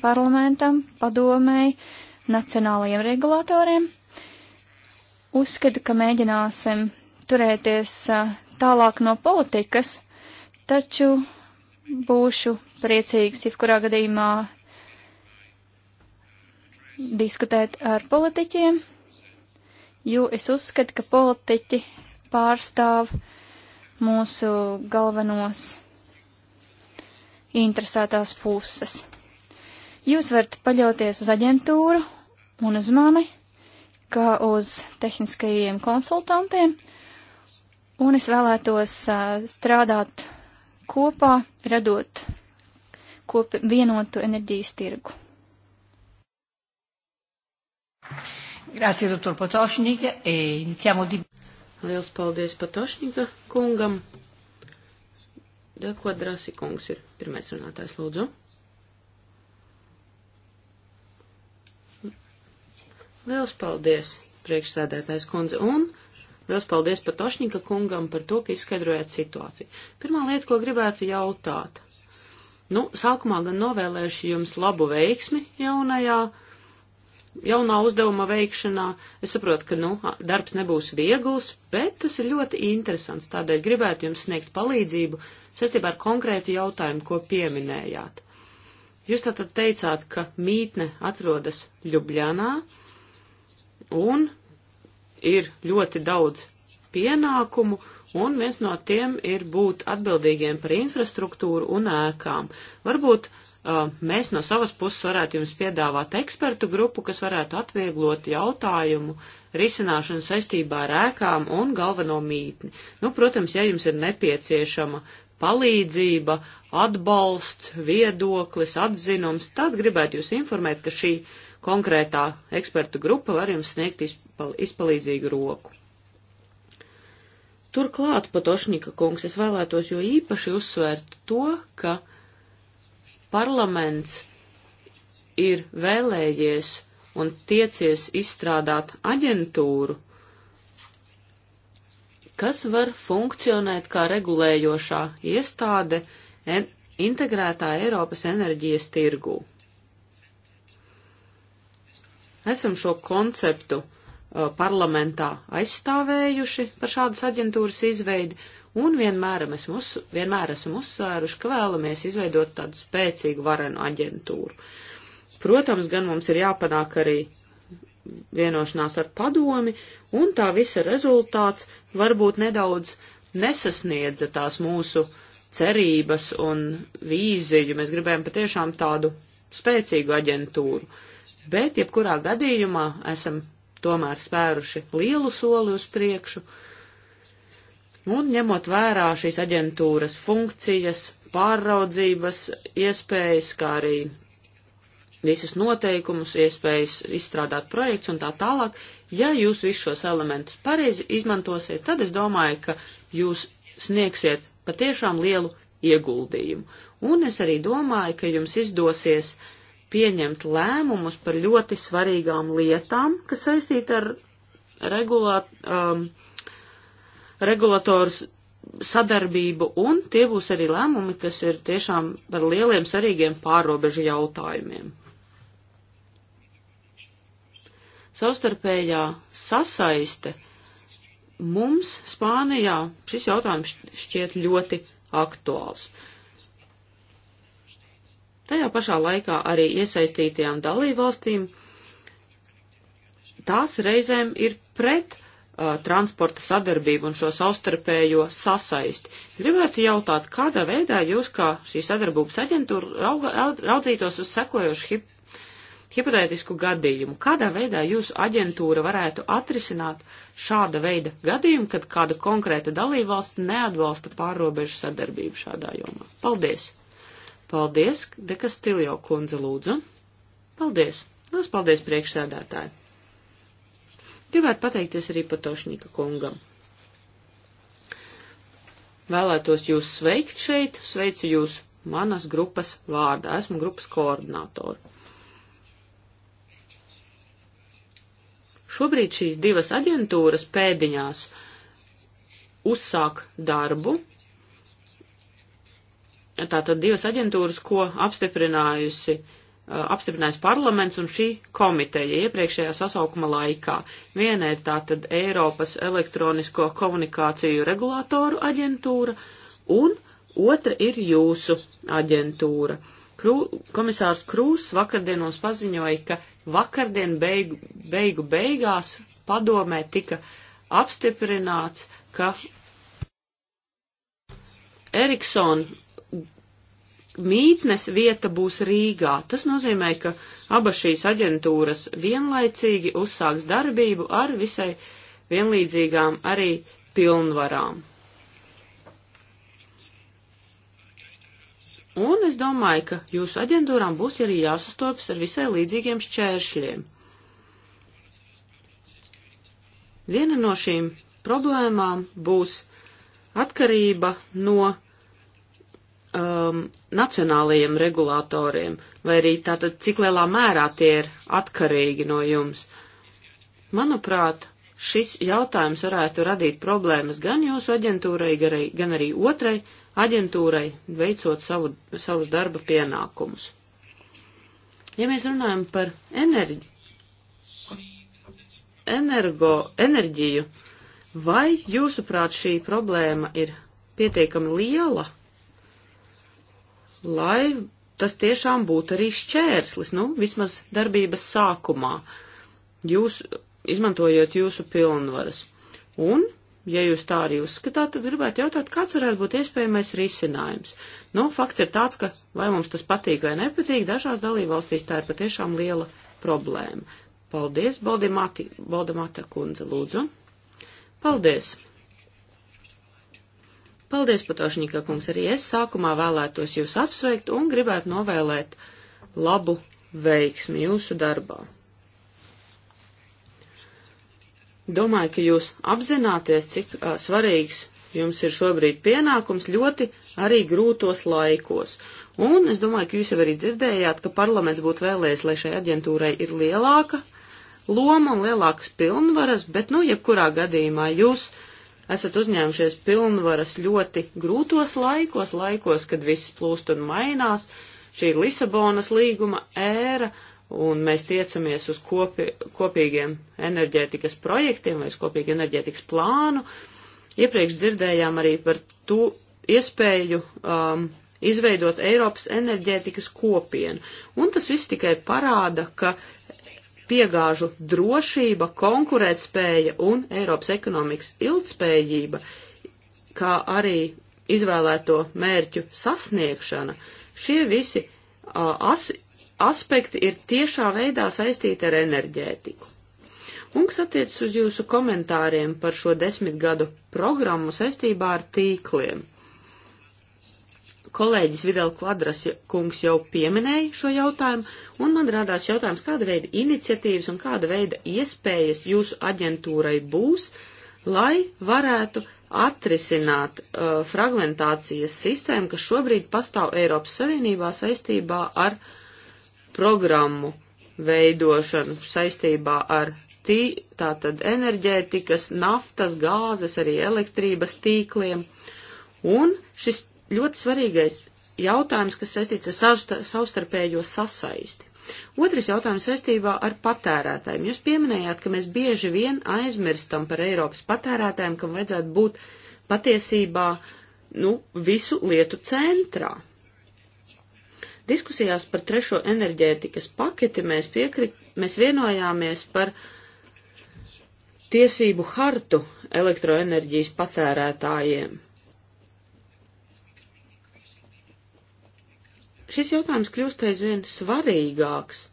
parlamentam, padomēji, nacionālajiem regulātoriem Uzskatu, ka mēģināsim turēties tālāk no politikas, taču būšu priecīgs, ja kurā gadījumā diskutēt ar politiķiem, jo es uzskatu, ka politiķi pārstāv mūsu galvenos interesētās puses. Jūs varat paļauties uz aģentūru un uz mani, kā uz tehniskajiem konsultantiem, un es vēlētos uh, strādāt kopā, radot kopi vienotu enerģijas tirgu. Grazie, doktor Potošņika. E iniciamo di... Liels paldies Patošņika kungam. Dekvadrasi kungs ir pirmais runātājs, lūdzu. Liels paldies, priekšsēdētājs kundze, un liels paldies Patošņika kungam par to, ka izskaidrojāt situāciju. Pirmā lieta, ko gribētu jautāt. Nu, sākumā gan novēlēšu jums labu veiksmi jaunajā, jaunā uzdevuma veikšanā. Es saprotu, ka, nu, darbs nebūs viegls, bet tas ir ļoti interesants. Tādēļ gribētu jums sniegt palīdzību saistībā ar konkrētu jautājumu, ko pieminējāt. Jūs tātad teicāt, ka mītne atrodas Ljubļānā un ir ļoti daudz pienākumu, un viens no tiem ir būt atbildīgiem par infrastruktūru un ēkām. Varbūt uh, mēs no savas puses varētu jums piedāvāt ekspertu grupu, kas varētu atvieglot jautājumu risināšanu saistībā ar ēkām un galveno mītni. Nu, protams, ja jums ir nepieciešama palīdzība, atbalsts, viedoklis, atzinums, tad gribētu jūs informēt, ka šī uh, konkrētā ekspertu grupa var jums sniegt izpal izpalīdzīgu roku. Turklāt, Patošņika kungs, es vēlētos jo īpaši uzsvērt to, ka parlaments ir vēlējies un tiecies izstrādāt aģentūru, kas var funkcionēt kā regulējošā iestāde integrētā Eiropas enerģijas tirgū. Esam šo konceptu uh, parlamentā aizstāvējuši par šādas aģentūras izveidi, un vienmēr, uz, vienmēr esam uzsvēruši, ka vēlamies izveidot tādu spēcīgu varenu aģentūru. Protams, gan mums ir jāpanāk arī vienošanās ar padomi, un tā visa rezultāts varbūt nedaudz nesasniedza tās mūsu cerības un vīziju. Mēs gribējām patiešām tādu spēcīgu aģentūru, bet jebkurā gadījumā esam tomēr spēruši lielu soli uz priekšu, un ņemot vērā šīs aģentūras funkcijas, pārraudzības iespējas, kā arī visus noteikumus, iespējas izstrādāt projekts un tā tālāk, ja jūs visus šos elementus pareizi izmantosiet, tad es domāju, ka jūs sniegsiet patiešām lielu ieguldījumu un es arī domāju, ka jums izdosies pieņemt lēmumus par ļoti svarīgām lietām, kas saistīta ar regulā, um, regulators sadarbību, un tie būs arī lēmumi, kas ir tiešām par lieliem svarīgiem pārobežu jautājumiem. Savstarpējā sasaiste mums Spānijā šis jautājums šķiet ļoti aktuāls. Uh, Tajā pašā laikā arī iesaistītajām dalībvalstīm tās reizēm ir pret uh, transporta sadarbību un šo savstarpējo sasaisti. Gribētu jautāt, kādā veidā jūs kā šī sadarbības aģentūra rauga, raudzītos uz sekojošu hip, hipotētisku gadījumu? Kādā veidā jūsu aģentūra varētu atrisināt šāda veida gadījumu, kad kāda konkrēta dalībvalsts neatbalsta pārrobežu sadarbību šādā jomā? Paldies! Paldies, Dekas Tiljo kundze lūdzu. Paldies. Lielas paldies priekšsēdētāji. Gribētu pateikties arī Patošņika kungam. Vēlētos jūs sveikt šeit, sveicu jūs manas grupas vārdā. Esmu grupas koordinātori. Šobrīd šīs divas aģentūras pēdiņās uzsāk darbu, tātad divas aģentūras, ko apstiprinājusi uh, apstiprinājis parlaments un šī komiteja iepriekšējā sasaukuma laikā. Viena ir tātad Eiropas elektronisko komunikāciju regulātoru aģentūra, un otra ir jūsu aģentūra. Krū, komisārs Krūs vakardien mums paziņoja, ka vakardien beigu, beigu beigās padomē tika apstiprināts, ka Eriksona mītnes vieta būs Rīgā. Tas nozīmē, ka abas šīs aģentūras vienlaicīgi uzsāks darbību ar visai vienlīdzīgām arī pilnvarām. Un es domāju, ka jūsu aģentūrām būs arī jāsastopas ar visai līdzīgiem šķēršļiem. Viena no šīm problēmām būs atkarība no um, nacionālajiem regulātoriem, vai arī tātad cik lielā mērā tie ir atkarīgi no jums. Manuprāt, šis jautājums varētu radīt problēmas gan jūsu aģentūrai, gan arī, gan arī otrai aģentūrai, veicot savu, savus darba pienākumus. Ja mēs runājam par enerģi, energo, enerģiju, vai jūsuprāt šī problēma ir pietiekami liela, lai tas tiešām būtu arī šķērslis, nu, vismaz darbības sākumā, jūs izmantojot jūsu pilnvaras. Un, ja jūs tā arī uzskatāt, tad gribētu jautāt, kāds varētu būt iespējamais risinājums. Nu, fakts ir tāds, ka vai mums tas patīk vai nepatīk, dažās dalībvalstīs tā ir patiešām liela problēma. Paldies, Baldimata kundze, lūdzu. Paldies! Paldies, Patošņīkā kungs, arī es sākumā vēlētos jūs apsveikt un gribētu novēlēt labu veiksmi jūsu darbā. Domāju, ka jūs apzināties, cik uh, svarīgs jums ir šobrīd pienākums ļoti arī grūtos laikos. Un es domāju, ka jūs jau arī dzirdējāt, ka parlaments būtu vēlējis, lai šai aģentūrai ir lielāka loma un lielākas pilnvaras, bet, nu, jebkurā gadījumā jūs uh, esat uzņēmušies pilnvaras ļoti grūtos laikos, laikos, kad viss plūst un mainās, šī Lisabonas līguma ēra, un mēs tiecamies uz kopi, kopīgiem enerģētikas projektiem vai uz kopīgu enerģētikas plānu. Iepriekš dzirdējām arī par to iespēju um, izveidot Eiropas enerģētikas kopienu. Un tas viss tikai parāda, ka piegāžu drošība, konkurētspēja un Eiropas ekonomikas ilgspējība, kā arī izvēlēto mērķu sasniegšana, šie visi as, aspekti ir tiešā veidā saistīti ar enerģētiku. Un kas attiecas uz jūsu komentāriem par šo desmitgadu programmu saistībā ar tīkliem? Kolēģis Vidal Kvadras kungs jau pieminēja šo jautājumu, un man rādās jautājums, kāda veida iniciatīvas un kāda veida iespējas jūsu aģentūrai būs, lai varētu atrisināt uh, fragmentācijas sistēmu, kas šobrīd pastāv Eiropas Savienībā saistībā ar programmu veidošanu, saistībā ar tī, tātad enerģētikas, naftas, gāzes, arī elektrības tīkliem. Un šis ļoti svarīgais jautājums, kas saistīts ar savstarpējo sasaisti. Otrs jautājums saistībā ar patērētājiem. Jūs pieminējāt, ka mēs bieži vien aizmirstam par Eiropas patērētājiem, kam vajadzētu būt patiesībā nu, visu lietu centrā. Diskusijās par trešo enerģētikas paketi mēs, piekri, mēs vienojāmies par tiesību hartu elektroenerģijas patērētājiem. šis jautājums kļūst aizvien svarīgāks,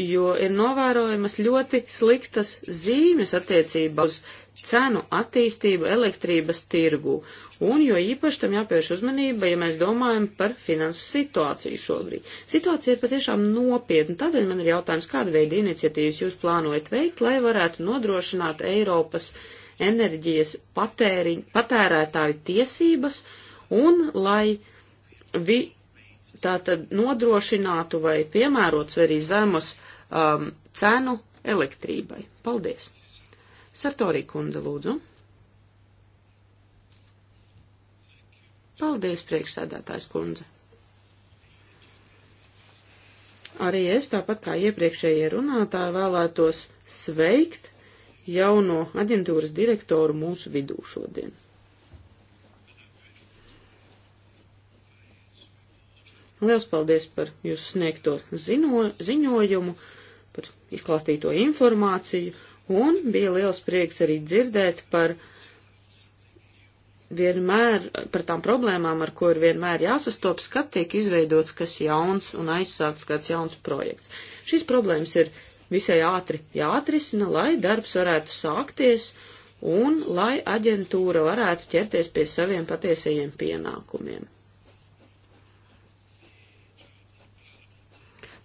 jo ir novērojamas ļoti sliktas zīmes attiecībā uz cenu attīstību elektrības tirgu, un jo īpaši tam jāpievērš uzmanība, ja mēs domājam par finansu situāciju šobrīd. Situācija ir patiešām nopietna, tādēļ man ir jautājums, kāda veida iniciatīvas jūs plānojat veikt, lai varētu nodrošināt Eiropas enerģijas patēriņ, patērētāju tiesības un lai vi, tātad nodrošinātu vai piemērots arī zemus um, cenu elektrībai. Paldies! Sartorī kundze, lūdzu. Paldies, priekšsēdētājs kundze. Arī es, tāpat kā iepriekšējie runātāji, vēlētos sveikt jauno aģentūras direktoru mūsu vidū šodien. Liels paldies par jūsu sniegto zino, ziņojumu, par izklātīto informāciju, un bija liels prieks arī dzirdēt par vienmēr, par tām problēmām, ar ko ir vienmēr jāsastopas, kad tiek izveidots kas jauns un aizsākts kāds jauns projekts. Šīs problēmas ir visai ātri jāatrisina, lai darbs varētu sākties un lai aģentūra varētu ķerties pie saviem patiesajiem pienākumiem.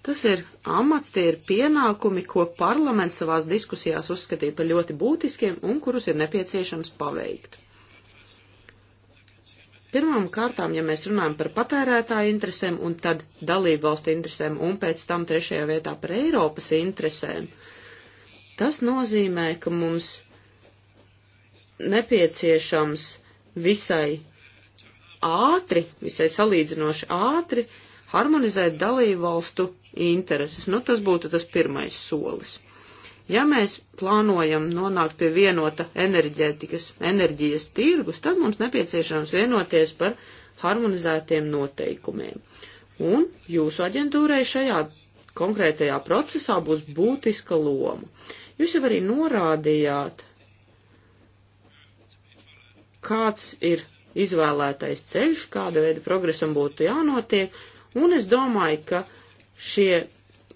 Tas ir amats, tie ir pienākumi, ko parlaments savās diskusijās uzskatīja par ļoti būtiskiem un kurus ir nepieciešams paveikt. Pirmām kārtām, ja mēs runājam par patērētāju interesēm un tad dalību valstu interesēm un pēc tam trešajā vietā par Eiropas interesēm, tas nozīmē, ka mums nepieciešams visai ātri, visai salīdzinoši ātri harmonizēt dalību valstu intereses. Nu, tas būtu tas pirmais solis. Ja mēs plānojam nonākt pie vienota enerģētikas, enerģijas tirgus, tad mums nepieciešams vienoties par harmonizētiem noteikumiem. Un jūsu aģentūrai šajā konkrētajā procesā būs būtiska loma. Jūs jau arī norādījāt, kāds ir izvēlētais ceļš, kāda veida progresam būtu jānotiek, un es domāju, ka Šie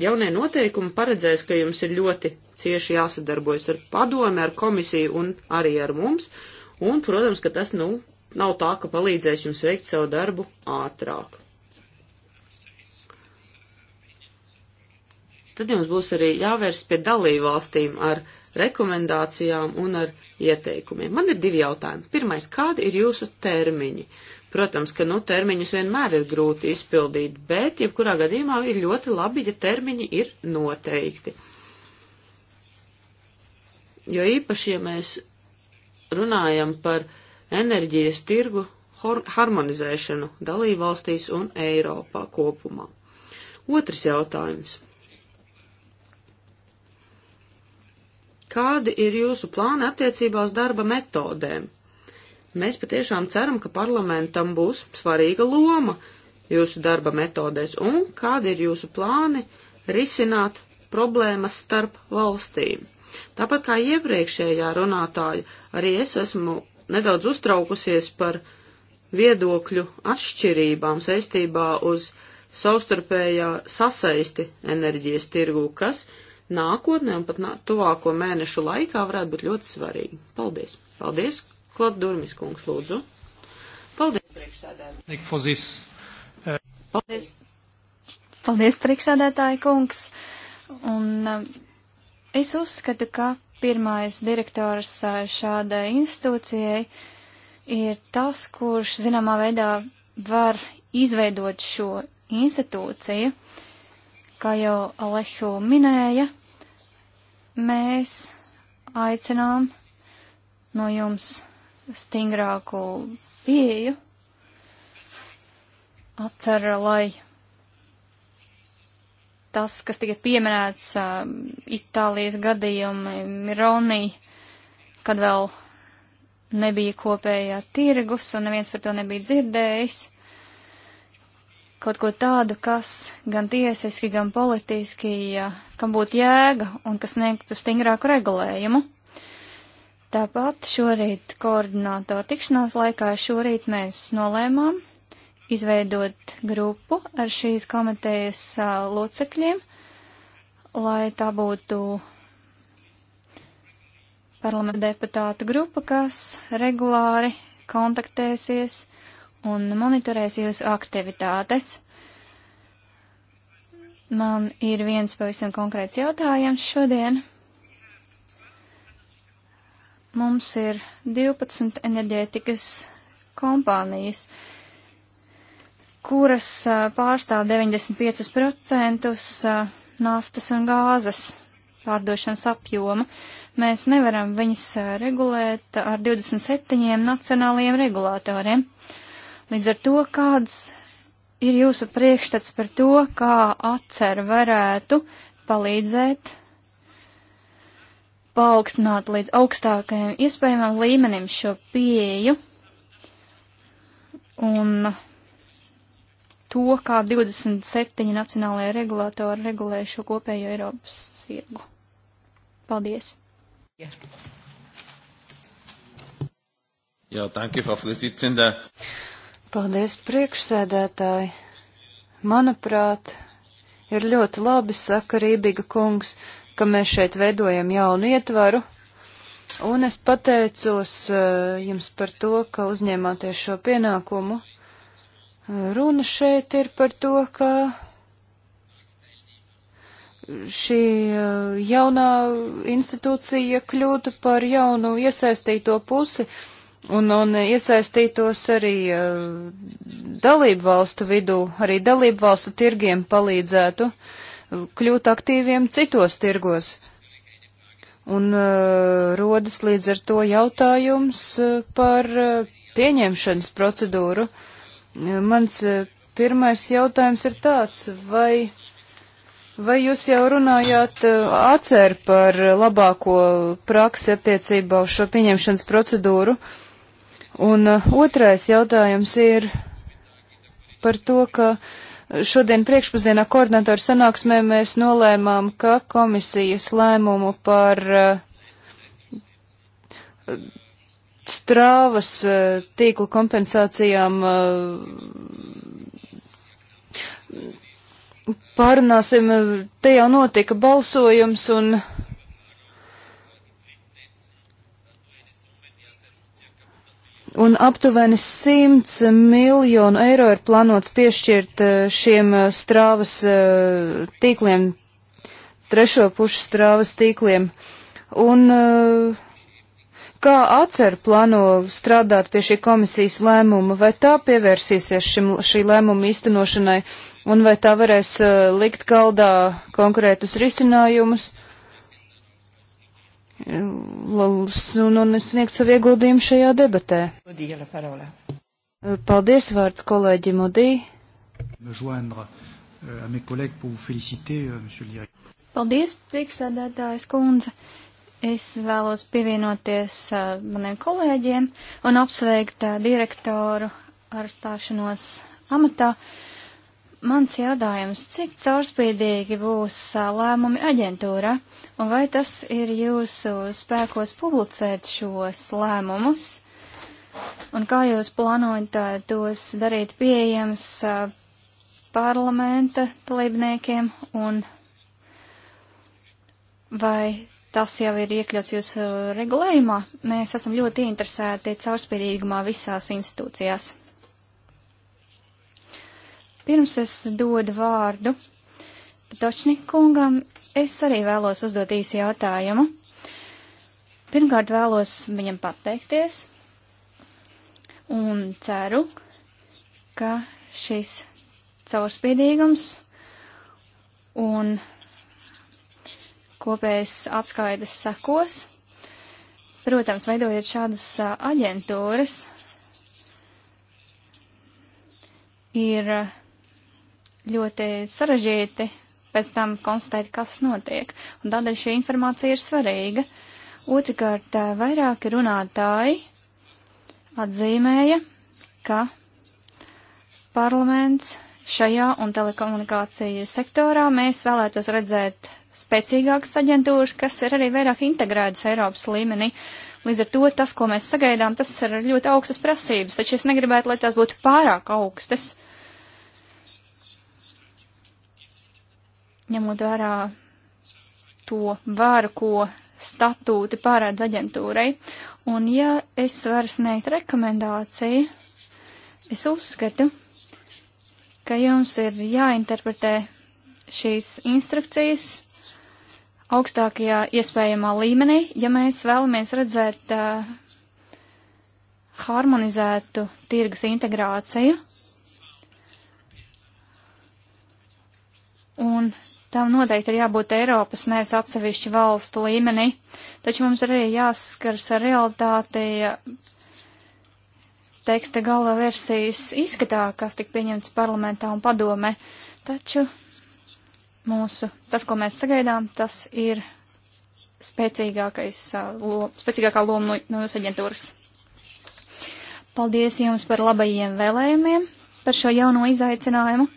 jaunie noteikumi paredzēs, ka jums ir ļoti cieši jāsadarbojas ar padomi, ar komisiju un arī ar mums, un, protams, ka tas, nu, nav tā, ka palīdzēs jums veikt savu darbu ātrāk. Tad jums būs arī jāvērs pie dalībvalstīm ar rekomendācijām un ar ieteikumiem. Man ir divi jautājumi. Pirmais, kādi ir jūsu termiņi? Protams, ka nu, termiņus vienmēr ir grūti izpildīt, bet jebkurā gadījumā ir ļoti labi, ja termiņi ir noteikti. Jo īpaši, ja mēs runājam par enerģijas tirgu harmonizēšanu dalībvalstīs un Eiropā kopumā. Otrs jautājums. Kādi ir jūsu plāni attiecībā uz darba metodēm? Mēs patiešām ceram, ka parlamentam būs svarīga loma jūsu darba metodēs un kādi ir jūsu plāni risināt problēmas starp valstīm. Tāpat kā iepriekšējā runātāja, arī es esmu nedaudz uztraukusies par viedokļu atšķirībām saistībā uz savstarpējā sasaisti enerģijas tirgū, kas nākotnē un pat nā, tuvāko mēnešu laikā varētu būt ļoti svarīgi. Paldies! Paldies, Klot Durmis kungs, lūdzu. Paldies, priekšsēdētāji. Paldies. Paldies, priekšsēdētāji kungs. Un um, es uzskatu, ka pirmais direktors uh, šādai institūcijai ir tas, kurš zināmā veidā var izveidot šo institūciju. Kā jau Alehu minēja, mēs aicinām no jums stingrāku pieju. Atcer, lai tas, kas tika pieminēts uh, Itālijas gadījumi, Mironi, kad vēl nebija kopējā tirgus un neviens par to nebija dzirdējis. Kaut ko tādu, kas gan tiesiski, gan politiski, uh, kam būtu jēga un kas sniegtu stingrāku regulējumu. Tāpat šorīt koordinātoru tikšanās laikā šorīt mēs nolēmām izveidot grupu ar šīs komitejas uh, locekļiem, lai tā būtu parlamenta deputāta grupa, kas regulāri kontaktēsies un monitorēs jūsu aktivitātes. Man ir viens pavisam konkrēts jautājums šodien. Mums ir 12 enerģētikas kompānijas, kuras pārstāv 95% naftas un gāzes pārdošanas apjoma. Mēs nevaram viņas regulēt ar 27 nacionālajiem regulātoriem. Līdz ar to, kāds ir jūsu priekšstats par to, kā atcer varētu palīdzēt paaugstināt līdz augstākajam iespējamam līmenim šo pieeju un to, kā 27 nacionālajie regulātori regulē šo kopējo Eiropas tirgu. Paldies! Yeah. Jā, danke, Frau Vorsitzende. Paldies, priekšsēdētāji. Manuprāt, ir ļoti labi, saka Rībīga kungs, ka mēs šeit veidojam jaunu ietvaru, un es pateicos eh, jums par to, ka uzņēmāties šo pienākumu. Eh, runa šeit ir par to, ka šī eh, jaunā institūcija kļūtu par jaunu iesaistīto pusi un, un iesaistītos arī dalību valstu vidū, arī dalību valstu tirgiem palīdzētu. Uh, kļūt aktīviem citos tirgos. Un uh, rodas līdz ar to jautājums eh, par eh, pieņemšanas procedūru. Mans pirmais jautājums ir tāds, vai, vai jūs jau runājāt atcer par labāko praksi attiecībā uz šo pieņemšanas procedūru? Un uh, otrais jautājums ir par to, ka uh, Šodien priekšpazienā koordinatoru sanāksmē mēs nolēmām, ka komisijas lēmumu par eh, strāvas eh, tīklu kompensācijām eh, pārunāsim, te jau notika balsojums un. un aptuveni 100 miljonu eiro ir plānots piešķirt eh, šiem eh, strāvas eh, tīkliem, trešo pušu strāvas tīkliem. Un kā atcer plāno strādāt pie šī komisijas lēmuma, vai tā pievērsīsies šim, šī lēmuma īstenošanai, un vai tā varēs likt galdā konkrētus risinājumus? un, un sniegt savu ieguldījumu šajā debatē. Paldies vārds kolēģi Modī. Euh, euh, Paldies, priekšsēdētājs kundze. Es vēlos pievienoties uh, maniem kolēģiem un apsveikt uh, direktoru ar stāšanos amatā. Mans jautājums, cik caurspīdīgi būs uh, lēmumi aģentūra? Uh, Un vai tas ir jūsu spēkos publicēt šos lēmumus? Un kā jūs plānojat uh, tos darīt pieejams uh, parlamenta dalībniekiem? Un vai tas jau ir iekļauts jūsu regulējumā? Mēs esam ļoti interesēti caurspīdīgumā visās institūcijās. Pirms es dodu vārdu Patočnikungam, Es arī vēlos uzdot īsi jautājumu. Pirmkārt vēlos viņam pateikties un ceru, ka šis caurspīdīgums un kopējas apskaides sekos. Protams, veidojot šādas aģentūras, ir ļoti sarežģīti pēc tam konstatēt, kas notiek. Un tādēļ šī informācija ir svarīga. Otrakārt, vairāki runātāji atzīmēja, ka parlaments šajā un telekomunikāciju sektorā mēs vēlētos redzēt spēcīgākas aģentūras, kas ir arī vairāk integrētas Eiropas līmenī. Līdz ar to tas, ko mēs sagaidām, tas ir ļoti augstas prasības, taču es negribētu, lai tās būtu pārāk augstas. Uh, ņemot vērā to varu, ko statūti pārēdz aģentūrai. Un ja es varu sniegt rekomendāciju, es uzskatu, ka jums ir jāinterpretē šīs instrukcijas augstākajā iespējamā līmenī, ja mēs vēlamies redzēt uh, harmonizētu tirgus integrāciju. Un Tām noteikti ir jābūt Eiropas, nevis atsevišķu valstu līmenī, taču mums arī jāskars ar realitāti teksta galva versijas izskatā, kas tika pieņemts parlamentā un padomē, taču mūsu, tas, ko mēs sagaidām, tas ir spēcīgākais, lo, spēcīgākā loma no, no jūsu aģentūras. Paldies jums par labajiem vēlējumiem, par šo jauno izaicinājumu.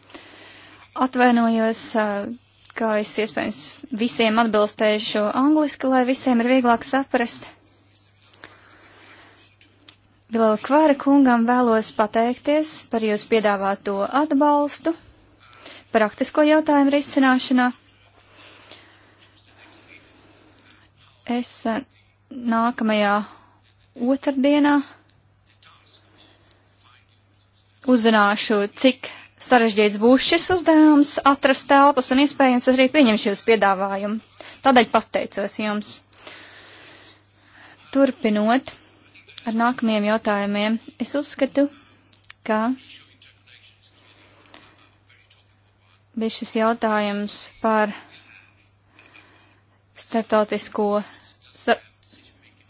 Atvainojos. Uh, ka es iespējams visiem atbilstēšu angliski, lai visiem ir vieglāk saprast. Vēl Kvara kungam vēlos pateikties par jūsu piedāvāto atbalstu, praktisko jautājumu risināšanā. Es eh, nākamajā otrdienā uzzināšu, cik Sarežģīts būs šis uzdevums atrast telpas un iespējams arī pieņemšu jūs piedāvājumu. Tādēļ pateicos jums. Turpinot ar nākamajiem jautājumiem, es uzskatu, ka bija šis jautājums par starptautisko sa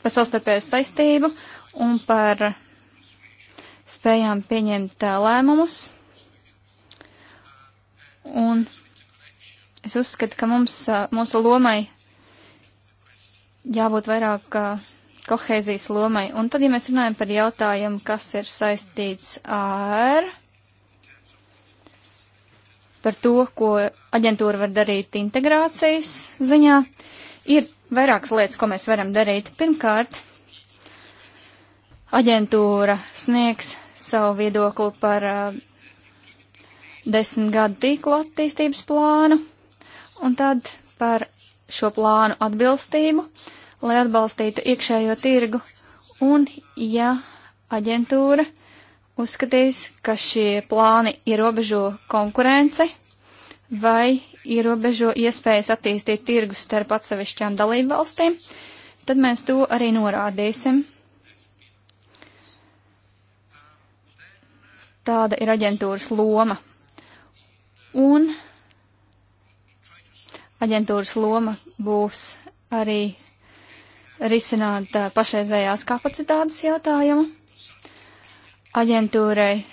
par savstarpēju saistību un par spējām pieņemt uh, lēmumus. Un es uzskatu, ka mums, mūsu lomai jābūt vairāk kohēzijas lomai. Un tad, ja mēs runājam par jautājumu, kas ir saistīts ar par to, ko aģentūra var darīt integrācijas ziņā, ir vairākas lietas, ko mēs varam darīt. Pirmkārt, aģentūra sniegs savu viedokli par uh, desmit gadu tīklu attīstības plānu un tad par šo plānu atbilstību, lai atbalstītu iekšējo tirgu un, ja aģentūra uzskatīs, ka šie plāni ierobežo konkurenci vai ierobežo iespējas attīstīt tirgus starp atsevišķām dalību valstīm, tad mēs to arī norādīsim. Tāda ir aģentūras loma. Un aģentūras loma būs arī risināt uh, pašreizējās kapacitātes jautājumu. Aģentūrai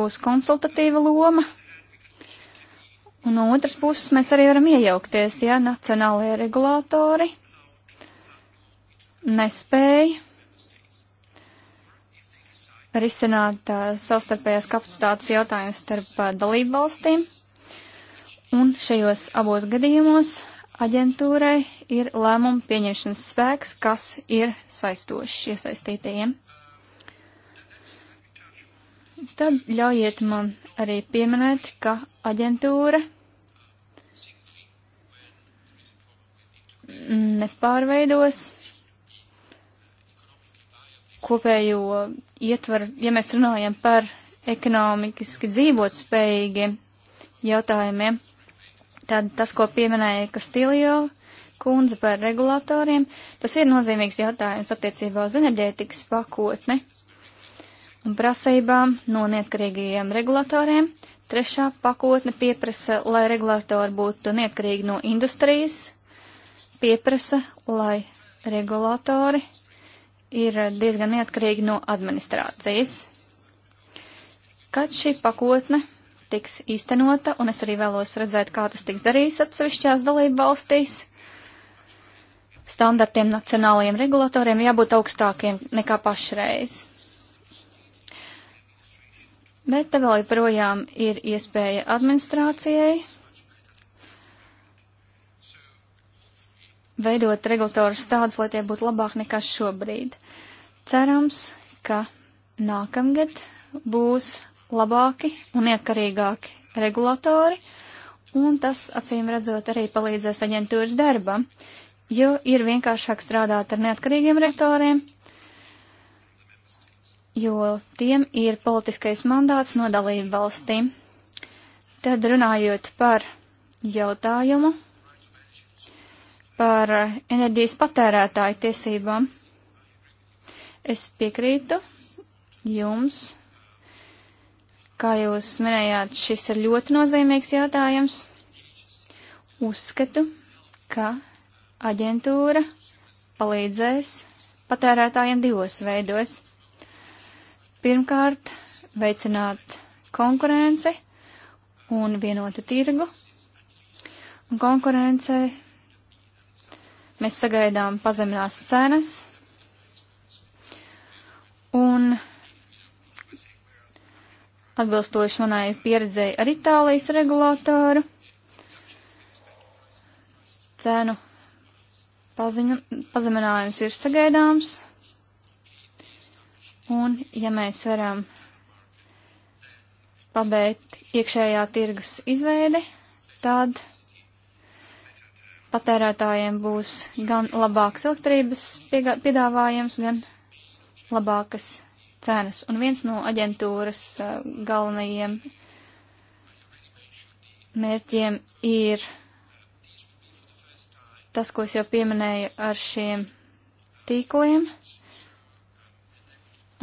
būs konsultatīva loma. Un no otras puses mēs arī varam iejaukties, ja nacionālajie regulātori nespēja risināt uh, savstarpējās kapacitātes jautājumus starp uh, dalību valstīm. Un šajos abos gadījumos aģentūrai ir lēmuma pieņemšanas spēks, kas ir saistošs iesaistītajiem. Tad ļaujiet man arī pieminēt, ka aģentūra nepārveidos kopējo ietvaru, ja mēs runājam par ekonomiski dzīvotspējīgiem jautājumiem, tad tas, ko pieminēja Kastiljo kundze par regulatoriem, tas ir nozīmīgs jautājums attiecībā uz enerģētikas pakotni un prasībām no neatkarīgajiem regulatoriem. Trešā pakotne pieprasa, lai regulatori būtu neatkarīgi no industrijas, pieprasa, lai regulatori uh, ir diezgan neatkarīgi no administrācijas. Kad šī pakotne tiks īstenota, un es arī vēlos redzēt, kā tas tiks darīts atsevišķās dalību valstīs, standartiem nacionālajiem regulatoriem jābūt augstākiem nekā pašreiz. Bet te vēl joprojām ir iespēja administrācijai veidot regulatorus tādus, lai tie būtu labāk nekā šobrīd. Cerams, ka nākamgad būs labāki un ietkarīgāki regulatori, un tas, acīm redzot, arī palīdzēs aģentūras darbam, jo ir vienkāršāk strādāt ar neatkarīgiem rektoriem, jo tiem ir politiskais mandāts no dalību valstīm. Tad runājot par jautājumu, par enerģijas patērētāju tiesībām. Es piekrītu jums, kā jūs minējāt, šis ir ļoti nozīmīgs jautājums. Uzskatu, ka aģentūra palīdzēs patērētājiem divos veidos. Pirmkārt, veicināt konkurenci un vienotu tirgu. Un konkurence Mēs sagaidām pazeminās cenas. Un atbilstoši manai pieredzēji ar Itālijas regulātoru, cenu paziņu, pazeminājums ir sagaidāms. Un, ja mēs varam pabeigt iekšējā tirgus izveidi, tad patērētājiem būs gan labāks elektrības piedāvājums, gan labākas cenas. Un viens no aģentūras galvenajiem mērķiem ir tas, ko es jau pieminēju ar šiem tīkliem,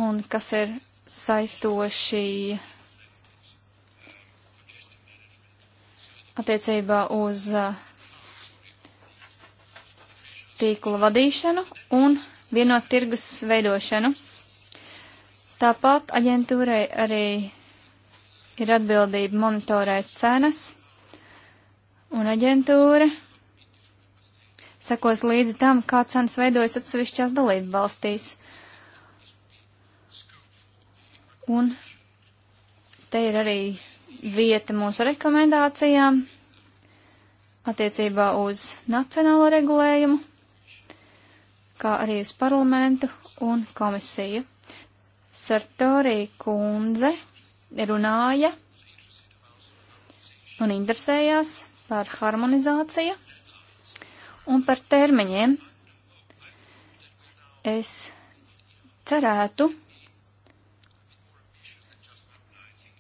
un kas ir saistoši attiecībā uz uh, tīkla vadīšanu un vienot tirgus veidošanu. Tāpat aģentūrai arī ir atbildība monitorēt cenas, un aģentūra sekos līdz tam, kā cenas veidojas atsevišķās dalību valstīs. Un te ir arī vieta mūsu rekomendācijām attiecībā uz nacionālo regulējumu kā arī uz parlamentu un komisiju. Sartori kundze runāja un interesējās par harmonizāciju un par termiņiem. Es cerētu,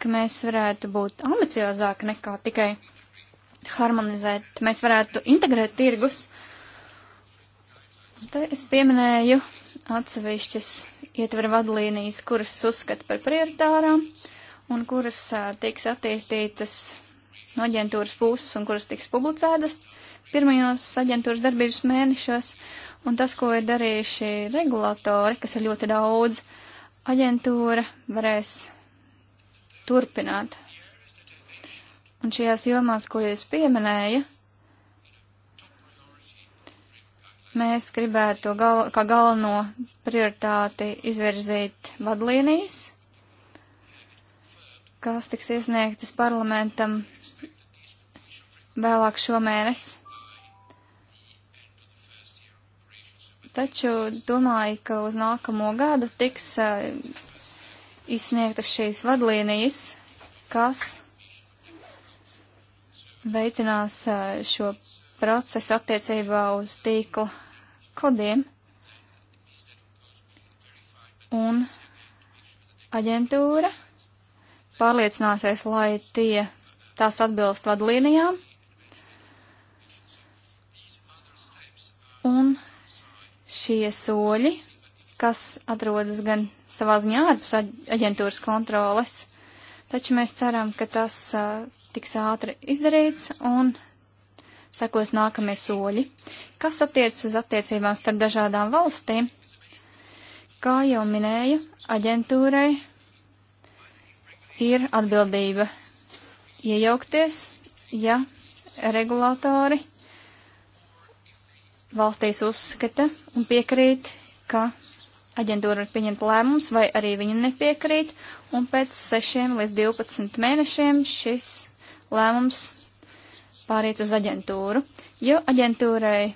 ka mēs varētu būt ambiciozāki nekā tikai harmonizēt. Mēs varētu integrēt tirgus Te es pieminēju atsevišķas ietveru vadlīnijas, kuras uzskata par prioritārām un kuras uh, tiks attīstītas no aģentūras puses un kuras tiks publicētas pirmajos aģentūras darbības mēnešos. Un tas, ko ir darījuši regulatori, kas ir ļoti daudz, aģentūra varēs turpināt. Un šajās jomās, ko jūs pieminēja, Mēs gribētu to gal, kā galveno prioritāti izvirzīt vadlīnijas, kas tiks iesniegtas parlamentam vēlāk šomēnes. Taču domāju, ka uz nākamo gadu tiks uh, izsniegtas šīs vadlīnijas, kas veicinās uh, šo procesu attiecībā uz tīkla kodiem. Un aģentūra pārliecināsies, lai tie tās atbilst vadlīnijām. Un šie soļi, kas atrodas gan savā ziņā ārpus aģentūras kontroles, taču mēs ceram, ka tas uh, tiks ātri izdarīts un sekos nākamie soļi, kas attiecas uz attiecībām starp dažādām valstīm. Kā jau minēju, aģentūrai ir atbildība iejaukties, ja regulātori valstīs uzskata un piekrīt, ka aģentūra ir pieņemta lēmums, vai arī viņa nepiekrīt, un pēc 6 līdz 12 mēnešiem šis lēmums pāriet uz aģentūru, jo aģentūrai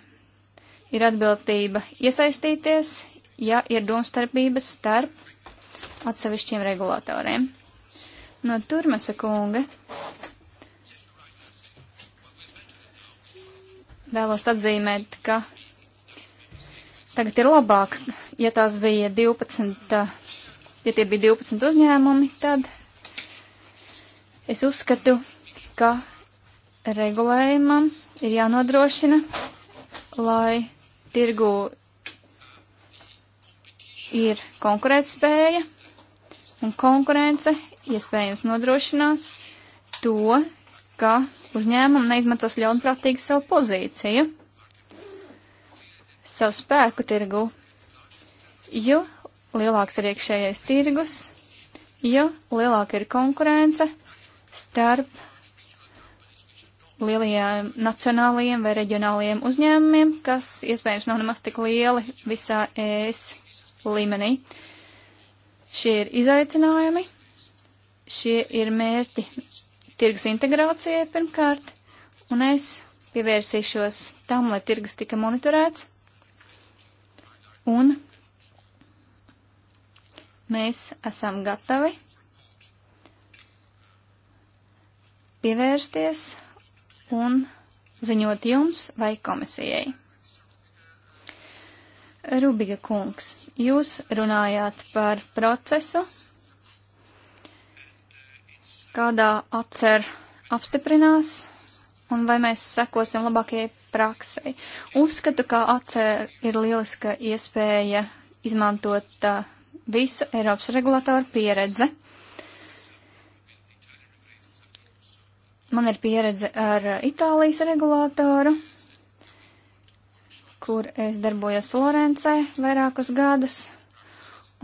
ir atbildība iesaistīties, ja ir domstarpības starp atsevišķiem regulatoriem. No Turmasa kunga vēlos atzīmēt, ka tagad ir labāk, ja tās bija 12, ja tie bija 12 uzņēmumi, tad es uzskatu, ka regulējumam ir jānodrošina, lai tirgu ir konkurētspēja un konkurence iespējams nodrošinās to, ka uzņēmumi neizmantos ļaunprātīgi savu pozīciju, savu spēku tirgu, jo lielāks ir iekšējais tirgus, jo lielāka ir konkurence starp lielajiem nacionālajiem vai reģionālajiem uzņēmumiem, kas iespējams nav nemaz tik lieli visā ES līmenī. Šie ir izaicinājumi, šie ir mērķi tirgus integrācijai pirmkārt, un es pievērsīšos tam, lai tirgus tika monitorēts, un mēs esam gatavi pievērsties un ziņot jums vai komisijai. Rubiga kungs, jūs runājāt par procesu, kādā atcer apstiprinās un vai mēs sekosim labākajai praksei. Uzskatu, ka atcer ir lieliska iespēja izmantot uh, visu Eiropas regulatoru pieredzi. Man ir pieredze ar Itālijas regulātoru, kur es darbojos Florencē vairākus gadus,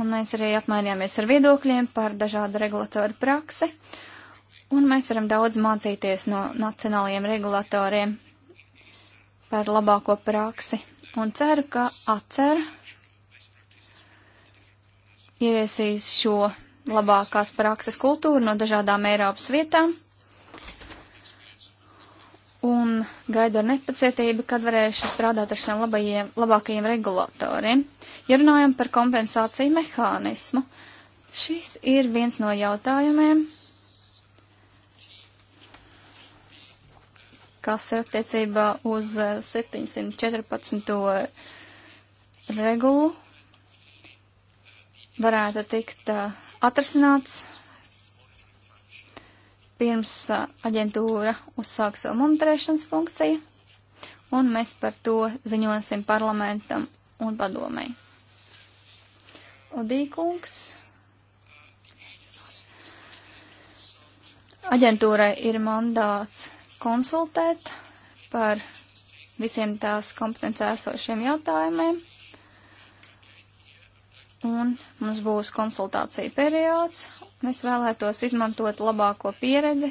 un mēs arī apmainījāmies ar viedokļiem par dažādu regulatoru praksi, un mēs varam daudz mācīties no nacionālajiem regulatoriem par labāko praksi, un ceru, ka atcer ieviesīs šo labākās prakses kultūru no dažādām Eiropas vietām un gaidu ar nepacietību, kad varēšu strādāt ar šiem labajiem, labākajiem regulatoriem. Ja runājam par kompensāciju mehānismu, šis ir viens no jautājumiem, kas ir attiecībā uz 714. Eh, regulu varētu tikt eh, atrasināts pirms aģentūra uzsāk savu monitorēšanas funkciju, un mēs par to ziņosim parlamentam un padomēji. Udīkungs. Aģentūrai ir mandāts konsultēt par visiem tās kompetencē esošiem jautājumiem un mums būs konsultācija periods. Es vēlētos izmantot labāko pieredzi,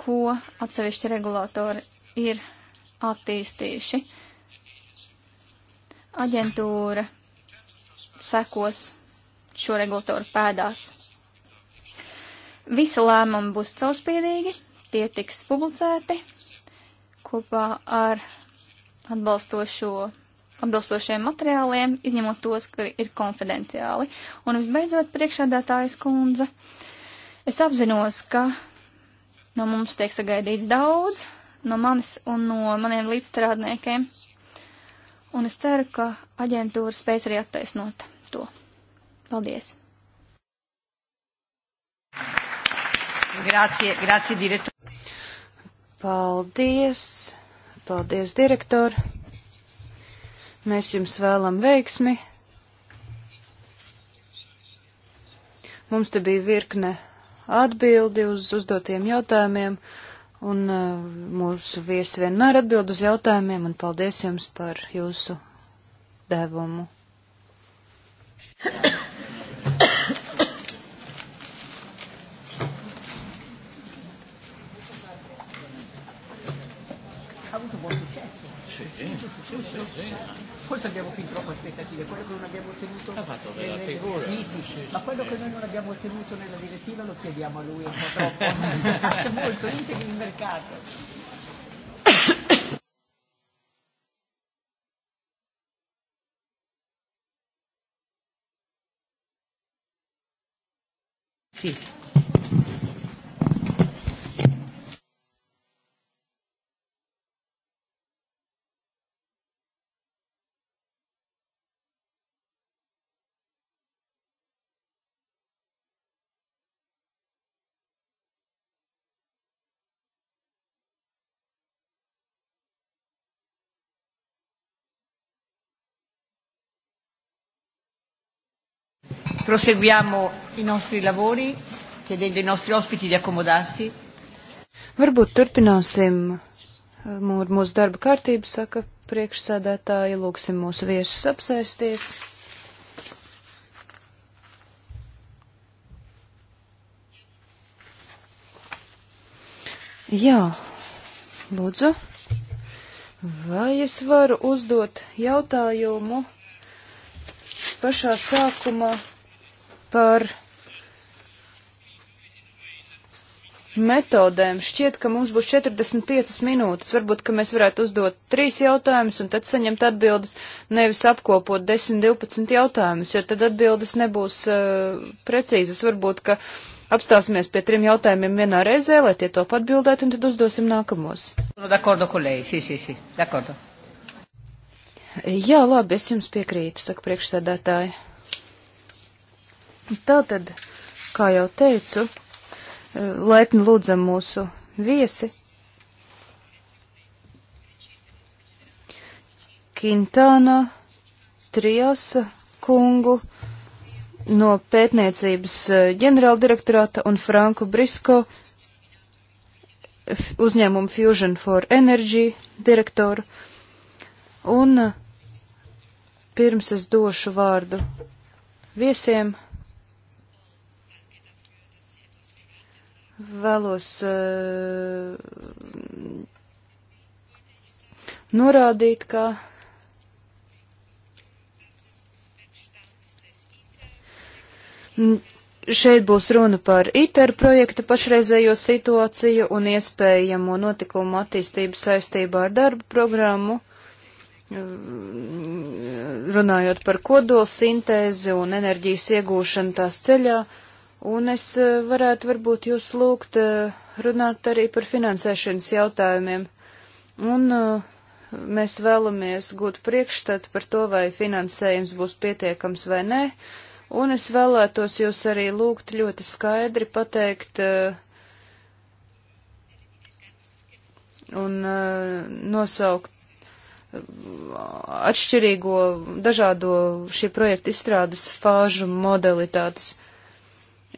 ko atsevišķi regulātori ir attīstījuši. Aģentūra sekos šo regulatoru pēdās. Visi lēmumi būs caurspīdīgi, tie tiks publicēti kopā ar atbalstošo atbilstošiem materiāliem, izņemot tos, kuri ir konfidenciāli. Un visbeidzot, priekšādātājas kundze, es apzinos, ka no mums tiek sagaidīts daudz, no manis un no maniem līdzstrādniekiem, un es ceru, ka aģentūra spēs arī attaisnot to. Paldies! Grācie, grācie, direktor. Paldies, paldies, direktor. Mēs jums vēlam veiksmi. Mums te bija virkne atbildi uz uzdotiem jautājumiem, un uh, mūsu viesi vienmēr atbild uz jautājumiem, un paldies jums par jūsu devumu. Sì, sì, sì, sì. Forse abbiamo fin troppe aspettative, quello che non abbiamo ottenuto ha fatto della nelle... figura. Sì, sì, sì, ma quello sì. che noi non abbiamo ottenuto nella direttiva lo chiediamo a lui un po' troppo, è (laughs) molto integri il mercato. Sì. Proseguiamo i nostri lavori, chiedendo ai nostri ospiti di accomodarsi. Varbūt turpināsim eh, mūsu darba kārtību, saka priekšsēdētāji, lūgsim mūsu viesus apsēsties. Jā, lūdzu. Vai es varu uzdot jautājumu pašā sākumā par metodēm. Šķiet, ka mums būs 45 minūtes. Varbūt, ka mēs varētu uzdot trīs jautājumus un tad saņemt atbildes, nevis apkopot 10-12 jautājumus, jo tad atbildes nebūs uh, precīzas. Varbūt, ka apstāsimies pie trim jautājumiem vienā reizē, lai tie top atbildētu, un tad uzdosim nākamos. Jā, labi, es jums piekrītu, saka priekšsēdētāji. Tātad, kā jau teicu, laipni lūdzam mūsu viesi. Kintāna Triasa kungu no pētniecības e, ģenerāldirektorāta un Franku Brisko uzņēmumu Fusion for Energy direktoru. Un e, pirms es došu vārdu viesiem. vēlos uh, norādīt, ka šeit būs runa par ITER projekta pašreizējo situāciju un iespējamo notikumu attīstību saistībā ar darbu programmu, runājot par kodola sintēzi un enerģijas iegūšanu tās ceļā. Uh, Un es eh, varētu varbūt jūs lūgt eh, runāt arī par finansēšanas jautājumiem. Un eh, mēs vēlamies gūt priekšstatu par to, vai finansējums būs pietiekams vai nē. Un es vēlētos jūs arī lūgt ļoti skaidri pateikt un nosaukt atšķirīgo dažādo šī projekta izstrādes fāžu modalitātes. Uh,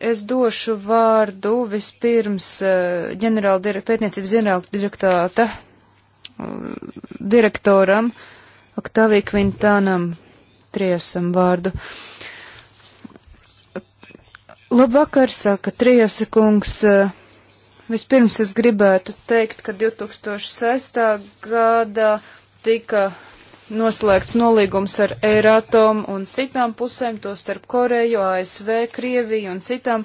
Es došu vārdu vispirms eh, ģenerāla pētniecības ģenerāla direktāta eh, direktoram Oktavī Kvintānam Triesam vārdu. Labvakar, saka Triesa kungs. Vispirms es gribētu teikt, ka 2006. gadā tika noslēgts nolīgums ar Eiratomu un citām pusēm, to starp Koreju, ASV, Krieviju un citām.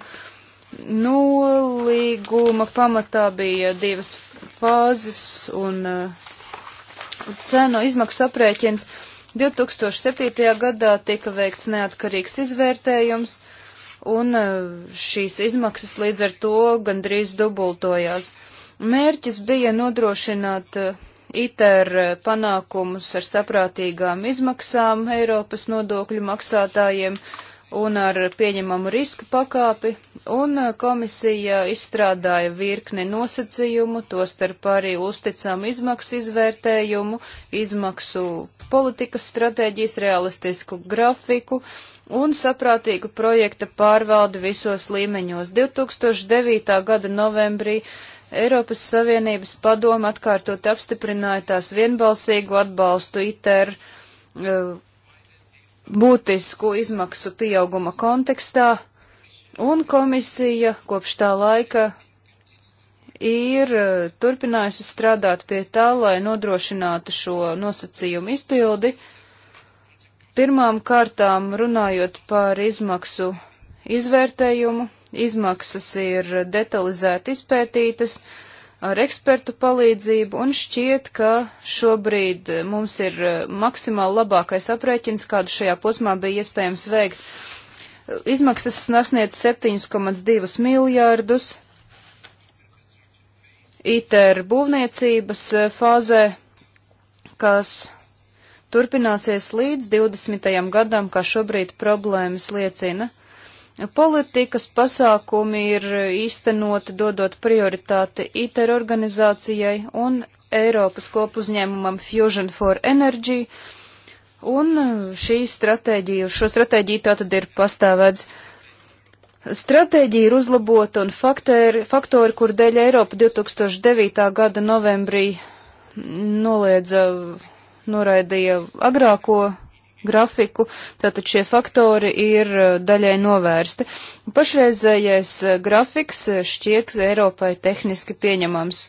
Nolīguma pamatā bija divas fāzes un uh, cenu izmaksu aprēķins. 2007. gadā tika veikts neatkarīgs izvērtējums, un uh, šīs izmaksas līdz ar to gandrīz dubultojās. Mērķis bija nodrošināt uh, ITER eh, panākumus ar saprātīgām izmaksām Eiropas nodokļu maksātājiem un ar pieņemamu riska pakāpi, un eh, komisija izstrādāja virkni nosacījumu, tostarp arī uzticām izmaksu izvērtējumu, izmaksu politikas stratēģijas realistisku grafiku, un saprātīgu projekta pārvaldi visos līmeņos. 2009. gada novembrī Eiropas Savienības padoma atkārtot apstiprināja tās vienbalsīgu atbalstu ITER e, būtisku izmaksu pieauguma kontekstā, un komisija kopš tā laika ir e, turpinājusi strādāt pie tā, lai nodrošinātu šo nosacījumu izpildi. Pirmām kārtām runājot par izmaksu izvērtējumu, Izmaksas ir detalizēti izpētītas ar ekspertu palīdzību, un šķiet, ka šobrīd mums ir e, maksimāli labākais aprēķins, kādu šajā posmā bija iespējams veikt. Izmaksas sasniedz 7,2 miljārdus. ITER būvniecības e, fāzē, kas turpināsies līdz 20. gadam, kā šobrīd problēmas liecina. Politikas pasākumi ir īstenoti dodot prioritāti ITER organizācijai un Eiropas kopuzņēmumam Fusion for Energy, un šī stratēģija, šo stratēģiju tātad ir pastāvēts. Stratēģija ir uzlabota un faktori, faktori, kur dēļ Eiropa 2009. gada novembrī noliedza, noraidīja agrāko grafiku, tātad šie faktori ir eh, daļai novērsti. Pašreizējais eh, grafiks eh, šķiet Eiropai tehniski pieņemams.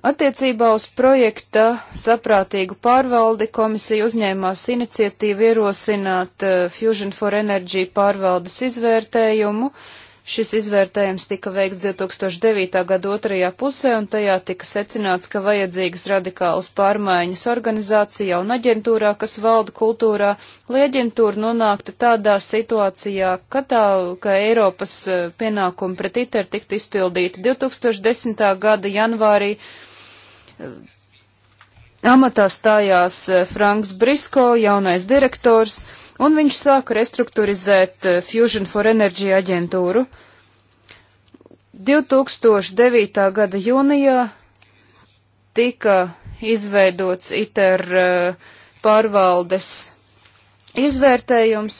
Attiecībā uz projekta saprātīgu pārvaldi komisija uzņēmās iniciatīvu ierosināt Fusion for Energy pārvaldes izvērtējumu, uh, Šis izvērtējums tika veikts 2009. gada otrajā pusē, un tajā tika secināts, ka vajadzīgas radikālas pārmaiņas organizācijā un aģentūrā, kas valda kultūrā, lai aģentūra nonāktu tādā situācijā, ka, tā, ka Eiropas e, pienākumi pret ITER tiktu izpildīti 2010. gada janvārī. E, amatā stājās e, Franks Brisko, jaunais direktors un viņš sāka restruktūrizēt eh, Fusion for Energy aģentūru. 2009. gada jūnijā tika izveidots ITER eh, pārvaldes izvērtējums,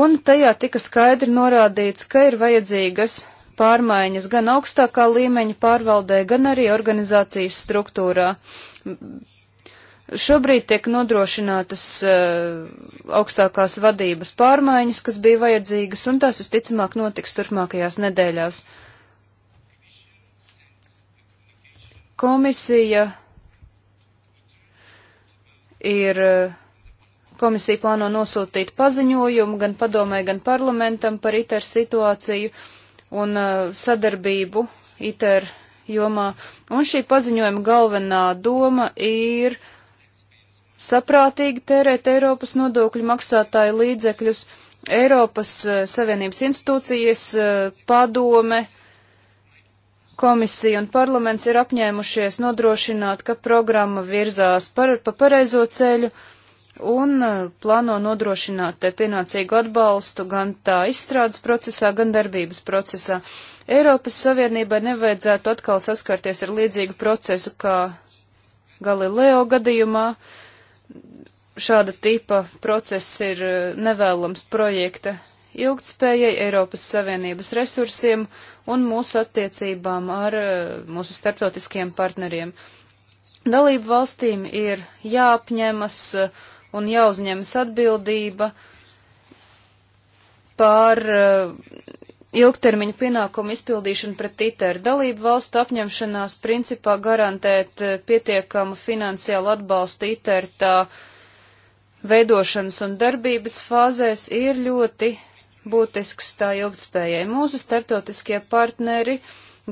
un tajā tika skaidri norādīts, ka ir vajadzīgas pārmaiņas gan augstākā līmeņa pārvaldē, gan arī organizācijas struktūrā. Šobrīd tiek nodrošinātas uh, augstākās vadības pārmaiņas, kas bija vajadzīgas, un tās visticamāk notiks turpmākajās nedēļās. Komisija ir, eh, komisija plāno nosūtīt paziņojumu gan padomē, gan parlamentam par ITER situāciju un uh, sadarbību ITER jomā, un šī paziņojuma galvenā doma ir uh, saprātīgi tērēt Eiropas nodokļu maksātāju līdzekļus, Eiropas eh, Savienības institūcijas, eh, padome, komisija un parlaments ir apņēmušies nodrošināt, ka programma virzās par, pa pareizo ceļu un eh, plāno nodrošināt te pienācīgu atbalstu gan tā izstrādes procesā, gan darbības procesā. Eiropas Savienībai nevajadzētu atkal saskarties ar līdzīgu procesu kā Galileo gadījumā, uh, šāda tipa process ir eh, nevēlams projekta ilgtspējai, Eiropas Savienības resursiem un mūsu attiecībām ar eh, mūsu starptautiskiem partneriem. Dalību valstīm ir jāapņemas eh, un jāuzņemas atbildība par ilgtermiņa pienākumu izpildīšanu pret ITER. Dalību valstu apņemšanās principā garantēt pietiekamu finansiālu atbalstu ITER tā uh, veidošanas un darbības fāzēs ir ļoti būtisks tā ilgtspējai. Mūsu starptautiskie partneri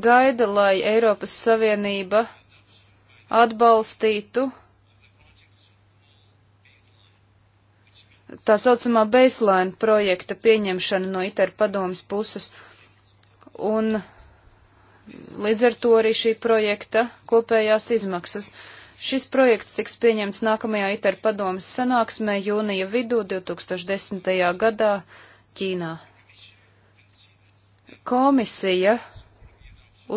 gaida, lai Eiropas Savienība atbalstītu tā saucamā baseline projekta pieņemšanu no ITER padomas puses. Un līdz ar to arī šī projekta kopējās izmaksas. Uh, Šis projekts tiks pieņemts nākamajā ITER padomas sanāksmē jūnija vidū 2010. gadā Ķīnā. Komisija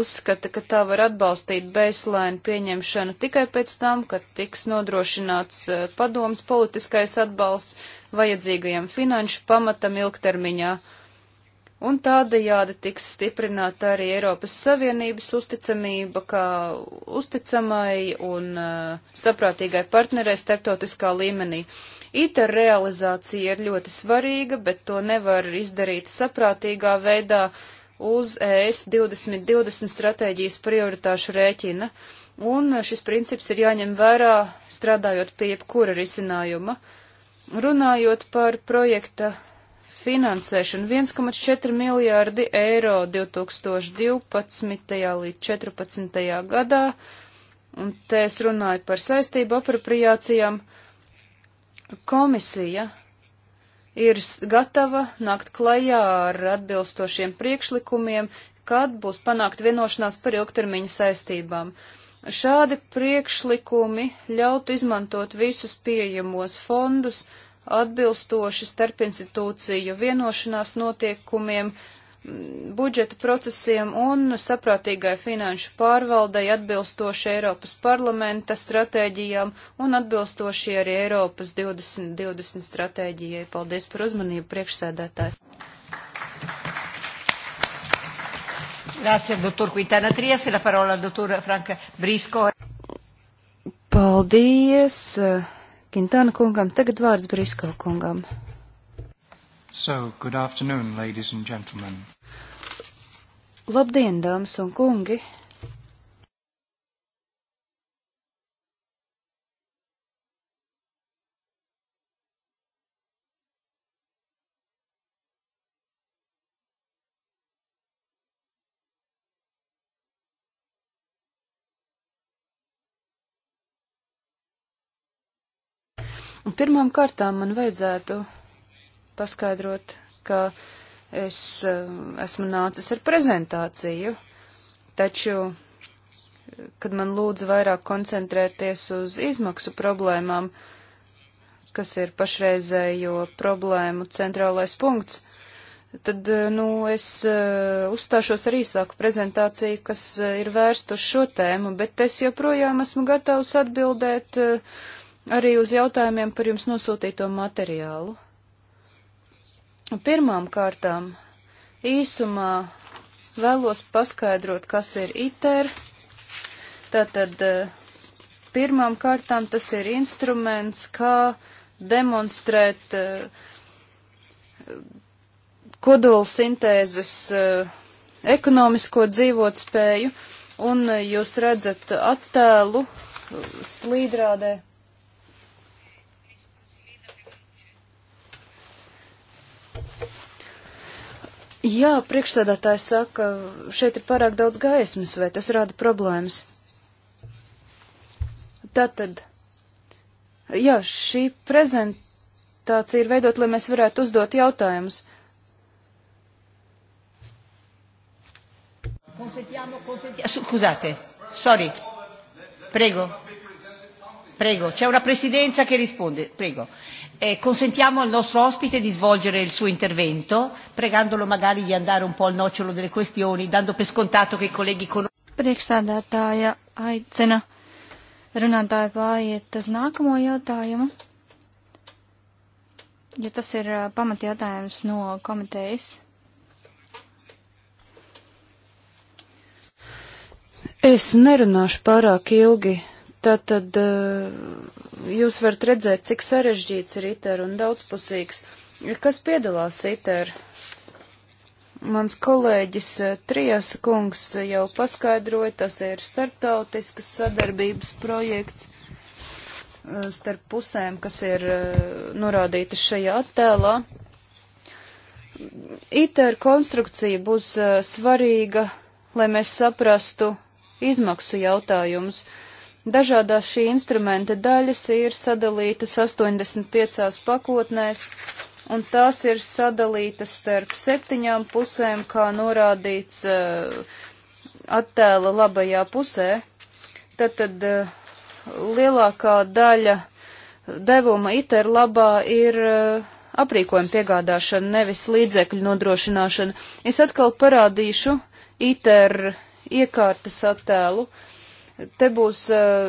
uzskata, ka tā var atbalstīt baseline pieņemšanu tikai pēc tam, kad tiks nodrošināts eh, padomas politiskais atbalsts vajadzīgajam finanšu pamatam ilgtermiņā un tādējādi tiks stiprināta arī Eiropas Savienības uzticamība kā uzticamai un uh, saprātīgai partnerei starptautiskā līmenī. ITER realizācija ir ļoti svarīga, bet to nevar izdarīt saprātīgā veidā uz e ES 2020 stratēģijas prioritāšu rēķina, un uh, šis princips ir jāņem vērā, strādājot pie jebkura risinājuma. Runājot par projekta finansēšanu 1,4 miljārdi eiro 2012. līdz 2014. gadā, un te es runāju par saistību apropriācijām, komisija ir gatava nākt klajā ar atbilstošiem priekšlikumiem, kad būs panākt vienošanās par ilgtermiņa saistībām. Šādi priekšlikumi ļautu izmantot visus pieejamos fondus, uh, atbilstoši starpinstitūciju vienošanās notiekumiem, budžeta procesiem un saprātīgai finanšu pārvaldei atbilstoši Eiropas parlamenta stratēģijām un atbilstoši arī Eiropas 2020 stratēģijai. Paldies par uzmanību, priekšsēdētāji! Grazie, doktor Quintana Trias. La parola al dottor Frank Brisco. Paldies! Gintana kungam, tagad vārds Brisko kungam. So, good afternoon, ladies and gentlemen. Labdien, dāmas un kungi! Un pirmām kārtām man vajadzētu paskaidrot, ka es eh, esmu nācis ar prezentāciju, taču, eh, kad man lūdza vairāk koncentrēties uz izmaksu problēmām, kas ir pašreizējo problēmu centrālais punkts, tad, eh, nu, es uzstāšos ar īsāku prezentāciju, kas ir vērsta uz šo tēmu, bet es joprojām esmu gatavs atbildēt arī uz jautājumiem par jums nosūtīto materiālu. Pirmām kārtām īsumā vēlos paskaidrot, kas ir ITER. Tātad eh, pirmām kārtām tas ir instruments, kā demonstrēt eh, kodolu sintēzes eh, ekonomisko dzīvotspēju, un jūs redzat attēlu slīdrādē Jā, priekšsēdētāji saka, šeit ir pārāk daudz gaismas, vai tas rada problēmas? Tātad, jā, šī prezentācija ir veidot, lai mēs varētu uzdot jautājumus. Consentiamo, consentiamo. Scusate, sorry. Prego. Prego, c'è una presidenza che risponde. Prego. Eh, consentiamo al nostro ospite di svolgere il suo intervento, pregandolo magari di andare un po' al nocciolo delle questioni, dando per scontato che i colleghi conoscono. Priekšsādātāja aicina runātāju pāriet uz nākamo jautājumu, jo tas ir uh, pamatjautājums no komitejas. Es nerunāšu pārāk ilgi, tātad uh, jūs varat redzēt, cik sarežģīts ir ITER un daudzpusīgs. Kas piedalās ITER? Mans kolēģis eh, Trijas kungs jau paskaidroja, tas ir starptautiskas sadarbības projekts eh, starp pusēm, kas ir eh, norādītas šajā attēlā. ITER konstrukcija būs svarīga, lai mēs saprastu izmaksu jautājumus. Uh, Dažādās šī instrumenta daļas ir sadalītas 85 pakotnēs, un tās ir sadalītas starp septiņām pusēm, kā norādīts uh, attēla labajā pusē. Tātad uh, lielākā daļa devuma ITER labā ir uh, aprīkojuma piegādāšana, nevis līdzekļu nodrošināšana. Es atkal parādīšu ITER iekārtas attēlu. Uh, Te būs eh,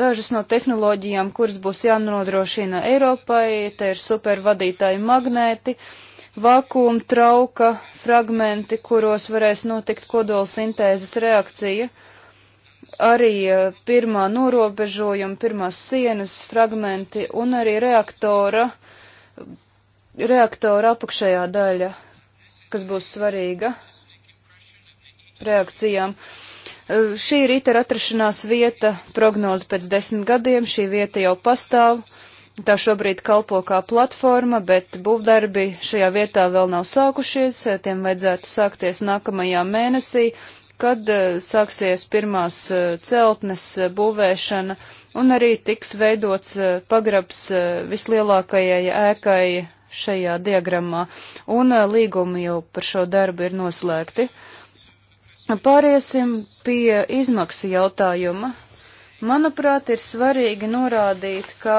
dažas no tehnoloģijām, kuras būs jānodrošina Eiropai, te ir supervadītāji magnēti, vakuum trauka fragmenti, kuros varēs notikt kodola sintēzes reakcija, arī eh, pirmā norobežojuma, pirmās sienas fragmenti un arī reaktora, reaktora apakšējā daļa, kas būs svarīga reakcijām. Uh, Šī ir ITER atrašanās vieta, prognoze pēc desmit gadiem, šī vieta jau pastāv, tā šobrīd kalpo kā platforma, bet būvdarbi šajā vietā vēl nav sākušies, tiem vajadzētu sākties nākamajā mēnesī, kad sāksies pirmās celtnes būvēšana un arī tiks veidots pagrabs vislielākajai ēkai šajā diagrammā, un līgumi jau par šo darbu ir noslēgti. Uh, Pāriesim pie izmaksu jautājuma. Manuprāt, ir svarīgi norādīt, ka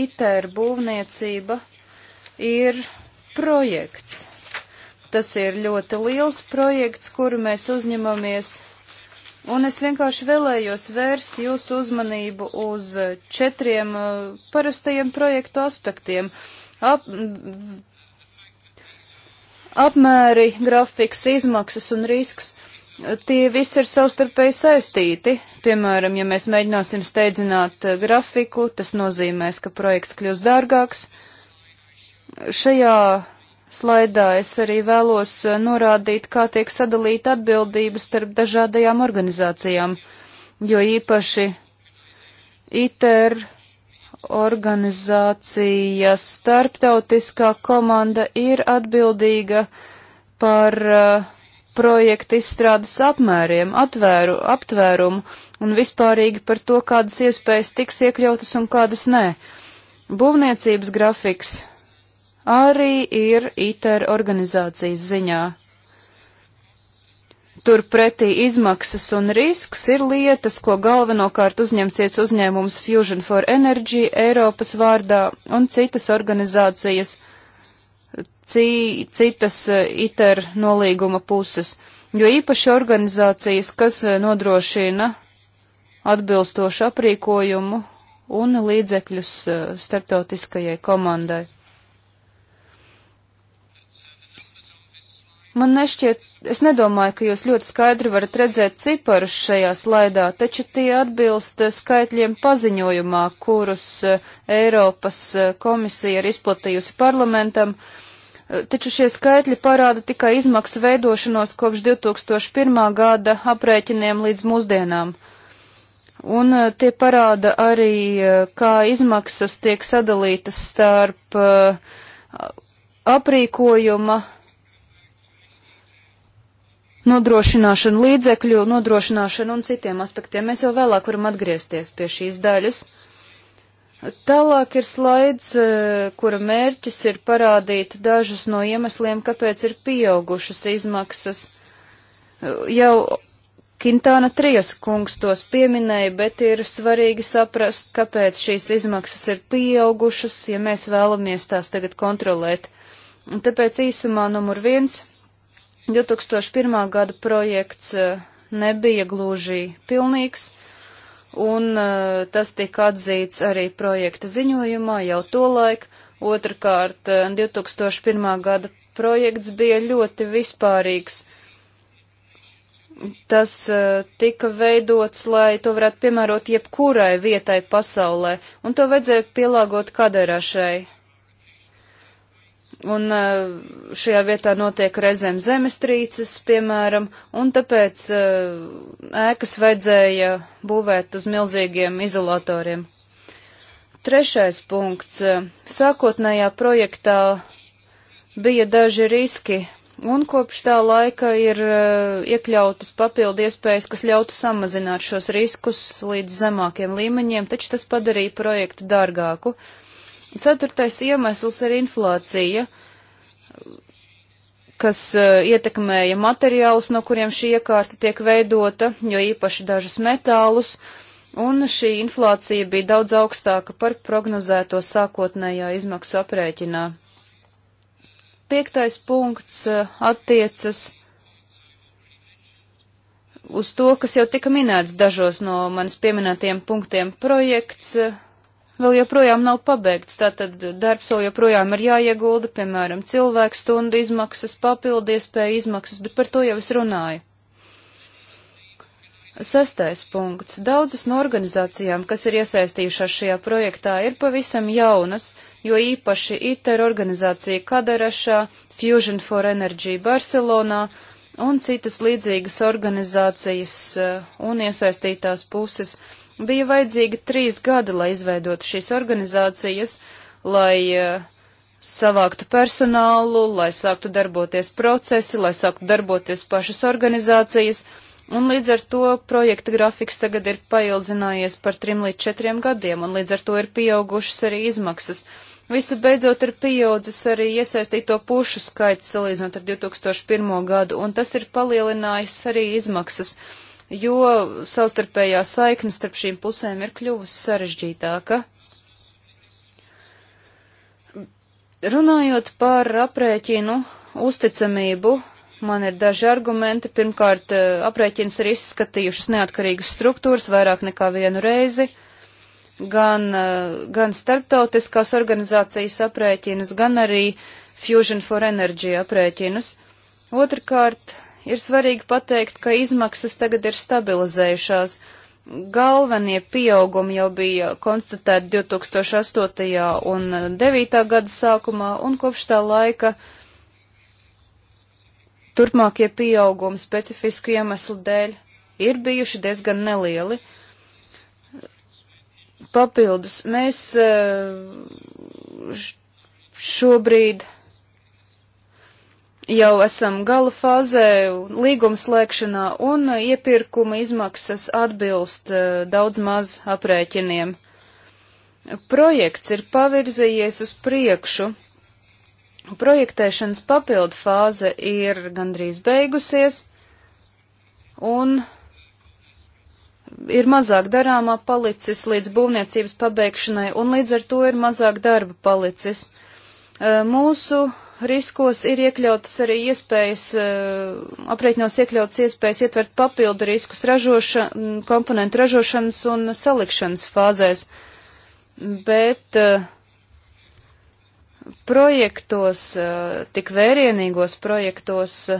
ITER būvniecība ir projekts. Tas ir ļoti liels projekts, kuru mēs uzņemamies, un es vienkārši vēlējos vērst jūsu uzmanību uz četriem uh, parastajiem projektu aspektiem. Ap, apmēri, grafiks, izmaksas un risks tie visi ir savstarpēji saistīti. Piemēram, ja mēs mēģināsim steidzināt eh, grafiku, tas nozīmēs, ka projekts kļūs dārgāks. Šajā slaidā es arī vēlos eh, norādīt, kā tiek sadalīta atbildība starp dažādajām organizācijām, jo īpaši ITER organizācijas starptautiskā komanda ir atbildīga par uh, projekta izstrādes apmēriem, atvēru, aptvērumu un vispārīgi par to, kādas iespējas tiks iekļautas un kādas nē. Būvniecības grafiks arī ir ITER organizācijas ziņā. Turpretī izmaksas un risks ir lietas, ko galvenokārt uzņemsies uzņēmums Fusion for Energy Eiropas vārdā un citas organizācijas – citas eh, ITER nolīguma puses, jo īpaši organizācijas, kas eh, nodrošina atbilstošu aprīkojumu un līdzekļus eh, starptautiskajai komandai. Man nešķiet, es nedomāju, ka jūs ļoti skaidri varat redzēt ciparus šajā slaidā, taču tie atbilst skaitļiem paziņojumā, kurus Eiropas komisija ir izplatījusi parlamentam. Uh, taču šie skaitļi parāda tikai izmaksu veidošanos kopš 2001. gada aprēķiniem līdz mūsdienām. Un eh, tie parāda arī, eh, kā izmaksas tiek sadalītas starp eh, aprīkojuma nodrošināšanu līdzekļu, nodrošināšanu un citiem aspektiem. Mēs jau vēlāk varam atgriezties pie šīs daļas. Uh, Tālāk ir slaids, e, kura mērķis ir parādīt dažus no iemesliem, kāpēc ir pieaugušas izmaksas. E, jau Kintāna Trijas kungs tos pieminēja, bet ir svarīgi saprast, kāpēc šīs izmaksas ir pieaugušas, ja mēs vēlamies tās tagad kontrolēt. Un tāpēc īsumā numur viens 2001. gada projekts e, nebija gluži pilnīgs un uh, tas tika atzīts arī projekta ziņojumā jau tolaik. Otrakārt, 2001. Eh, gada projekts bija ļoti vispārīgs. Tas uh, tika veidots, lai to varētu piemērot jebkurai vietai pasaulē, un to vajadzēja pielāgot kaderā šai un e, šajā vietā notiek reizēm zemestrīces, piemēram, un tāpēc e, ēkas vajadzēja būvēt uz milzīgiem izolatoriem. Trešais punkts. Sākotnējā projektā bija daži riski, un kopš tā laika ir e, iekļautas papildu iespējas, kas ļautu samazināt šos riskus līdz zemākiem līmeņiem, taču tas padarīja projektu dārgāku. Uh, Ceturtais iemesls ir inflācija, kas uh, ietekmēja materiālus, no kuriem šī iekārta tiek veidota, jo īpaši dažus metālus, un šī inflācija bija daudz augstāka par prognozēto sākotnējā izmaksu aprēķinā. Piektais punkts uh, attiecas uz to, kas jau tika minēts dažos no manis pieminētiem punktiem projekts. Uh, vēl joprojām nav pabeigts, tātad darbs vēl joprojām ir jāiegulda, piemēram, cilvēku stundu izmaksas, papildu iespēju izmaksas, bet par to jau es runāju. Sestais punkts. Daudzas no organizācijām, kas ir iesaistījušās šajā projektā, ir pavisam jaunas, jo īpaši ITER organizācija Kadarešā, Fusion for Energy Barcelonā un citas līdzīgas organizācijas eh, un iesaistītās puses Bija vajadzīgi trīs gadi, lai izveidotu šīs organizācijas, lai uh, savāktu personālu, lai sāktu darboties procesi, lai sāktu darboties pašas organizācijas, un līdz ar to projekta grafiks tagad ir paildzinājies par trim līdz četriem gadiem, un līdz ar to ir pieaugušas arī izmaksas. Visu beidzot ir pieaudzis arī iesaistīto pušu skaits salīdzinot ar 2001. gadu, un tas ir palielinājis arī izmaksas jo savstarpējā saikne starp šīm pusēm ir kļuvusi sarežģītāka. Runājot par aprēķinu uzticamību, man ir daži argumenti. Pirmkārt, aprēķins ir izskatījušas neatkarīgas struktūras vairāk nekā vienu reizi gan, gan starptautiskās organizācijas aprēķinus, gan arī Fusion for Energy aprēķinus. Otrakārt, Ir svarīgi pateikt, ka izmaksas tagad ir stabilizējušās. Galvenie pieaugumi jau bija konstatēti 2008. un 2009. gada sākumā, un kopš tā laika turpmākie pieaugumi specifisku iemeslu dēļ ir bijuši diezgan nelieli. Papildus mēs eh, šobrīd jau esam gala fāzē, līguma slēgšanā, un uh, iepirkuma izmaksas atbilst uh, daudz maz aprēķiniem. Projekts ir pavirzījies uz priekšu. Projektēšanas papildu fāze ir gandrīz beigusies, un ir mazāk darāmā palicis līdz būvniecības pabeigšanai, un līdz ar to ir mazāk darba palicis. Uh, mūsu riskos ir iekļautas arī iespējas, eh, aprēķinos iekļautas iespējas ietvert papildu riskus ražoša, mm, komponentu ražošanas un salikšanas fāzēs, bet eh, projektos, eh, tik vērienīgos projektos,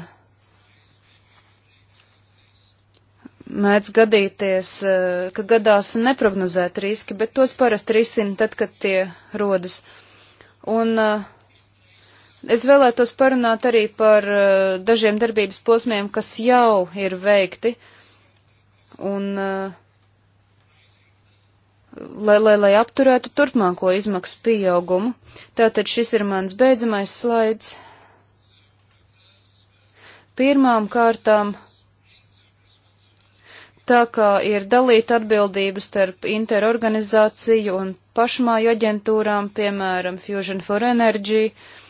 mēdz gadīties, ka gadās neprognozēt riski, bet tos parasti risina tad, kad tie rodas. Un uh, Es vēlētos parunāt arī par uh, dažiem darbības posmiem, kas jau ir veikti, un uh, lai, lai, lai apturētu turpmāko izmaksu pieaugumu. Tātad šis ir mans beidzamais slaids. Pirmām kārtām, tā kā ir dalīta atbildība starp interorganizāciju un pašmāju aģentūrām, piemēram, Fusion for Energy, uh,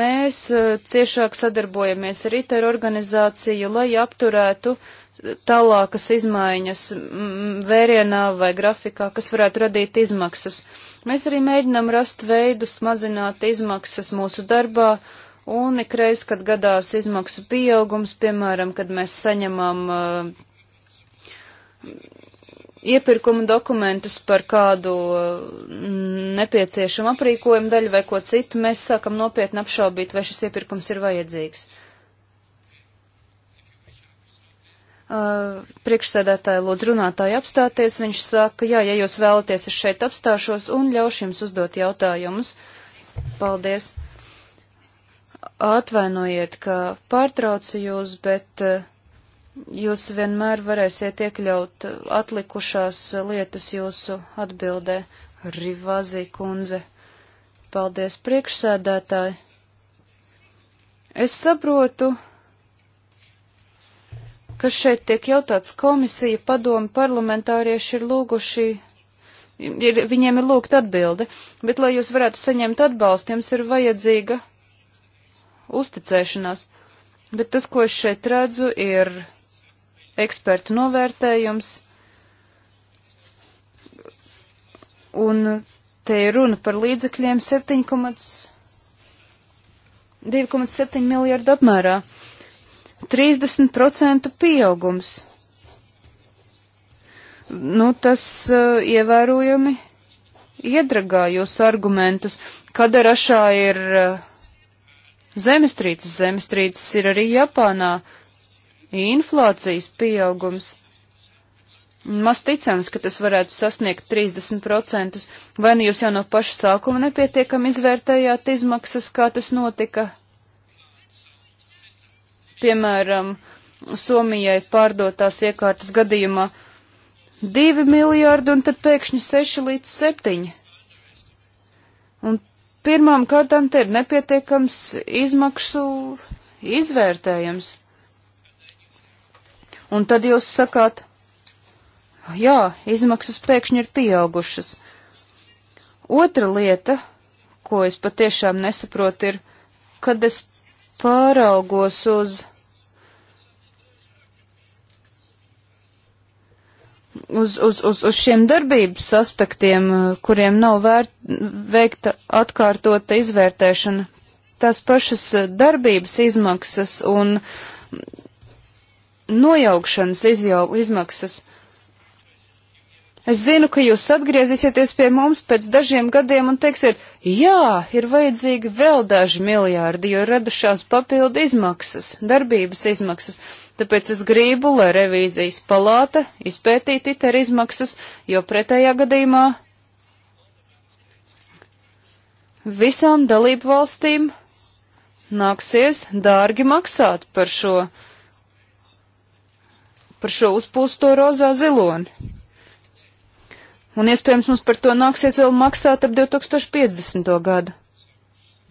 Mēs eh, ciešāk sadarbojamies ar ITER organizāciju, lai apturētu tālākas izmaiņas mm, vērienā vai grafikā, kas varētu radīt izmaksas. Mēs arī mēģinam rast veidus mazināt izmaksas mūsu darbā, un ikreiz, kad gadās izmaksu pieaugums, piemēram, kad mēs saņemam uh, iepirkuma dokumentus par kādu mm, nepieciešamu aprīkojumu daļu vai ko citu, mēs sākam nopietni apšaubīt, vai šis iepirkums ir vajadzīgs. Uh, priekšsēdētāja lūdz runātāju apstāties. Viņš saka, jā, ja jūs vēlaties, es šeit apstāšos un ļaušu jums uzdot jautājumus. Paldies. Atvainojiet, ka pārtraucu jūs, bet uh, jūs vienmēr varēsiet iekļaut atlikušās lietas jūsu atbildē. Rivazī kundze. Paldies, priekšsēdētāji. Es saprotu, ka šeit tiek jautāts komisija, padomi, parlamentārieši ir lūguši, ir, viņiem ir lūgt atbildi, bet, lai jūs varētu saņemt atbalstu, jums ir vajadzīga uzticēšanās. Bet tas, ko es šeit redzu, ir ekspertu novērtējums, un te ir runa par līdzekļiem 2,7 miljārdu apmērā. 30% pieaugums. Nu, tas uh, ievērojami iedragā jūsu argumentus. Kadarašā ir uh, zemestrīces, zemestrīces ir arī Japānā. Uh, inflācijas pieaugums. Maz ticams, ka tas varētu sasniegt 30%, vai nu jūs jau no paša sākuma nepietiekam izvērtējāt izmaksas, kā tas notika? Piemēram, Somijai pārdotās iekārtas gadījumā 2 miljārdi un tad pēkšņi 6 līdz 7. Un pirmām kārtām te ir nepietiekams izmaksu izvērtējums. Un tad jūs sakāt, jā, izmaksas pēkšņi ir pieaugušas. Otra lieta, ko es patiešām nesaprotu, ir, kad es pāraugos uz, uz, uz, uz, uz šiem darbības aspektiem, kuriem nav vērt, veikta atkārtota izvērtēšana, tās pašas darbības izmaksas un nojaukšanas izjau, izmaksas. Es zinu, ka jūs atgriezīsieties pie mums pēc dažiem gadiem un teiksiet, jā, ir vajadzīgi vēl daži miljārdi, jo radušās papildu izmaksas, darbības izmaksas. Tāpēc es gribu, lai revīzijas palāta izpētītu ITER izmaksas, jo pretējā gadījumā visām dalību valstīm nāksies dārgi maksāt par šo par šo uzpūsto rozā ziloni. Un iespējams mums par to nāksies vēl maksāt ap 2050. gadu.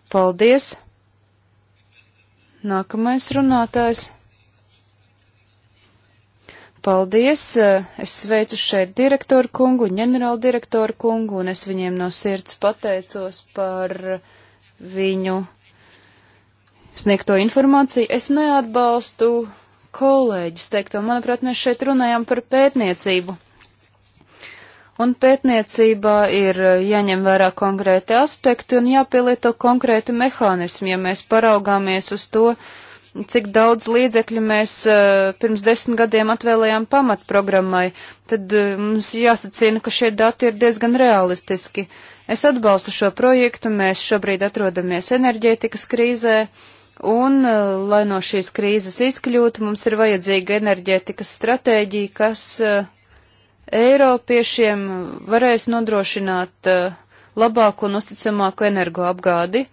Paldies! Nākamais runātājs. Paldies! Es sveicu šeit direktoru kungu un ģenerāla direktoru kungu, un es viņiem no sirds pateicos par viņu sniegto informāciju. Es neatbalstu kolēģis teikto. Manuprāt, mēs šeit runājam par pētniecību. Un pētniecībā ir eh, jāņem vērā konkrēti aspekti un jāpielieto konkrēti mehānismi, ja mēs paraugāmies uz to, cik daudz līdzekļu mēs uh, pirms desmit gadiem atvēlējām pamatprogrammai, tad uh, mums jāsacina, ka šie dati ir diezgan realistiski. Es atbalstu šo projektu, mēs šobrīd atrodamies enerģētikas krīzē, uh, Un, eh, lai no šīs krīzes izkļūtu, mums ir vajadzīga enerģētikas stratēģija, kas eh, Eiropiešiem varēs nodrošināt eh, labāku un uzticamāku energoapgādi.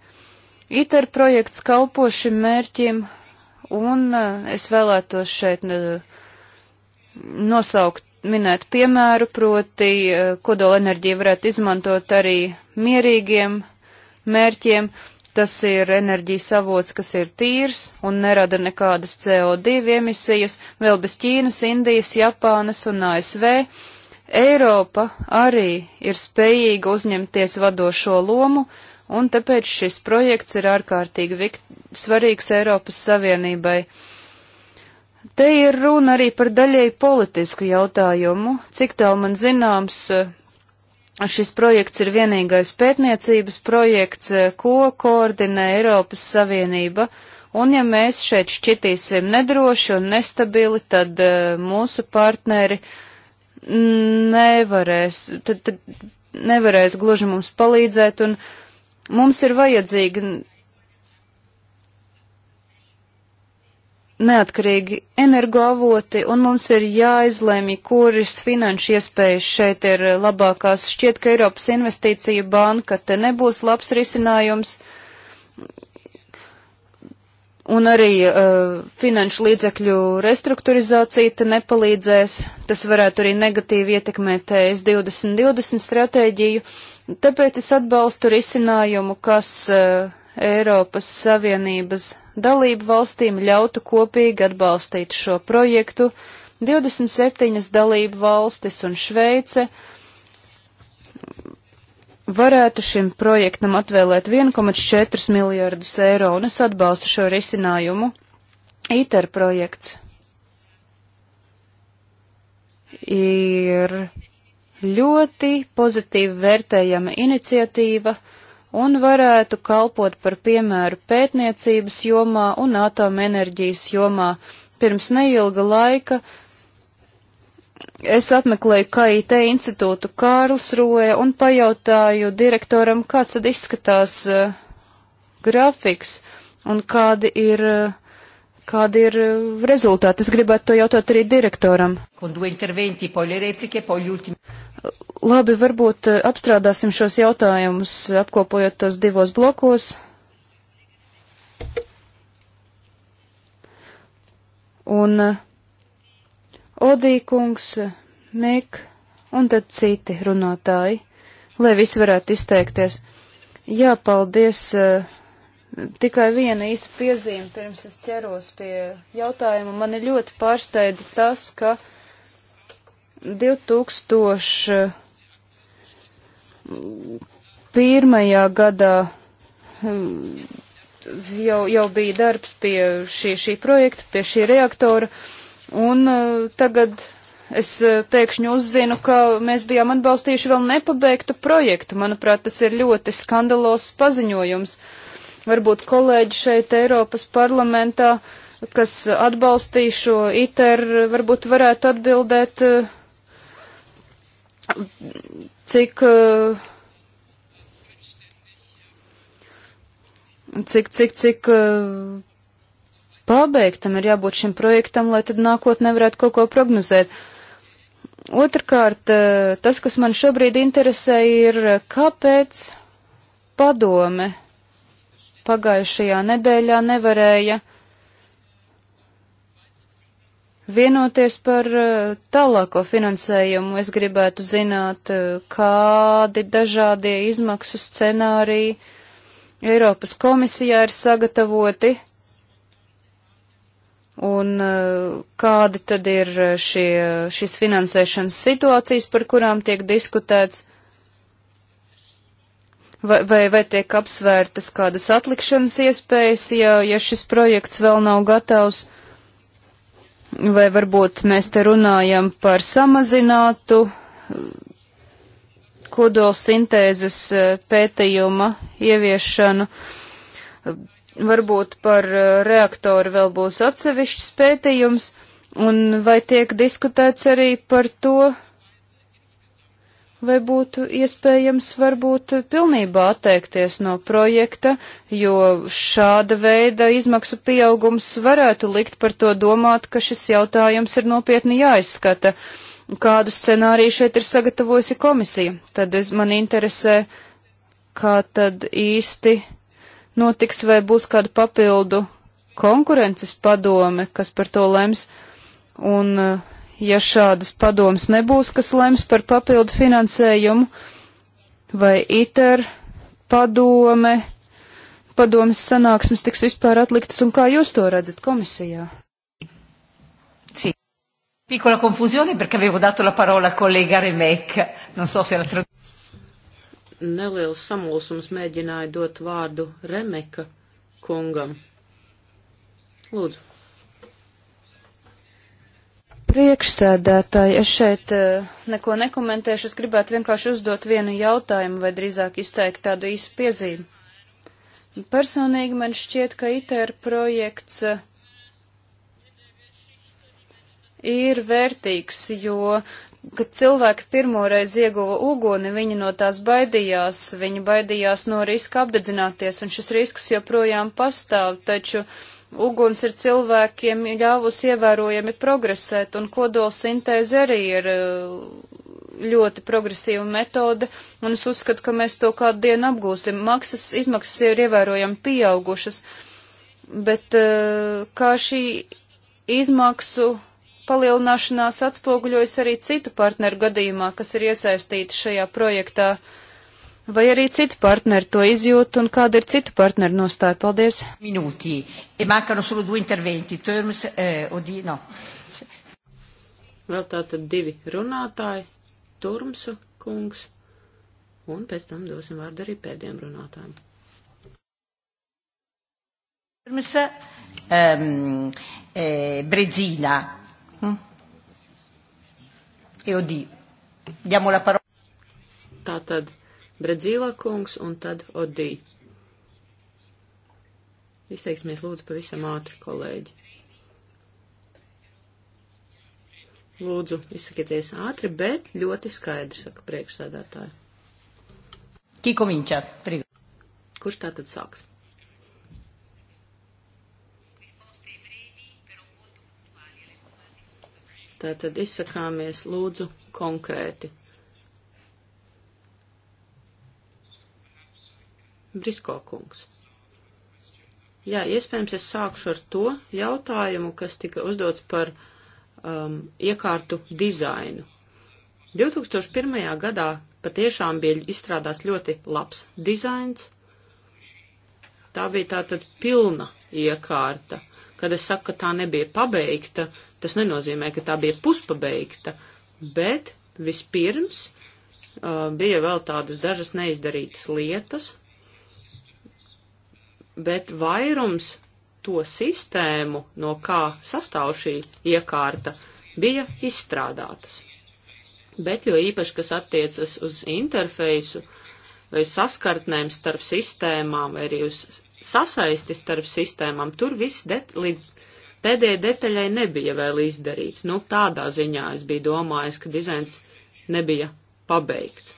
ITER projekts kalpo šim mērķim, un es vēlētos šeit nosaukt, minēt piemēru, proti kodola enerģija varētu izmantot arī mierīgiem mērķiem, Tas ir enerģijas avots, kas ir tīrs un nerada nekādas CO2 emisijas, vēl bez Ķīnas, Indijas, Japānas un ASV. Eiropa arī ir spējīga uzņemties vadošo lomu, un tāpēc šis projekts ir ārkārtīgi svarīgs Eiropas Savienībai. Te ir runa arī par daļēji politisku jautājumu. Cik tālu man zināms, Šis projekts ir vienīgais pētniecības projekts, eh, ko koordinē Eiropas Savienība, un ja mēs šeit šķitīsim nedroši un nestabili, tad eh, mūsu partneri nevarēs, tad, tad nevarēs gluži mums palīdzēt, un mums ir vajadzīga neatkarīgi energoavoti, un mums ir jāizlēmi, kuras finanšu iespējas šeit ir labākās. Šķiet, ka Eiropas investīcija banka te nebūs labs risinājums, un arī uh, finanšu līdzekļu restruktūrizācija te nepalīdzēs. Tas varētu arī negatīvi ietekmēt e ES 2020 stratēģiju, tāpēc es atbalstu risinājumu, kas uh, Eiropas Savienības dalību valstīm ļautu kopīgi atbalstīt šo projektu. 27 dalību valstis un Šveice varētu šim projektam atvēlēt 1,4 miljardus eiro, un es atbalstu šo risinājumu. ITER projekts ir ļoti pozitīvi vērtējama iniciatīva, uh, un varētu kalpot par piemēru pētniecības jomā un atomenerģijas jomā. Pirms neilga laika es apmeklēju KIT institūtu Kārlsroē un pajautāju direktoram, kāds tad izskatās uh, grafiks un kādi ir uh, kādi ir eh, rezultāti. Es gribētu to jautāt arī direktoram. Labi, varbūt eh, apstrādāsim šos jautājumus, apkopojot tos divos blokos. Un eh, Odīkungs, Mik un tad citi runātāji, lai visi varētu izteikties. Jā, paldies. Uh, Tikai viena īsa piezīme pirms es ķeros pie jautājuma. Mani ļoti pārsteidza tas, ka 2001. gadā hmm, jau, jau bija darbs pie šī, šī projekta, pie šī reaktora, un eh, tagad es eh, pēkšņi uzzinu, ka mēs bijām atbalstījuši vēl nepabeigtu projektu. Manuprāt, tas ir ļoti skandalos paziņojums. Uh, varbūt kolēģi šeit Eiropas parlamentā, kas atbalstīja šo ITER, varbūt varētu atbildēt, eh, eh, cik, cik, cik, cik eh, pabeigtam ir jābūt šim projektam, lai tad nākotnē varētu kaut ko prognozēt. Otrkārt, tas, kas man šobrīd interesē, ir kāpēc padome pagājušajā nedēļā nevarēja vienoties par uh, tālāko finansējumu. Es gribētu zināt, uh, kādi dažādie izmaksu scenāriji Eiropas komisijā ir sagatavoti un uh, kādi tad ir šie, šīs finansēšanas situācijas, par kurām tiek diskutēts vai, vai, vai tiek apsvērtas kādas atlikšanas iespējas, ja, ja šis projekts vēl nav gatavs, vai varbūt mēs te runājam par samazinātu eh, kodolsintēzes eh, pētījuma ieviešanu. Varbūt par eh, reaktoru vēl būs atsevišķs pētījums, un vai tiek diskutēts arī par to, vai būtu iespējams varbūt pilnībā atteikties no projekta, jo šāda veida izmaksu pieaugums varētu likt par to domāt, ka šis jautājums ir nopietni jāizskata. Kādu scenāriju šeit ir sagatavojusi komisija? Tad es man interesē, kā tad īsti notiks, vai būs kāda papildu konkurences padome, kas par to lems. Un uh, ja šādas padomas nebūs, kas lems par papildu finansējumu, vai ITER padome, padomas sanāksmes tiks vispār atliktas, un kā jūs to redzat komisijā? Sì. Piccola confusione perché avevo dato la parola al collega Remek, non so se la traduzione neliels samulsums mēģināja dot vārdu Remeka kungam. Lūdzu. Priekšsēdētāji, es šeit eh, neko nekomentēšu, es gribētu vienkārši uzdot vienu jautājumu vai drīzāk izteikt tādu īsu piezīmi. Personīgi man šķiet, ka ITER projekts eh, ir vērtīgs, jo kad cilvēki pirmoreiz ieguva uguni, viņi no tās baidījās, viņi baidījās no riska apdedzināties, un šis risks joprojām pastāv, taču uguns ir cilvēkiem ļāvusi ievērojami progresēt, un kodolsintēze arī ir uh, ļoti progresīva metode, un es uzskatu, ka mēs to kādu dienu apgūsim. Maksas izmaksas ir ievērojami pieaugušas, bet uh, kā šī izmaksu palielināšanās atspoguļojas arī citu partneru gadījumā, kas ir iesaistīti šajā projektā. Uh, Vai arī citi partneri to izjūt un kāda ir citu partneru nostāja? Paldies. Minūtī. E mancano solo due interventi. Terms, eh, odi, no. Vēl tātad divi runātāji. Turmsu kungs. Un pēc tam dosim vārdu arī pēdējiem runātājiem. Turms, um, ehm, eh, Brezina. Hm? E odi. Diamo la parola. Tātad Bredzīlā kungs un tad Odī. Izteiksimies lūdzu pavisam ātri, kolēģi. Lūdzu, izsakieties ātri, bet ļoti skaidri, saka priekšsēdētāji. Kiko Minčā, prigu. Kurš tā tad sāks? Tātad izsakāmies lūdzu konkrēti. Brisko kungs. Jā, iespējams, es sākšu ar to jautājumu, kas tika uzdots par um, iekārtu dizainu. 2001. gadā patiešām bija izstrādās ļoti labs dizains. Tā bija tātad pilna iekārta. Kad es saku, ka tā nebija pabeigta, tas nenozīmē, ka tā bija puspabeigta, bet vispirms uh, bija vēl tādas dažas neizdarītas lietas, bet vairums to sistēmu, no kā sastāv šī iekārta, bija izstrādātas. Bet jo īpaši, kas attiecas uz interfeisu vai saskartnēm starp sistēmām, vai arī uz sasaisti starp sistēmām, tur viss det līdz pēdējai detaļai nebija vēl izdarīts. Nu, tādā ziņā es biju domājis, ka dizains nebija pabeigts.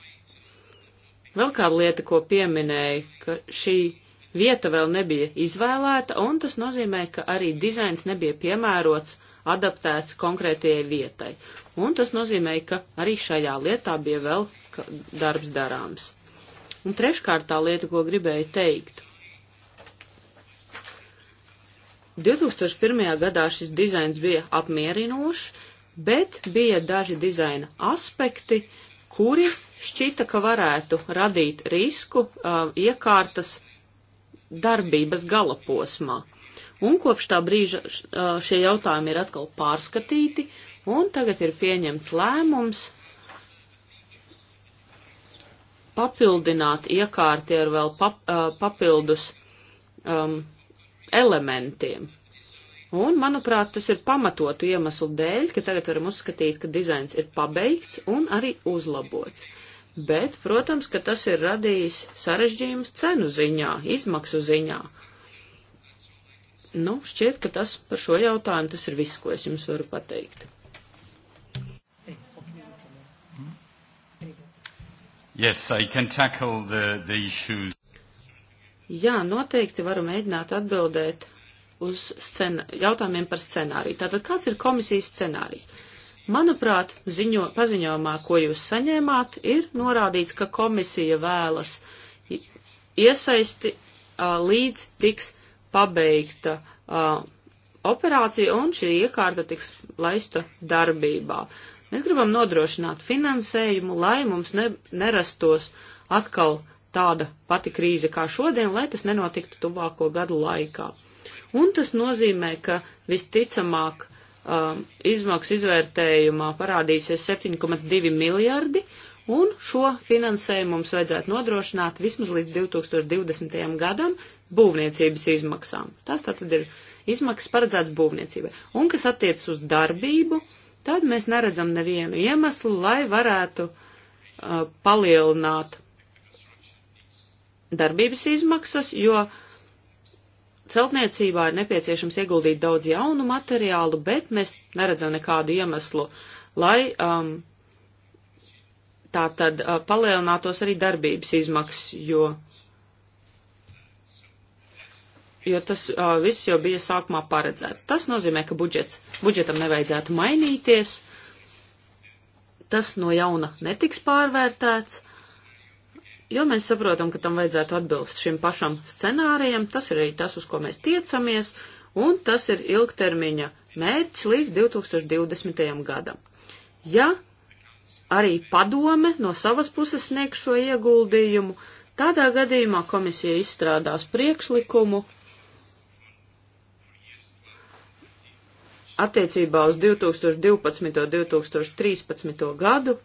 Vēl kāda lieta, ko pieminēja, ka šī Vieta vēl nebija izvēlēta, un tas nozīmē, ka arī dizains nebija piemērots, adaptēts konkrētajai vietai. Un tas nozīmē, ka arī šajā lietā bija vēl darbs darāms. Un treškārt tā lieta, ko gribēju teikt. 2001. gadā šis dizains bija apmierinošs, bet bija daži dizaina aspekti, kuri šķita, ka varētu radīt risku uh, iekārtas darbības galaposmā. Un kopš tā brīža šie jautājumi ir atkal pārskatīti, un tagad ir pieņemts lēmums papildināt iekārti ar vēl pap, papildus um, elementiem. Un, manuprāt, tas ir pamatotu iemeslu dēļ, ka tagad varam uzskatīt, ka dizains ir pabeigts un arī uzlabots bet, protams, ka tas ir radījis sarežģījums cenu ziņā, izmaksu ziņā. Nu, šķiet, ka tas par šo jautājumu tas ir viss, ko es jums varu pateikt. Yes, I can tackle the, the issues. Jā, noteikti varu mēģināt atbildēt uz scena, jautājumiem par scenāriju. Tātad, kāds ir komisijas scenārijs? Uh, Manuprāt, ziņo, paziņojumā, ko jūs saņēmāt, ir norādīts, ka komisija vēlas iesaisti a, līdz tiks pabeigta a, operācija un šī iekārta tiks laista darbībā. Mēs gribam nodrošināt finansējumu, lai mums ne, nerastos atkal tāda pati krīze kā šodien, lai tas nenotiktu tuvāko gadu laikā. Un tas nozīmē, ka visticamāk um, izmaksu izvērtējumā parādīsies 7,2 miljardi, un šo finansējumu mums vajadzētu nodrošināt vismaz līdz 2020. gadam būvniecības izmaksām. Tas tātad ir izmaksas paredzētas būvniecībai. Un kas attiecas uz darbību, tad mēs neredzam nevienu iemeslu, lai varētu uh, palielināt darbības izmaksas, jo uh, celtniecībā ir nepieciešams ieguldīt daudz jaunu materiālu, bet mēs neredzam nekādu iemeslu, lai um, tā tad uh, palielinātos arī darbības izmaksas, jo, jo tas uh, viss jau bija sākumā paredzēts. Tas nozīmē, ka budžets, budžetam nevajadzētu mainīties, tas no jauna netiks pārvērtēts, jo mēs saprotam, ka tam vajadzētu atbilst šim pašam scenārijam, tas ir arī tas, uz ko mēs tiecamies, un tas ir ilgtermiņa mērķis līdz 2020. gadam. Ja arī padome no savas puses sniegs šo ieguldījumu, tādā gadījumā komisija izstrādās priekšlikumu attiecībā uz 2012. un 2013. gadu,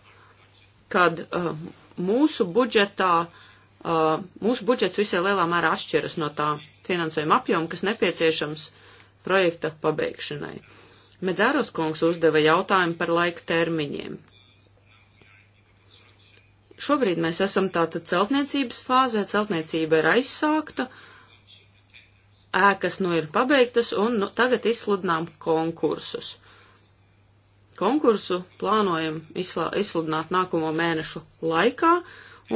kad uh, um, mūsu budžetā, uh, mūsu budžets visai lielā mērā atšķiras no tā finansējuma apjoma, kas nepieciešams projekta pabeigšanai. Medzēros kungs uzdeva jautājumu par laika termiņiem. Šobrīd mēs esam tātad celtniecības fāzē, celtniecība ir aizsākta, ēkas nu ir pabeigtas un nu, tagad izsludinām konkursus. Konkursu plānojam izslā, izsludināt nākamo mēnešu laikā,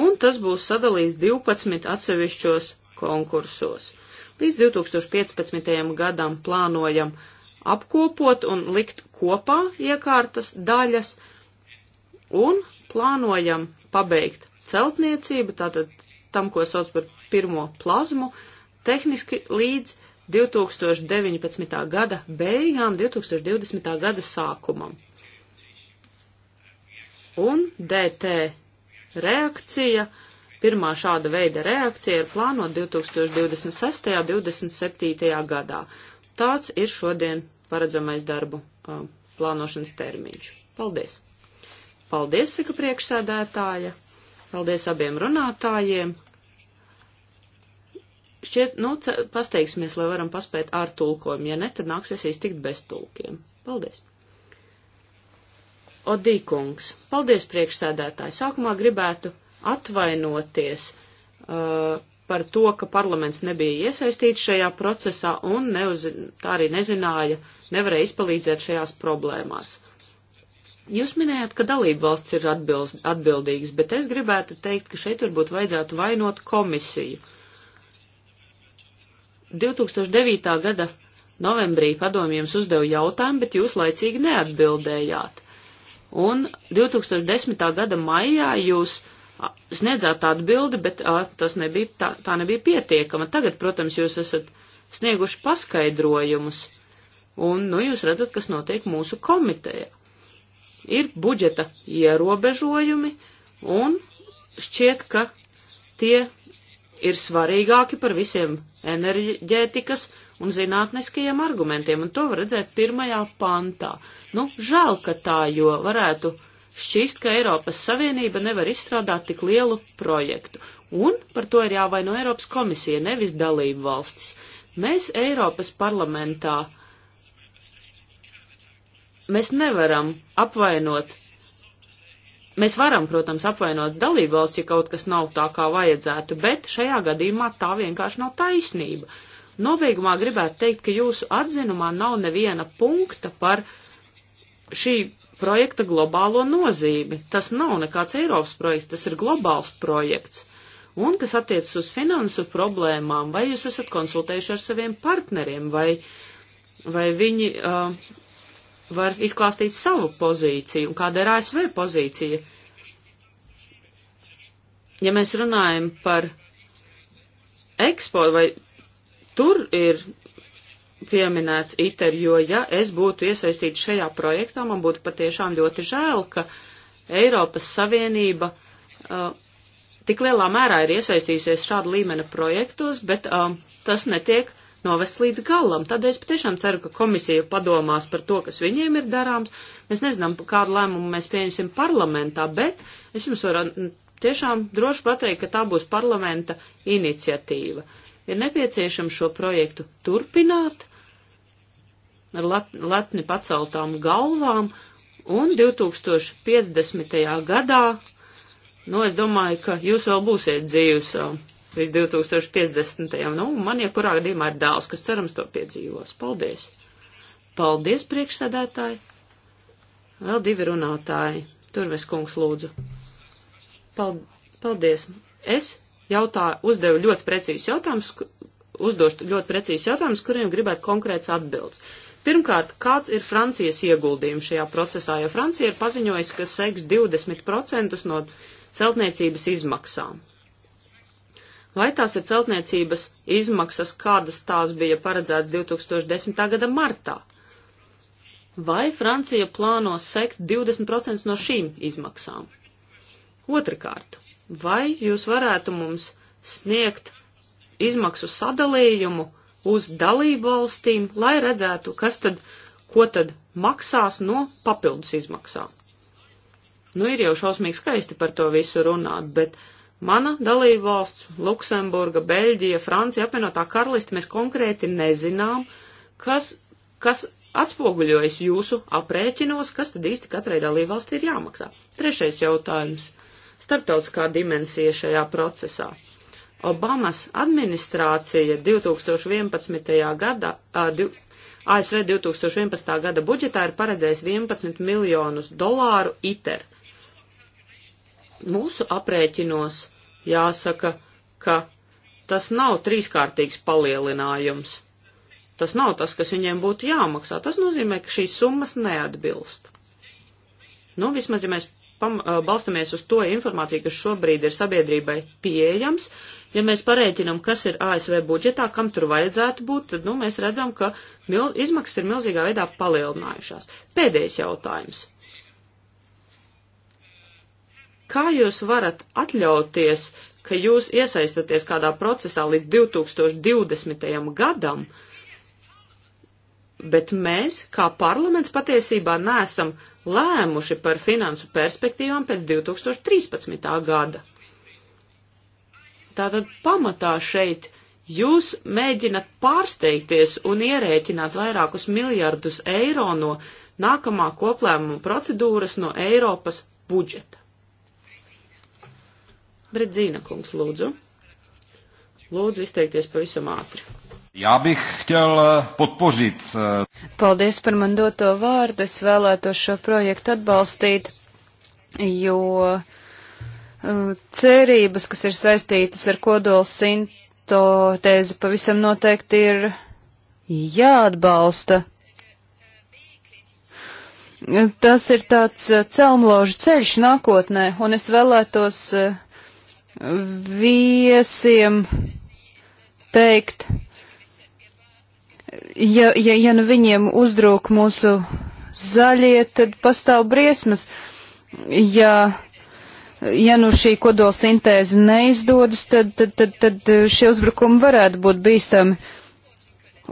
un tas būs sadalīts 12 atsevišķos konkursos. Līdz 2015. gadam plānojam apkopot un likt kopā iekārtas daļas un plānojam pabeigt celtniecību, tātad tam, ko sauc par pirmo plazmu, tehniski līdz 2019. gada beigām, 2020. gada sākumam un DT reakcija. Pirmā šāda veida reakcija ir plānota 2026. un 2027. gadā. Tāds ir šodien paredzamais darbu um, plānošanas termiņš. Paldies! Paldies, saka priekšsēdētāja! Paldies abiem runātājiem! Šķiet, nu, pasteigsimies, lai varam paspēt ar tulkojumu, ja ne, tad nāksies iztikt bez tulkiem. Paldies! Odīkungs. Paldies, priekšsēdētāji. Sākumā gribētu atvainoties uh, par to, ka parlaments nebija iesaistīts šajā procesā un neuzin, tā arī nezināja, nevarēja izpalīdzēt šajās problēmās. Jūs minējāt, ka dalība valsts ir atbild, atbildīgas, bet es gribētu teikt, ka šeit varbūt vajadzētu vainot komisiju. 2009. gada novembrī padomjums uzdevu jautājumu, bet jūs laicīgi neatbildējāt un 2010. gada maijā jūs sniedzāt tādu bildi, bet a, tas nebija, tā, tā nebija pietiekama. Tagad, protams, jūs esat snieguši paskaidrojumus, un, nu, jūs redzat, kas notiek mūsu komitejā. Ir budžeta ierobežojumi, un šķiet, ka tie ir svarīgāki par visiem enerģētikas un zinātniskajiem argumentiem, un to var redzēt pirmajā pantā. Nu, žēl, ka tā, jo varētu šķist, ka Eiropas Savienība nevar izstrādāt tik lielu projektu, un par to ir jāvaino Eiropas komisija, nevis dalību valstis. Mēs Eiropas parlamentā, mēs nevaram apvainot Mēs varam, protams, apvainot dalībvalsts, ja kaut kas nav tā, kā vajadzētu, bet šajā gadījumā tā vienkārši nav taisnība. Nobeigumā gribētu teikt, ka jūsu atzinumā nav neviena punkta par šī projekta globālo nozīmi. Tas nav nekāds Eiropas projekts, tas ir globāls projekts. Un kas attiecas uz finansu problēmām, vai jūs esat konsultējuši ar saviem partneriem, vai, vai viņi uh, var izklāstīt savu pozīciju, un kāda ir ASV pozīcija? Ja mēs runājam par eksportu vai Tur ir pieminēts ITER, jo ja es būtu iesaistīta šajā projektā, man būtu patiešām ļoti žēl, ka Eiropas Savienība uh, tik lielā mērā ir iesaistījusies šāda līmena projektos, bet um, tas netiek novest līdz galam. Tad es patiešām ceru, ka komisija padomās par to, kas viņiem ir darāms. Mēs nezinām, kādu lēmumu mēs pieņemsim parlamentā, bet es jums varu mm, tiešām droši pateikt, ka tā būs parlamenta iniciatīva. Uh, ir nepieciešams šo projektu turpināt ar lepni paceltām galvām, un 2050. gadā, nu, es domāju, ka jūs vēl būsiet dzīvs līdz 2050. nu, man, ja kurā gadījumā ir dēls, kas cerams to piedzīvos. Paldies! Paldies, priekšsēdētāji! Vēl divi runātāji. Turmes kungs lūdzu. Paldies! Es jautā, uzdevu ļoti precīzus jautājumus, uzdošu ļoti precīzus jautājumus, kuriem gribētu konkrēts atbildes. Pirmkārt, kāds ir Francijas ieguldījums šajā procesā, jo Francija ir paziņojusi, ka seks 20% no celtniecības izmaksām. Vai tās ir celtniecības izmaksas, kādas tās bija paredzētas 2010. gada martā? Vai Francija plāno sekt 20% no šīm izmaksām? Otrakārt, Vai jūs varētu mums sniegt izmaksu sadalījumu uz dalību valstīm, lai redzētu, kas tad, ko tad maksās no papildus izmaksām? Nu, ir jau šausmīgi skaisti par to visu runāt, bet mana dalība valsts, Luksemburga, Beļģija, Francija, apvienotā karaliste, mēs konkrēti nezinām, kas, kas atspoguļojas jūsu aprēķinos, kas tad īsti katrai dalībvalstī ir jāmaksā. Trešais jautājums starptautiskā dimensija šajā procesā. Obamas administrācija 2011. gada, ā, ASV 2011. gada budžetā ir paredzējis 11 miljonus dolāru ITER. Mūsu aprēķinos jāsaka, ka tas nav trīskārtīgs palielinājums. Tas nav tas, kas viņiem būtu jāmaksā. Tas nozīmē, ka šīs summas neatbilst. Nu, vismaz, ja mēs pam, balstamies uz to informāciju, kas šobrīd ir sabiedrībai pieejams. Ja mēs pareiķinām, kas ir ASV budžetā, kam tur vajadzētu būt, tad nu, mēs redzam, ka mil, izmaksas ir milzīgā veidā palielinājušās. Pēdējais jautājums. Kā jūs varat atļauties, ka jūs iesaistaties kādā procesā līdz 2020. gadam? Uh, bet mēs, kā parlaments, patiesībā neesam lēmuši par finansu perspektīvām pēc 2013. gada. Tātad pamatā šeit jūs mēģinat pārsteigties un ierēķināt vairākus miljardus eiro no nākamā koplēmuma procedūras no Eiropas budžeta. Bredzīna kungs, lūdzu. Lūdzu izteikties pavisam ātri. Jā, bih ķel eh, podpožīt. Eh, Paldies par man doto vārdu. Es vēlētos šo projektu atbalstīt, jo eh, cerības, kas ir saistītas ar kodola sintotēzi, pavisam noteikti ir jāatbalsta. Tas ir tāds celmložu ceļš nākotnē, un es vēlētos viesiem teikt, ja, ja, ja nu viņiem uzdrūk mūsu zaļie, tad pastāv briesmas. Ja, ja nu šī kodola sintēze neizdodas, tad, tad, tad, tad eh, šie uzbrukumi varētu būt bīstami.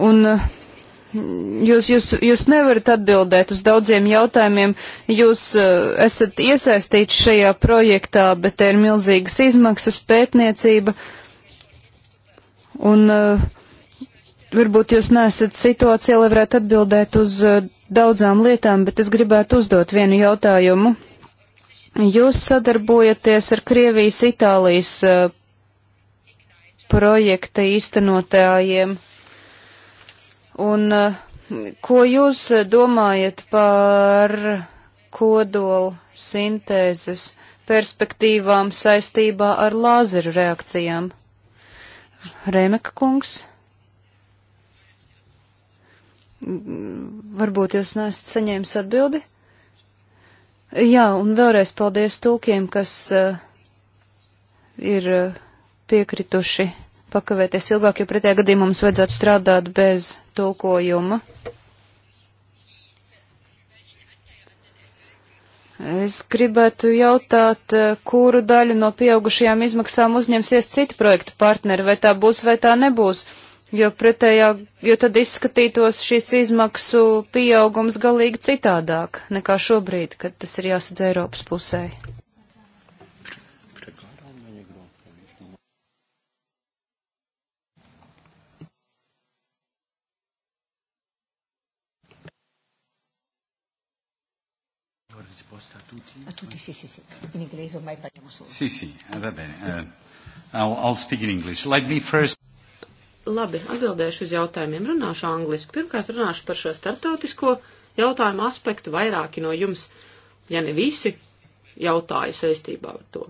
Un eh, jūs, jūs, jūs nevarat atbildēt uz daudziem jautājumiem. Jūs eh, esat iesaistīts šajā projektā, bet te ir milzīgas izmaksas pētniecība. Un uh, varbūt jūs nesat situācijā, lai varētu atbildēt uz eh, daudzām lietām, bet es gribētu uzdot vienu jautājumu. Jūs sadarbojaties ar Krievijas, Itālijas eh, projekta īstenotājiem. Un eh, ko jūs domājat par kodolu sintēzes perspektīvām saistībā ar lāzeru reakcijām? Remeka kungs? Varbūt jūs nesat saņēmis atbildi? Jā, un vēlreiz paldies tulkiem, kas uh, ir eh, piekrituši pakavēties ilgāk, jo pretējā gadījumā mums vajadzētu strādāt bez tulkojuma. Es gribētu jautāt, eh, kuru daļu no pieaugušajām izmaksām uzņemsies citi projektu partneri, vai tā būs vai tā nebūs. Uh, jo pretējā, jo tad izskatītos šīs izmaksu pieaugums galīgi citādāk nekā šobrīd, kad tas ir jāsadz Eiropas pusē. A tutti, sì, sì, sì. In inglese ormai parliamo solo. Sì, sì, eh, va bene. Uh, I'll, I'll speak in English. Let me first... Labi, atbildēšu uz jautājumiem. Runāšu angliski. Pirmkārt, runāšu par šo starptautisko jautājumu aspektu. Vairāki no jums, ja ne visi, jautāja saistībā ar to.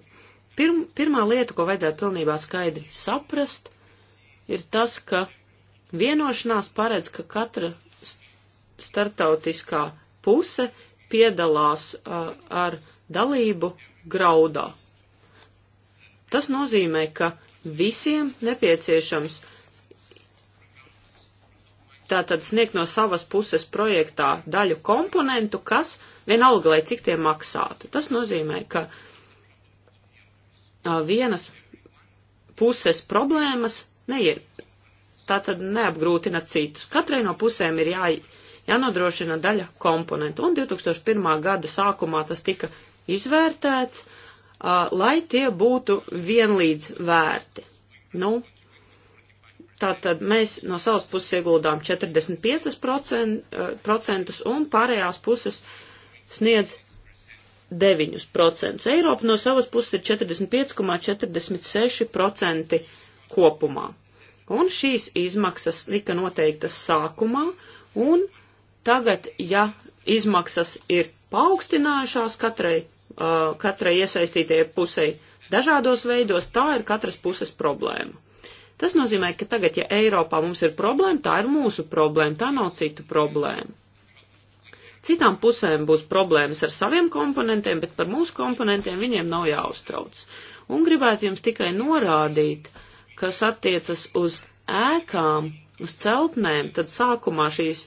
Pirm, pirmā lieta, ko vajadzētu pilnībā skaidri saprast, ir tas, ka vienošanās paredz, ka katra starptautiskā puse piedalās uh, ar dalību graudā. Tas nozīmē, ka visiem nepieciešams tātad sniegt no savas puses projektā daļu komponentu, kas vienalga, lai cik tie maksātu. Tas nozīmē, ka uh, vienas puses problēmas neiet, tātad neapgrūtina citus. Katrai no pusēm ir jā, jānodrošina daļa komponentu. Un 2001. gada sākumā tas tika izvērtēts, uh, lai tie būtu vienlīdz vērti. Nu, Tātad mēs no savas puses ieguldām 45% eh, un pārējās puses sniedz 9%. Eiropa no savas puses ir 45,46% kopumā. Un šīs izmaksas tika noteiktas sākumā, un tagad, ja izmaksas ir paaugstinājušās katrai, uh, katrai iesaistītajai pusei dažādos veidos, tā ir katras puses problēma. Tas nozīmē, ka tagad, ja Eiropā mums ir problēma, tā ir mūsu problēma, tā nav citu problēma. Citām pusēm būs problēmas ar saviem komponentiem, bet par mūsu komponentiem viņiem nav jāuztrauc. Un gribētu jums tikai norādīt, kas attiecas uz ēkām, uz celtnēm, tad sākumā šīs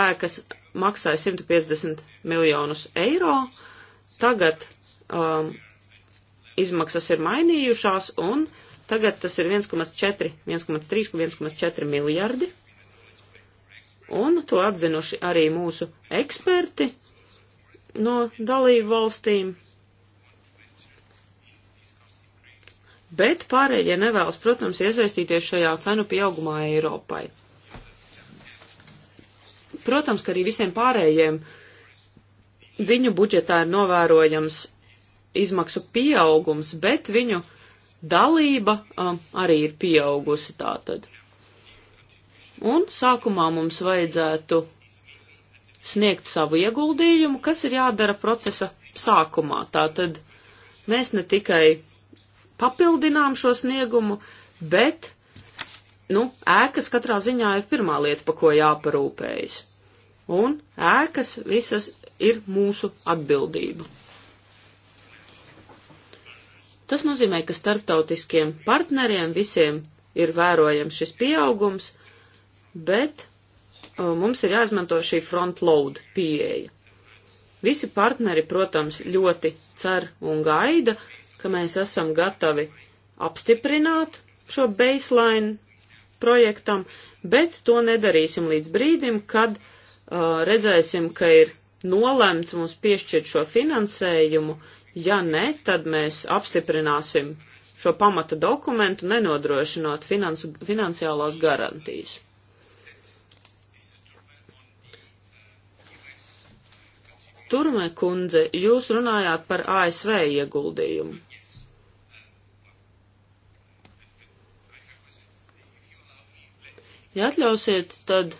ēkas maksāja 150 miljonus eiro, tagad um, izmaksas ir mainījušās un uh, Tagad tas ir 1,4, 1,3, 1,4 miljardi. Un to atzinuši arī mūsu eksperti no dalību valstīm. Bet pārējie nevēlas, protams, iesaistīties šajā cenu pieaugumā Eiropai. Protams, ka arī visiem pārējiem viņu budžetā ir novērojams izmaksu pieaugums, bet viņu uh, dalība um, arī ir pieaugusi tātad. Un sākumā mums vajadzētu sniegt savu ieguldījumu, kas ir jādara procesa sākumā. Tātad mēs ne tikai papildinām šo sniegumu, bet, nu, ēkas katrā ziņā ir pirmā lieta, pa ko jāparūpējas. Un ēkas visas ir mūsu atbildība. Tas nozīmē, ka starptautiskiem partneriem visiem ir vērojams šis pieaugums, bet uh, mums ir jāizmanto šī front-load pieeja. Visi partneri, protams, ļoti cer un gaida, ka mēs esam gatavi apstiprināt šo baseline projektam, bet to nedarīsim līdz brīdim, kad uh, redzēsim, ka ir nolemts mums piešķirt šo finansējumu, uh, Ja ne, tad mēs apstiprināsim šo pamata dokumentu, nenodrošinot finansu, finansiālās garantijas. Turme kundze, jūs runājāt par ASV ieguldījumu. Ja atļausiet, tad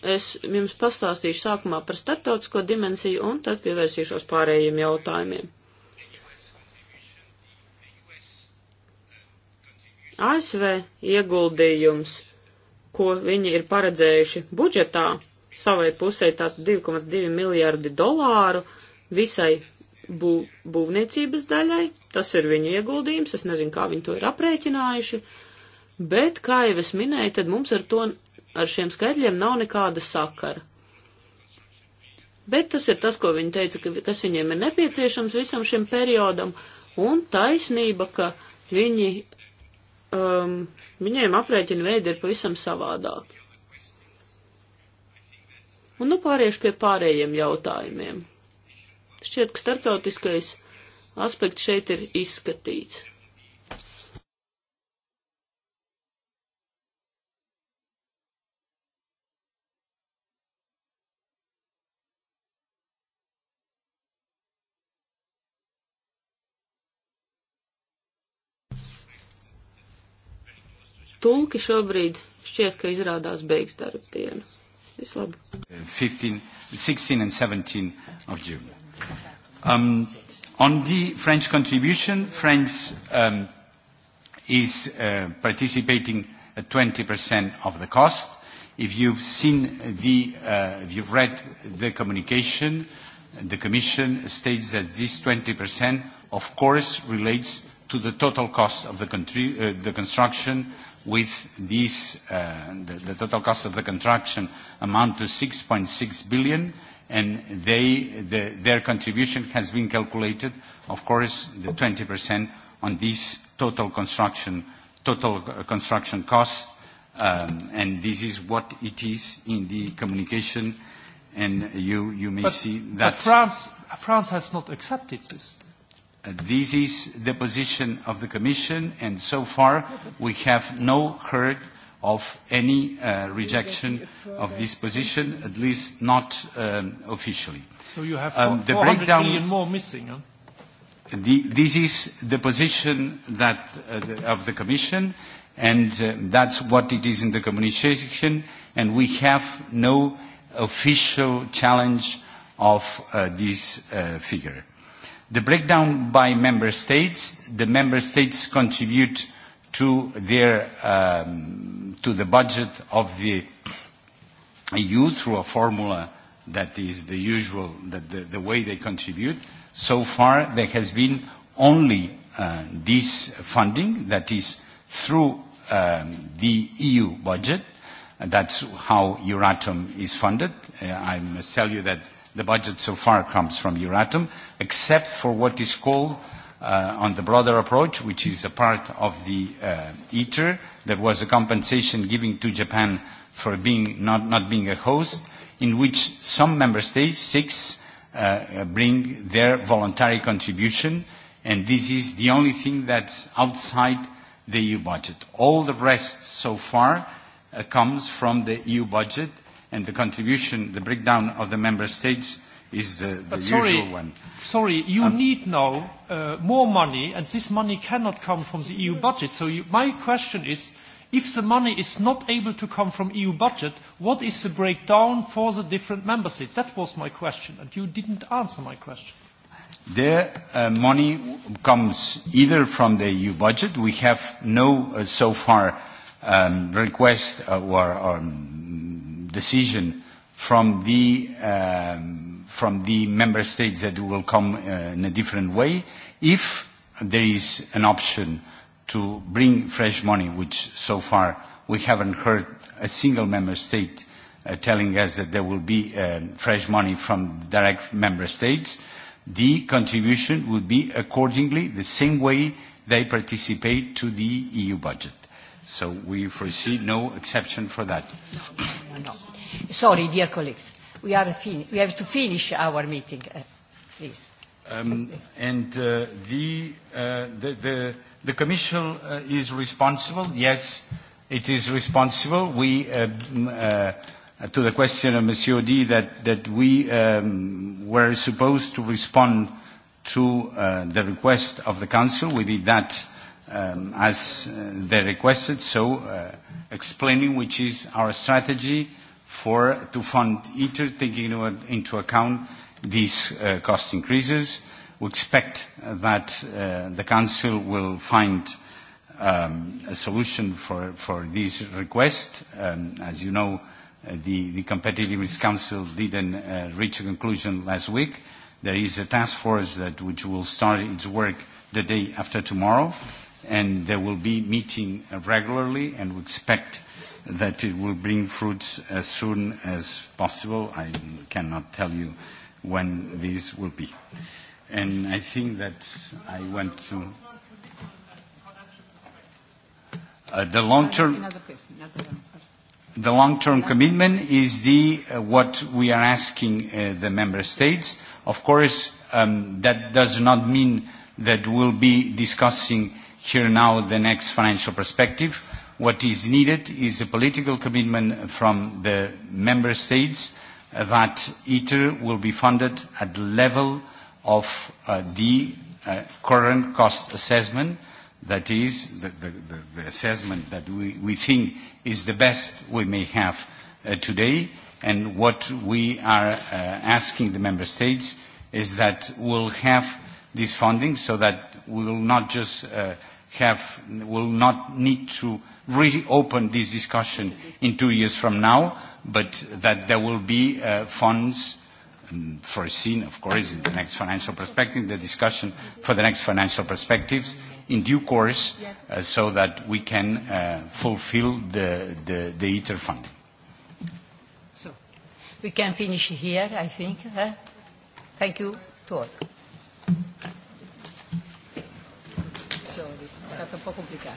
Es jums pastāstīšu sākumā par starptautisko dimensiju un tad pievērsīšos pārējiem jautājumiem. ASV ieguldījums, ko viņi ir paredzējuši budžetā savai pusē, tātad 2,2 miljārdi dolāru visai bū, būvniecības daļai, tas ir viņu ieguldījums, es nezinu, kā viņi to ir aprēķinājuši, bet, kā jau es minēju, tad mums ar to ar šiem skaitļiem nav nekāda sakara. Bet tas ir tas, ko viņi teica, ka, kas viņiem ir nepieciešams visam šim periodam, un taisnība, ka viņi, um, viņiem aprēķina veidi ir pavisam savādāki. Un nu pāriešu pie pārējiem jautājumiem. Šķiet, ka starptautiskais aspekts šeit ir izskatīts. tulki šobrīd šķiet, ka izrādās beigs darba dienu. Visu labu. 15, 16 and 17 of June. Um, on the French contribution, France um, is uh, participating at 20% of the cost. If you've seen the, uh, if you've read the communication, the Commission states that this 20%, of course, relates to the total cost of the, uh, the construction with these, uh, the, the total cost of the contraction amount to 6.6 billion, and they, the, their contribution has been calculated, of course, the 20% on this total construction, total uh, construction cost, um, and this is what it is in the communication, and you, you may but, see that- France, France has not accepted this. Uh, this is the position of the Commission, and so far we have no heard of any uh, rejection of this position, at least not um, officially. So you have 400 um, the breakdown, million more missing, huh? The, this is the position that, uh, the, of the Commission, and uh, that's what it is in the communication, and we have no official challenge of uh, this uh, figure. The breakdown by member states, the member states contribute to their um, to the budget of the EU through a formula that is the usual, the, the, the way they contribute. So far, there has been only uh, this funding that is through um, the EU budget. That's how Euratom is funded. Uh, I must tell you that the budget so far comes from Euratom, except for what is called uh, on the broader approach, which is a part of the uh, ITER. There was a compensation given to Japan for being not, not being a host, in which some member states, six, uh, bring their voluntary contribution, and this is the only thing that's outside the EU budget. All the rest so far uh, comes from the EU budget, and the contribution, the breakdown of the member states is the, the but sorry, usual one. Sorry, you um, need now uh, more money, and this money cannot come from the EU budget. So you, my question is, if the money is not able to come from EU budget, what is the breakdown for the different member states? That was my question, and you didn't answer my question. Their uh, money comes either from the EU budget. We have no, uh, so far, um, request uh, or, or um, decision from the, um, from the member states that will come uh, in a different way. If there is an option to bring fresh money, which so far we haven't heard a single member state uh, telling us that there will be uh, fresh money from direct member states, the contribution would be accordingly the same way they participate to the EU budget. So we foresee no exception for that. No, no, no. Sorry, dear colleagues. We, are fin- we have to finish our meeting, uh, please. Um, and uh, the, uh, the, the, the Commission uh, is responsible. Yes, it is responsible. We, uh, uh, to the question of Monsieur D, that, that we um, were supposed to respond to uh, the request of the Council. We did that um, as uh, they requested, so uh, explaining which is our strategy for to fund ITER, taking into account these uh, cost increases. We expect that uh, the Council will find um, a solution for, for this request. Um, as you know, uh, the, the Competitiveness Council didn't uh, reach a conclusion last week. There is a task force that which will start its work the day after tomorrow. Uh, and they will be meeting regularly, and we expect that it will bring fruits as soon as possible. I cannot tell you when this will be. And I think that I want to... Uh, the long-term... The long-term commitment is the uh, what we are asking uh, the member states. Of course, um, that does not mean that we'll be discussing Here now, the next financial perspective. What is needed is a political commitment from the member states that ITER will be funded at the level of uh, the uh, current cost assessment, that is, the, the, the assessment that we, we think is the best we may have uh, today. And what we are uh, asking the member states is that we'll have this funding so that we will not just uh, have, will not need to reopen this discussion in two years from now, but that there will be uh, funds um, foreseen, of course, in the next financial perspective, the discussion for the next financial perspectives in due course uh, so that we can uh, fulfill the, the, the ITER funding. So, we can finish here, I think. Huh? Thank you to all. Sorry, è stato un po' complicato.